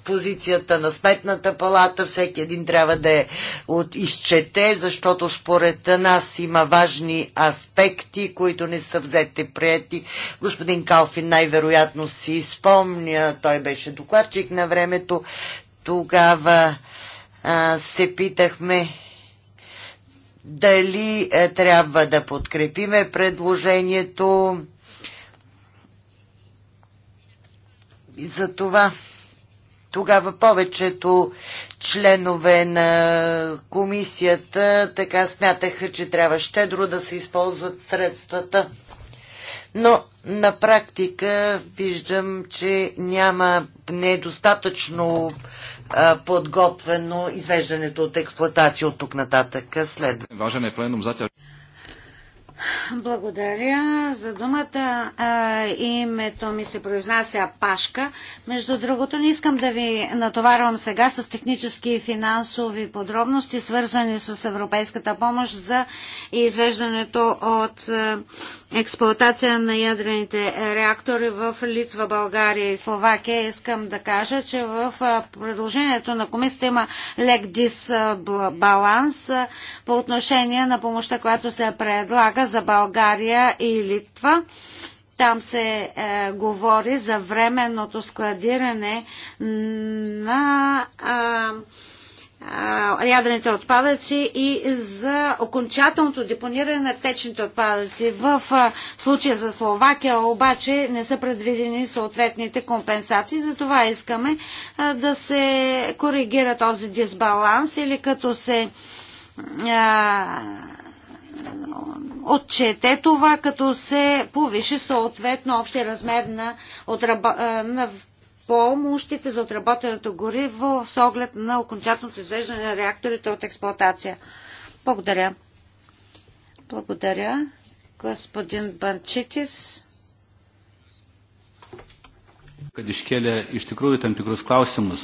позицията на Сметната палата. Всеки един трябва да е от изчете, защото според нас има важни аспекти, които не са взете прияти. Господин Калфин най-вероятно си спомня, той беше докладчик на времето. Тогава а, се питахме дали е, трябва да подкрепиме предложението. За това тогава повечето членове на комисията така смятаха, че трябва щедро да се използват средствата. Но на практика виждам, че няма недостатъчно е подготвено извеждането от експлуатация от тук нататък следва. Важен е пленум затя. Благодаря за думата. А, името ми се произнася Пашка. Между другото, не искам да ви натоварвам сега с технически и финансови подробности, свързани с европейската помощ за извеждането от експлуатация на ядрените реактори в Литва, България и Словакия. Искам да кажа, че в предложението на комисията има лек дисбаланс по отношение на помощта, която се предлага за България и Литва. Там се е, говори за временното складиране на е, е, ядрените отпадъци и за окончателното депониране на течните отпадъци. В е, случая за Словакия обаче не са предвидени съответните компенсации, затова искаме е, да се коригира този дисбаланс или като се е, отчете това, като се повиши съответно общия размер на, отраба, на помощите за отработеното гориво с оглед на окончателното извеждане на реакторите от експлоатация. Благодаря. Благодаря. Господин Банчитис. Kad iškėlė iš tikrųjų tam tikrus klausimus,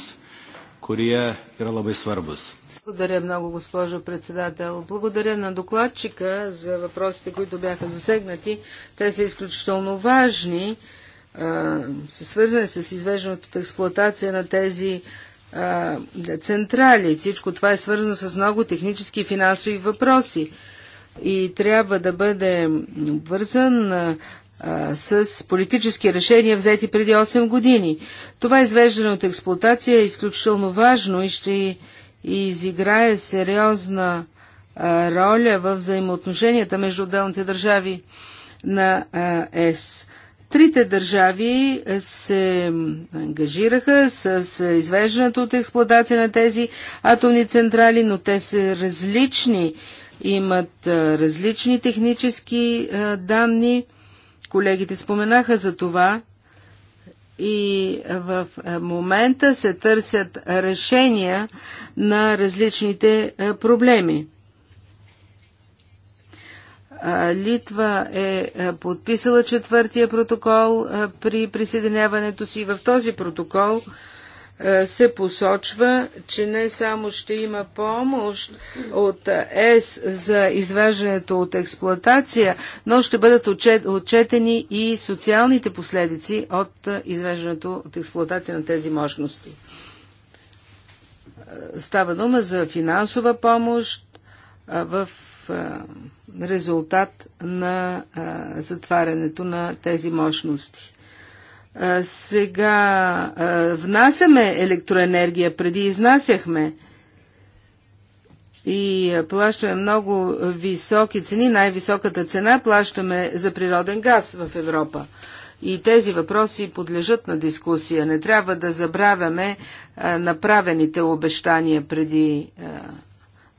kurie благодаря много, госпожо председател. Благодаря на докладчика за въпросите, които бяха засегнати. Те са изключително важни, са свързани с извеждането от експлуатация на тези централи. Всичко това е свързано с много технически и финансови въпроси и трябва да бъде вързан с политически решения, взети преди 8 години. Това извеждане от експлуатация е изключително важно и ще и изиграе сериозна роля в взаимоотношенията между отделните държави на ЕС. Трите държави се ангажираха с извеждането от експлуатация на тези атомни централи, но те са различни, имат различни технически данни. Колегите споменаха за това и в момента се търсят решения на различните е, проблеми. Литва е, е подписала четвъртия протокол е, при присъединяването си. В този протокол е, се посочва, че не само ще има помощ от ЕС за изваждането от експлоатация, но ще бъдат отчетени и социалните последици от е, изваждането от експлоатация на тези мощности. Е, става дума за финансова помощ в резултат на затварянето на тези мощности сега внасяме електроенергия, преди изнасяхме и плащаме много високи цени. Най-високата цена плащаме за природен газ в Европа. И тези въпроси подлежат на дискусия. Не трябва да забравяме направените обещания преди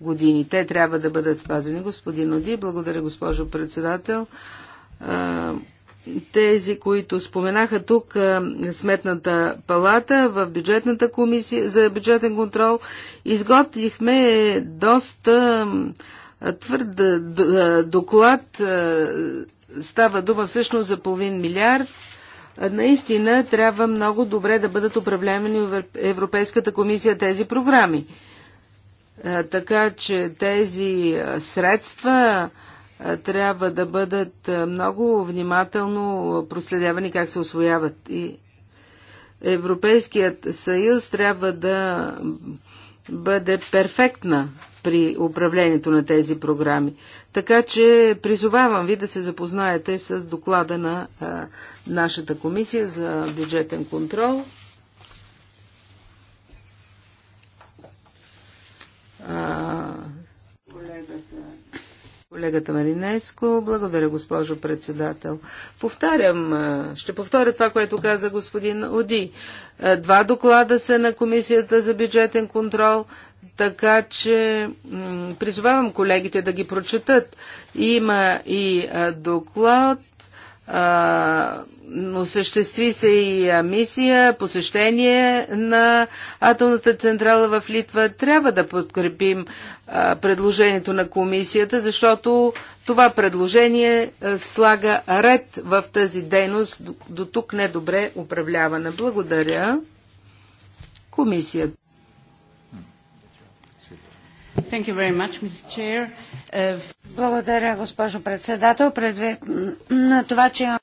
години. Те трябва да бъдат спазени. Господин Оди, благодаря госпожо председател тези, които споменаха тук Сметната палата в бюджетната комисия за бюджетен контрол, изготвихме доста твърд доклад. Става дума всъщност за половин милиард. Наистина трябва много добре да бъдат управлявани в Европейската комисия тези програми. Така че тези средства, трябва да бъдат много внимателно проследявани как се освояват. И Европейският съюз трябва да бъде перфектна при управлението на тези програми. Така че призовавам ви да се запознаете с доклада на а, нашата комисия за бюджетен контрол. А, Колегата Маринеско, благодаря госпожо председател. Повтарям, ще повторя това, което каза господин Оди. Два доклада са на Комисията за бюджетен контрол, така че призовавам колегите да ги прочетат. Има и доклад осъществи се и мисия, посещение на атомната централа в Литва. Трябва да подкрепим предложението на комисията, защото това предложение слага ред в тази дейност, до, до тук недобре управлявана. Благодаря. Комисията. Uh, Благодаря, госпожо председател. Предвид на това, че имам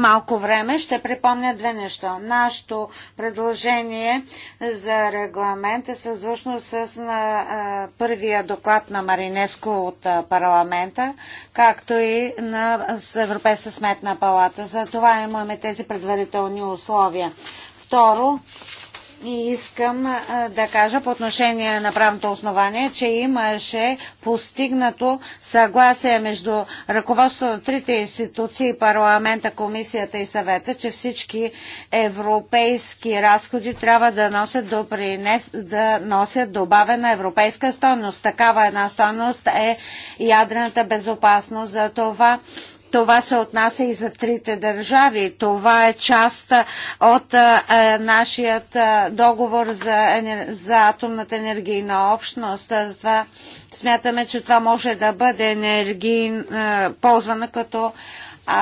малко време, ще припомня две неща. Нашето предложение за регламент е съзвършно с на, а, първия доклад на Маринеско от а, парламента, както и на Европейска сметна палата. За това имаме тези предварителни условия. Второ, и искам да кажа по отношение на правното основание, че имаше постигнато съгласие между ръководството на трите институции, парламента, комисията и съвета, че всички европейски разходи трябва да носят, допринес, да носят добавена европейска стойност. Такава една стойност е ядрената безопасност. За това това се отнася и за трите държави. Това е част от е, нашият договор за, енер... за атомната енергийна общност. Затова смятаме, че това може да бъде енергий... е, ползвана като е,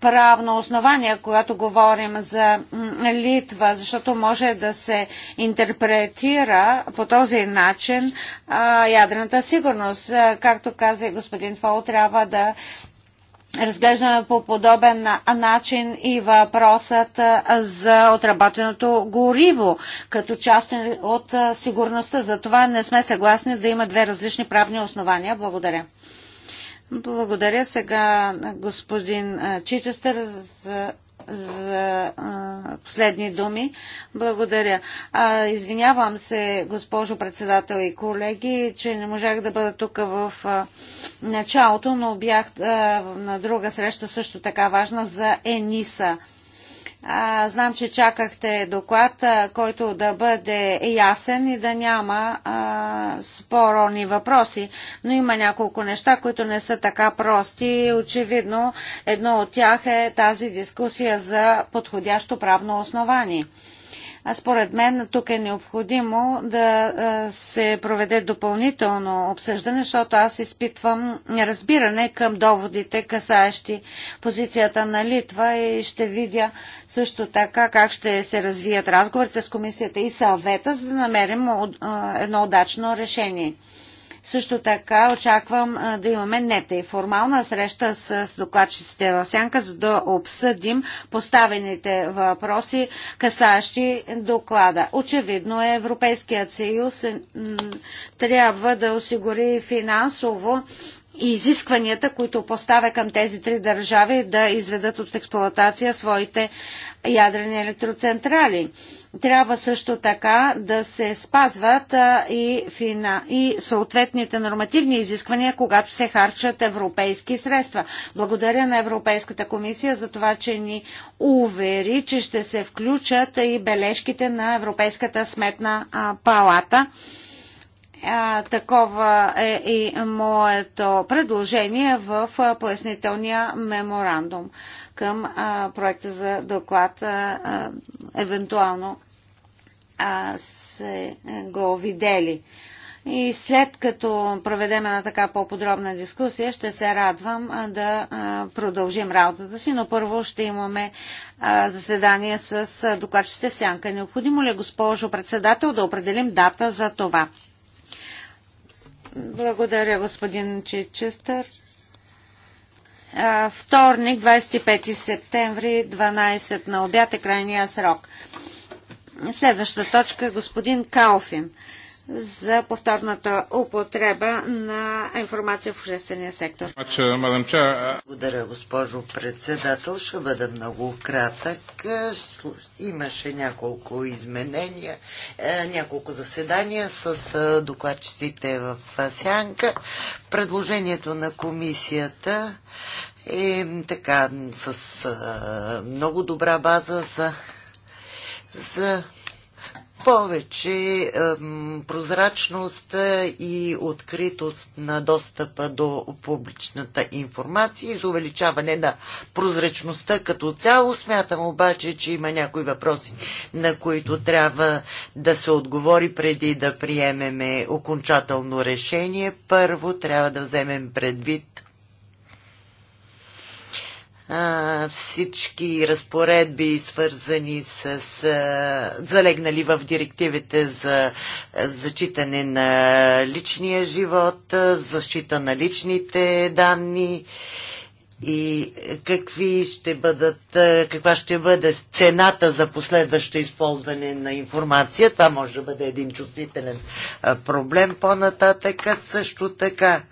правно основание, когато говорим за Литва, защото може да се интерпретира по този начин а, ядрената сигурност. Както каза и господин Фол, трябва да разглеждаме по подобен начин и въпросът за отработеното гориво като част от сигурността. Затова не сме съгласни да има две различни правни основания. Благодаря. Благодаря сега господин Чичестър за за а, последни думи. Благодаря. А, извинявам се, госпожо председател и колеги, че не можах да бъда тук в а, началото, но бях а, на друга среща също така важна за ЕНИСА. А, знам, че чакахте доклад, а, който да бъде ясен и да няма спорони въпроси, но има няколко неща, които не са така прости. Очевидно, едно от тях е тази дискусия за подходящо правно основание. Според мен тук е необходимо да се проведе допълнително обсъждане, защото аз изпитвам разбиране към доводите, касаещи позицията на Литва и ще видя също така как ще се развият разговорите с комисията и съвета, за да намерим едно удачно решение. Също така очаквам да имаме НЕТА и формална среща с докладчиците в Сянка, за да обсъдим поставените въпроси, касащи доклада. Очевидно е Европейският съюз трябва да осигури финансово и изискванията, които поставя към тези три държави да изведат от експлоатация своите ядрени електроцентрали. Трябва също така да се спазват и, фина, и съответните нормативни изисквания, когато се харчат европейски средства. Благодаря на Европейската комисия за това, че ни увери, че ще се включат и бележките на Европейската сметна палата а, такова е и моето предложение в пояснителния меморандум към а, проекта за доклад. А, а, евентуално а, се го видели. И след като проведем една така по-подробна дискусия, ще се радвам да продължим работата си, но първо ще имаме заседание с докладчите в сянка. Необходимо ли, е, госпожо председател, да определим дата за това? Благодаря, господин Чичестър. Вторник, 25 септември, 12 на обяд е крайния срок. Следваща точка е господин Калфин за повторната употреба на информация в обществения сектор. Благодаря, госпожо председател. Ще бъда много кратък. Имаше няколко изменения, е, няколко заседания с е, докладчиците в Сянка. Предложението на комисията е така с е, много добра база за, за повече прозрачност и откритост на достъпа до публичната информация и за увеличаване на прозрачността като цяло. Смятам обаче, че има някои въпроси, на които трябва да се отговори преди да приемеме окончателно решение. Първо трябва да вземем предвид а, всички разпоредби, свързани с а, залегнали в директивите за зачитане на личния живот, защита на личните данни и какви ще бъдат, каква ще бъде цената за последващо използване на информация. Това може да бъде един чувствителен проблем по-нататък. Също така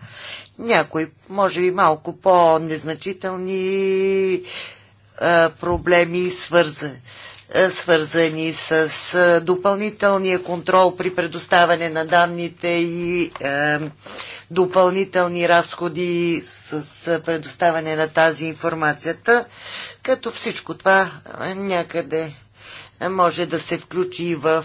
някои, може би малко по-незначителни проблеми, свързани свързани с допълнителния контрол при предоставяне на данните и е, допълнителни разходи с предоставяне на тази информацията, като всичко това е някъде може да се включи в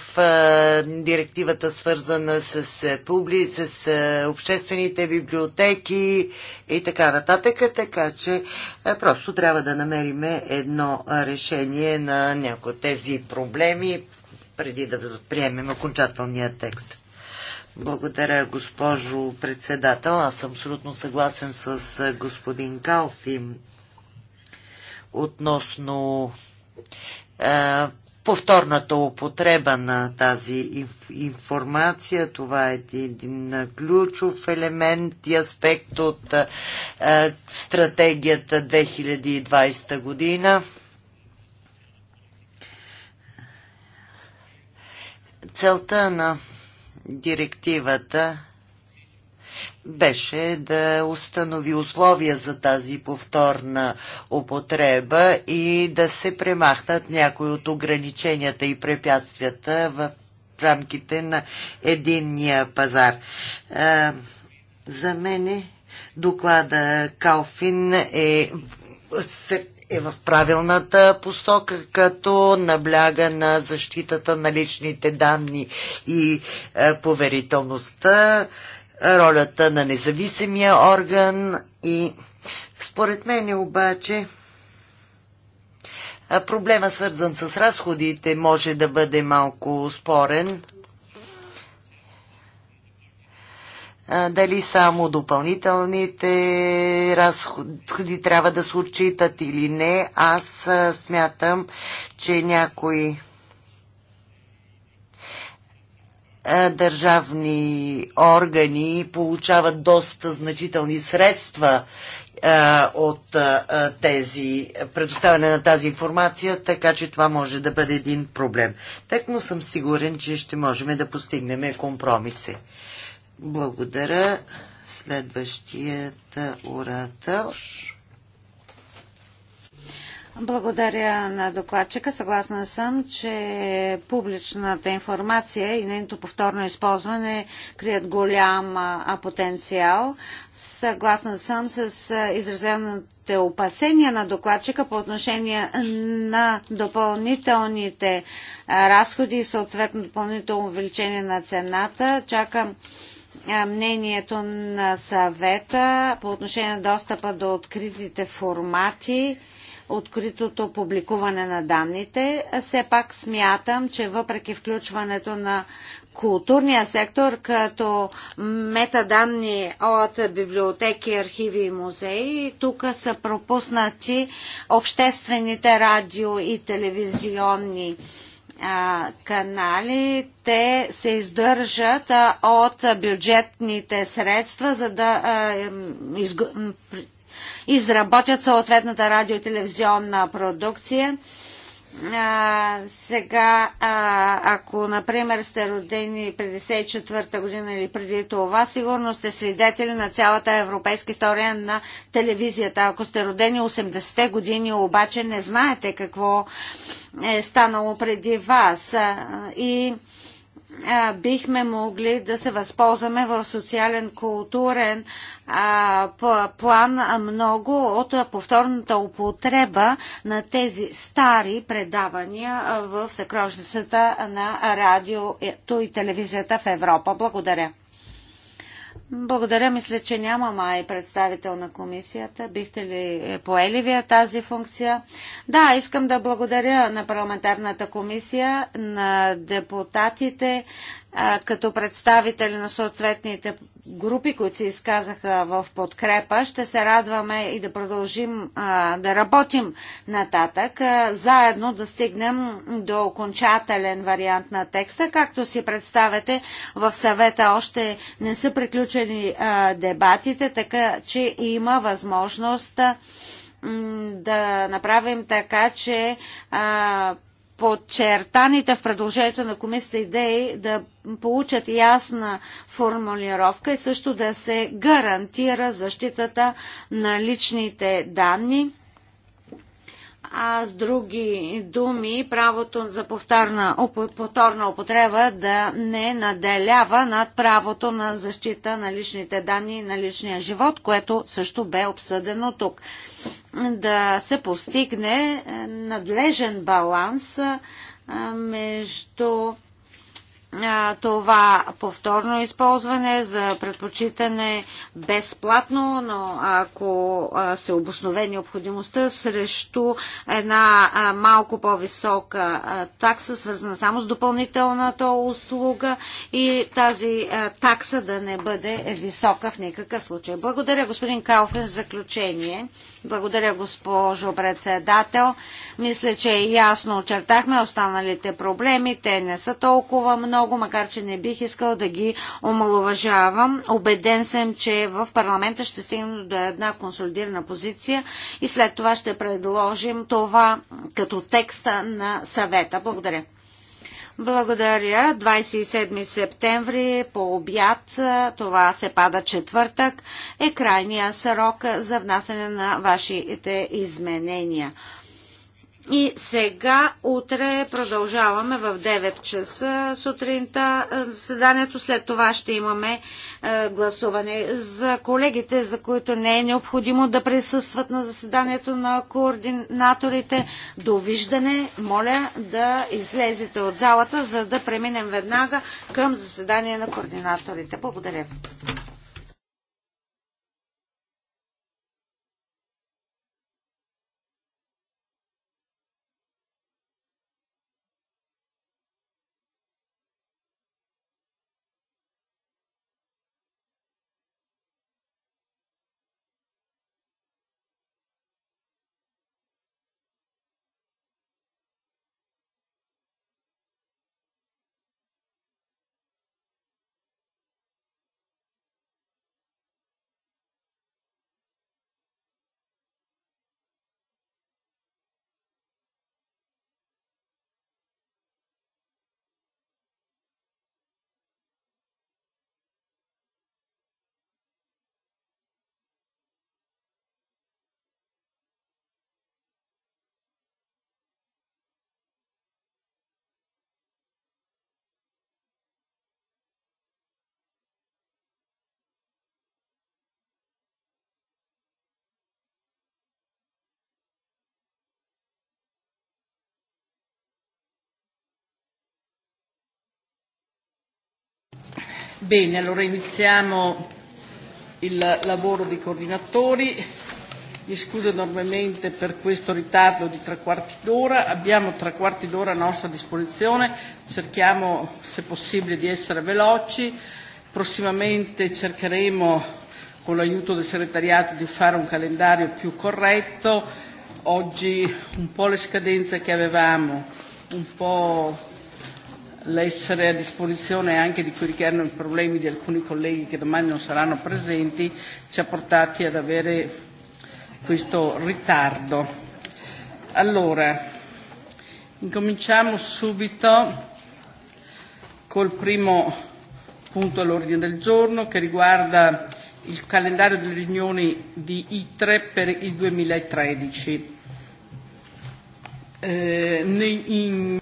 директивата свързана с, публи, с обществените библиотеки и така нататък, така че просто трябва да намерим едно решение на някои от тези проблеми преди да приемем окончателния текст. Благодаря, госпожо председател. Аз съм абсолютно съгласен с господин Калфим относно повторната употреба на тази информация. Това е един ключов елемент и аспект от стратегията 2020 година. Целта на директивата беше да установи условия за тази повторна употреба и да се премахнат някои от ограниченията и препятствията в рамките на единния пазар. За мен доклада Калфин е е в правилната посока, като набляга на защитата на личните данни и поверителността ролята на независимия орган и според мен обаче проблема свързан с разходите може да бъде малко спорен. Дали само допълнителните разходи трябва да се отчитат или не, аз смятам, че някои Е, държавни органи получават доста значителни средства е, от е, тези, предоставяне на тази информация, така че това може да бъде един проблем. Так, но съм сигурен, че ще можем да постигнем компромиси. Благодаря. Следващият оратор. Благодаря на докладчика. Съгласна съм, че публичната информация и нейното повторно използване крият голям потенциал. Съгласна съм с изразените опасения на докладчика по отношение на допълнителните разходи и съответно допълнително увеличение на цената. Чакам мнението на съвета по отношение на достъпа до откритите формати откритото публикуване на данните. Все пак смятам, че въпреки включването на културния сектор като метаданни от библиотеки, архиви и музеи. Тук са пропуснати обществените радио и телевизионни а, канали. Те се издържат а, от бюджетните средства, за да а, изработят съответната радио и телевизионна продукция. А, сега, а, ако, например, сте родени 54-та година или преди това, сигурно сте свидетели на цялата европейска история на телевизията. Ако сте родени 80-те години, обаче не знаете какво е станало преди вас. А, и а, бихме могли да се възползваме в социален, културен а, план много от повторната употреба на тези стари предавания в съкровищницата на радиото и телевизията в Европа. Благодаря. Благодаря. Мисля, че няма май представител на комисията. Бихте ли е, поели вие тази функция? Да, искам да благодаря на парламентарната комисия, на депутатите като представители на съответните групи, които се изказаха в подкрепа. Ще се радваме и да продължим да работим нататък, заедно да стигнем до окончателен вариант на текста. Както си представете, в съвета още не са приключени дебатите, така че има възможност да направим така, че а, подчертаните в предложението на комисията идеи да получат ясна формулировка и също да се гарантира защитата на личните данни. А с други думи, правото за повторна, повторна употреба да не наделява над правото на защита на личните данни и на личния живот, което също бе обсъдено тук да се постигне е, надлежен баланс е, между е, това повторно използване за предпочитане безплатно, но ако се обоснове необходимостта срещу една малко по-висока такса, свързана само с допълнителната услуга и тази такса да не бъде висока в никакъв случай. Благодаря, господин Калфен за заключение. Благодаря, госпожо председател. Мисля, че ясно очертахме останалите проблеми. Те не са толкова много, макар че не бих искал да ги омалуважавам. Обеден съм, че в парламента ще стигнем до една консолидирана позиция и след това ще предложим това като текста на съвета. Благодаря. Благодаря. 27 септември е по обяд, това се пада четвъртък, е крайния срок за внасяне на вашите изменения. И сега, утре продължаваме в 9 часа сутринта е, заседанието. След това ще имаме е, гласуване. За колегите, за които не е необходимо да присъстват на заседанието на координаторите, довиждане, моля да излезете от залата, за да преминем веднага към заседание на координаторите. Благодаря. Bene, allora iniziamo il lavoro dei coordinatori. Mi scuso enormemente per questo ritardo di tre quarti d'ora. Abbiamo tre quarti d'ora a nostra disposizione. Cerchiamo, se possibile, di essere veloci. Prossimamente cercheremo, con l'aiuto del segretariato, di fare un calendario più corretto. Oggi un po' le scadenze che avevamo, un po' l'essere a disposizione anche di quelli che erano i problemi di alcuni colleghi che domani non saranno presenti ci ha portati ad avere questo ritardo. Allora, incominciamo subito col primo punto all'ordine del giorno che riguarda il calendario delle riunioni di ITRE per il 2013. Eh, in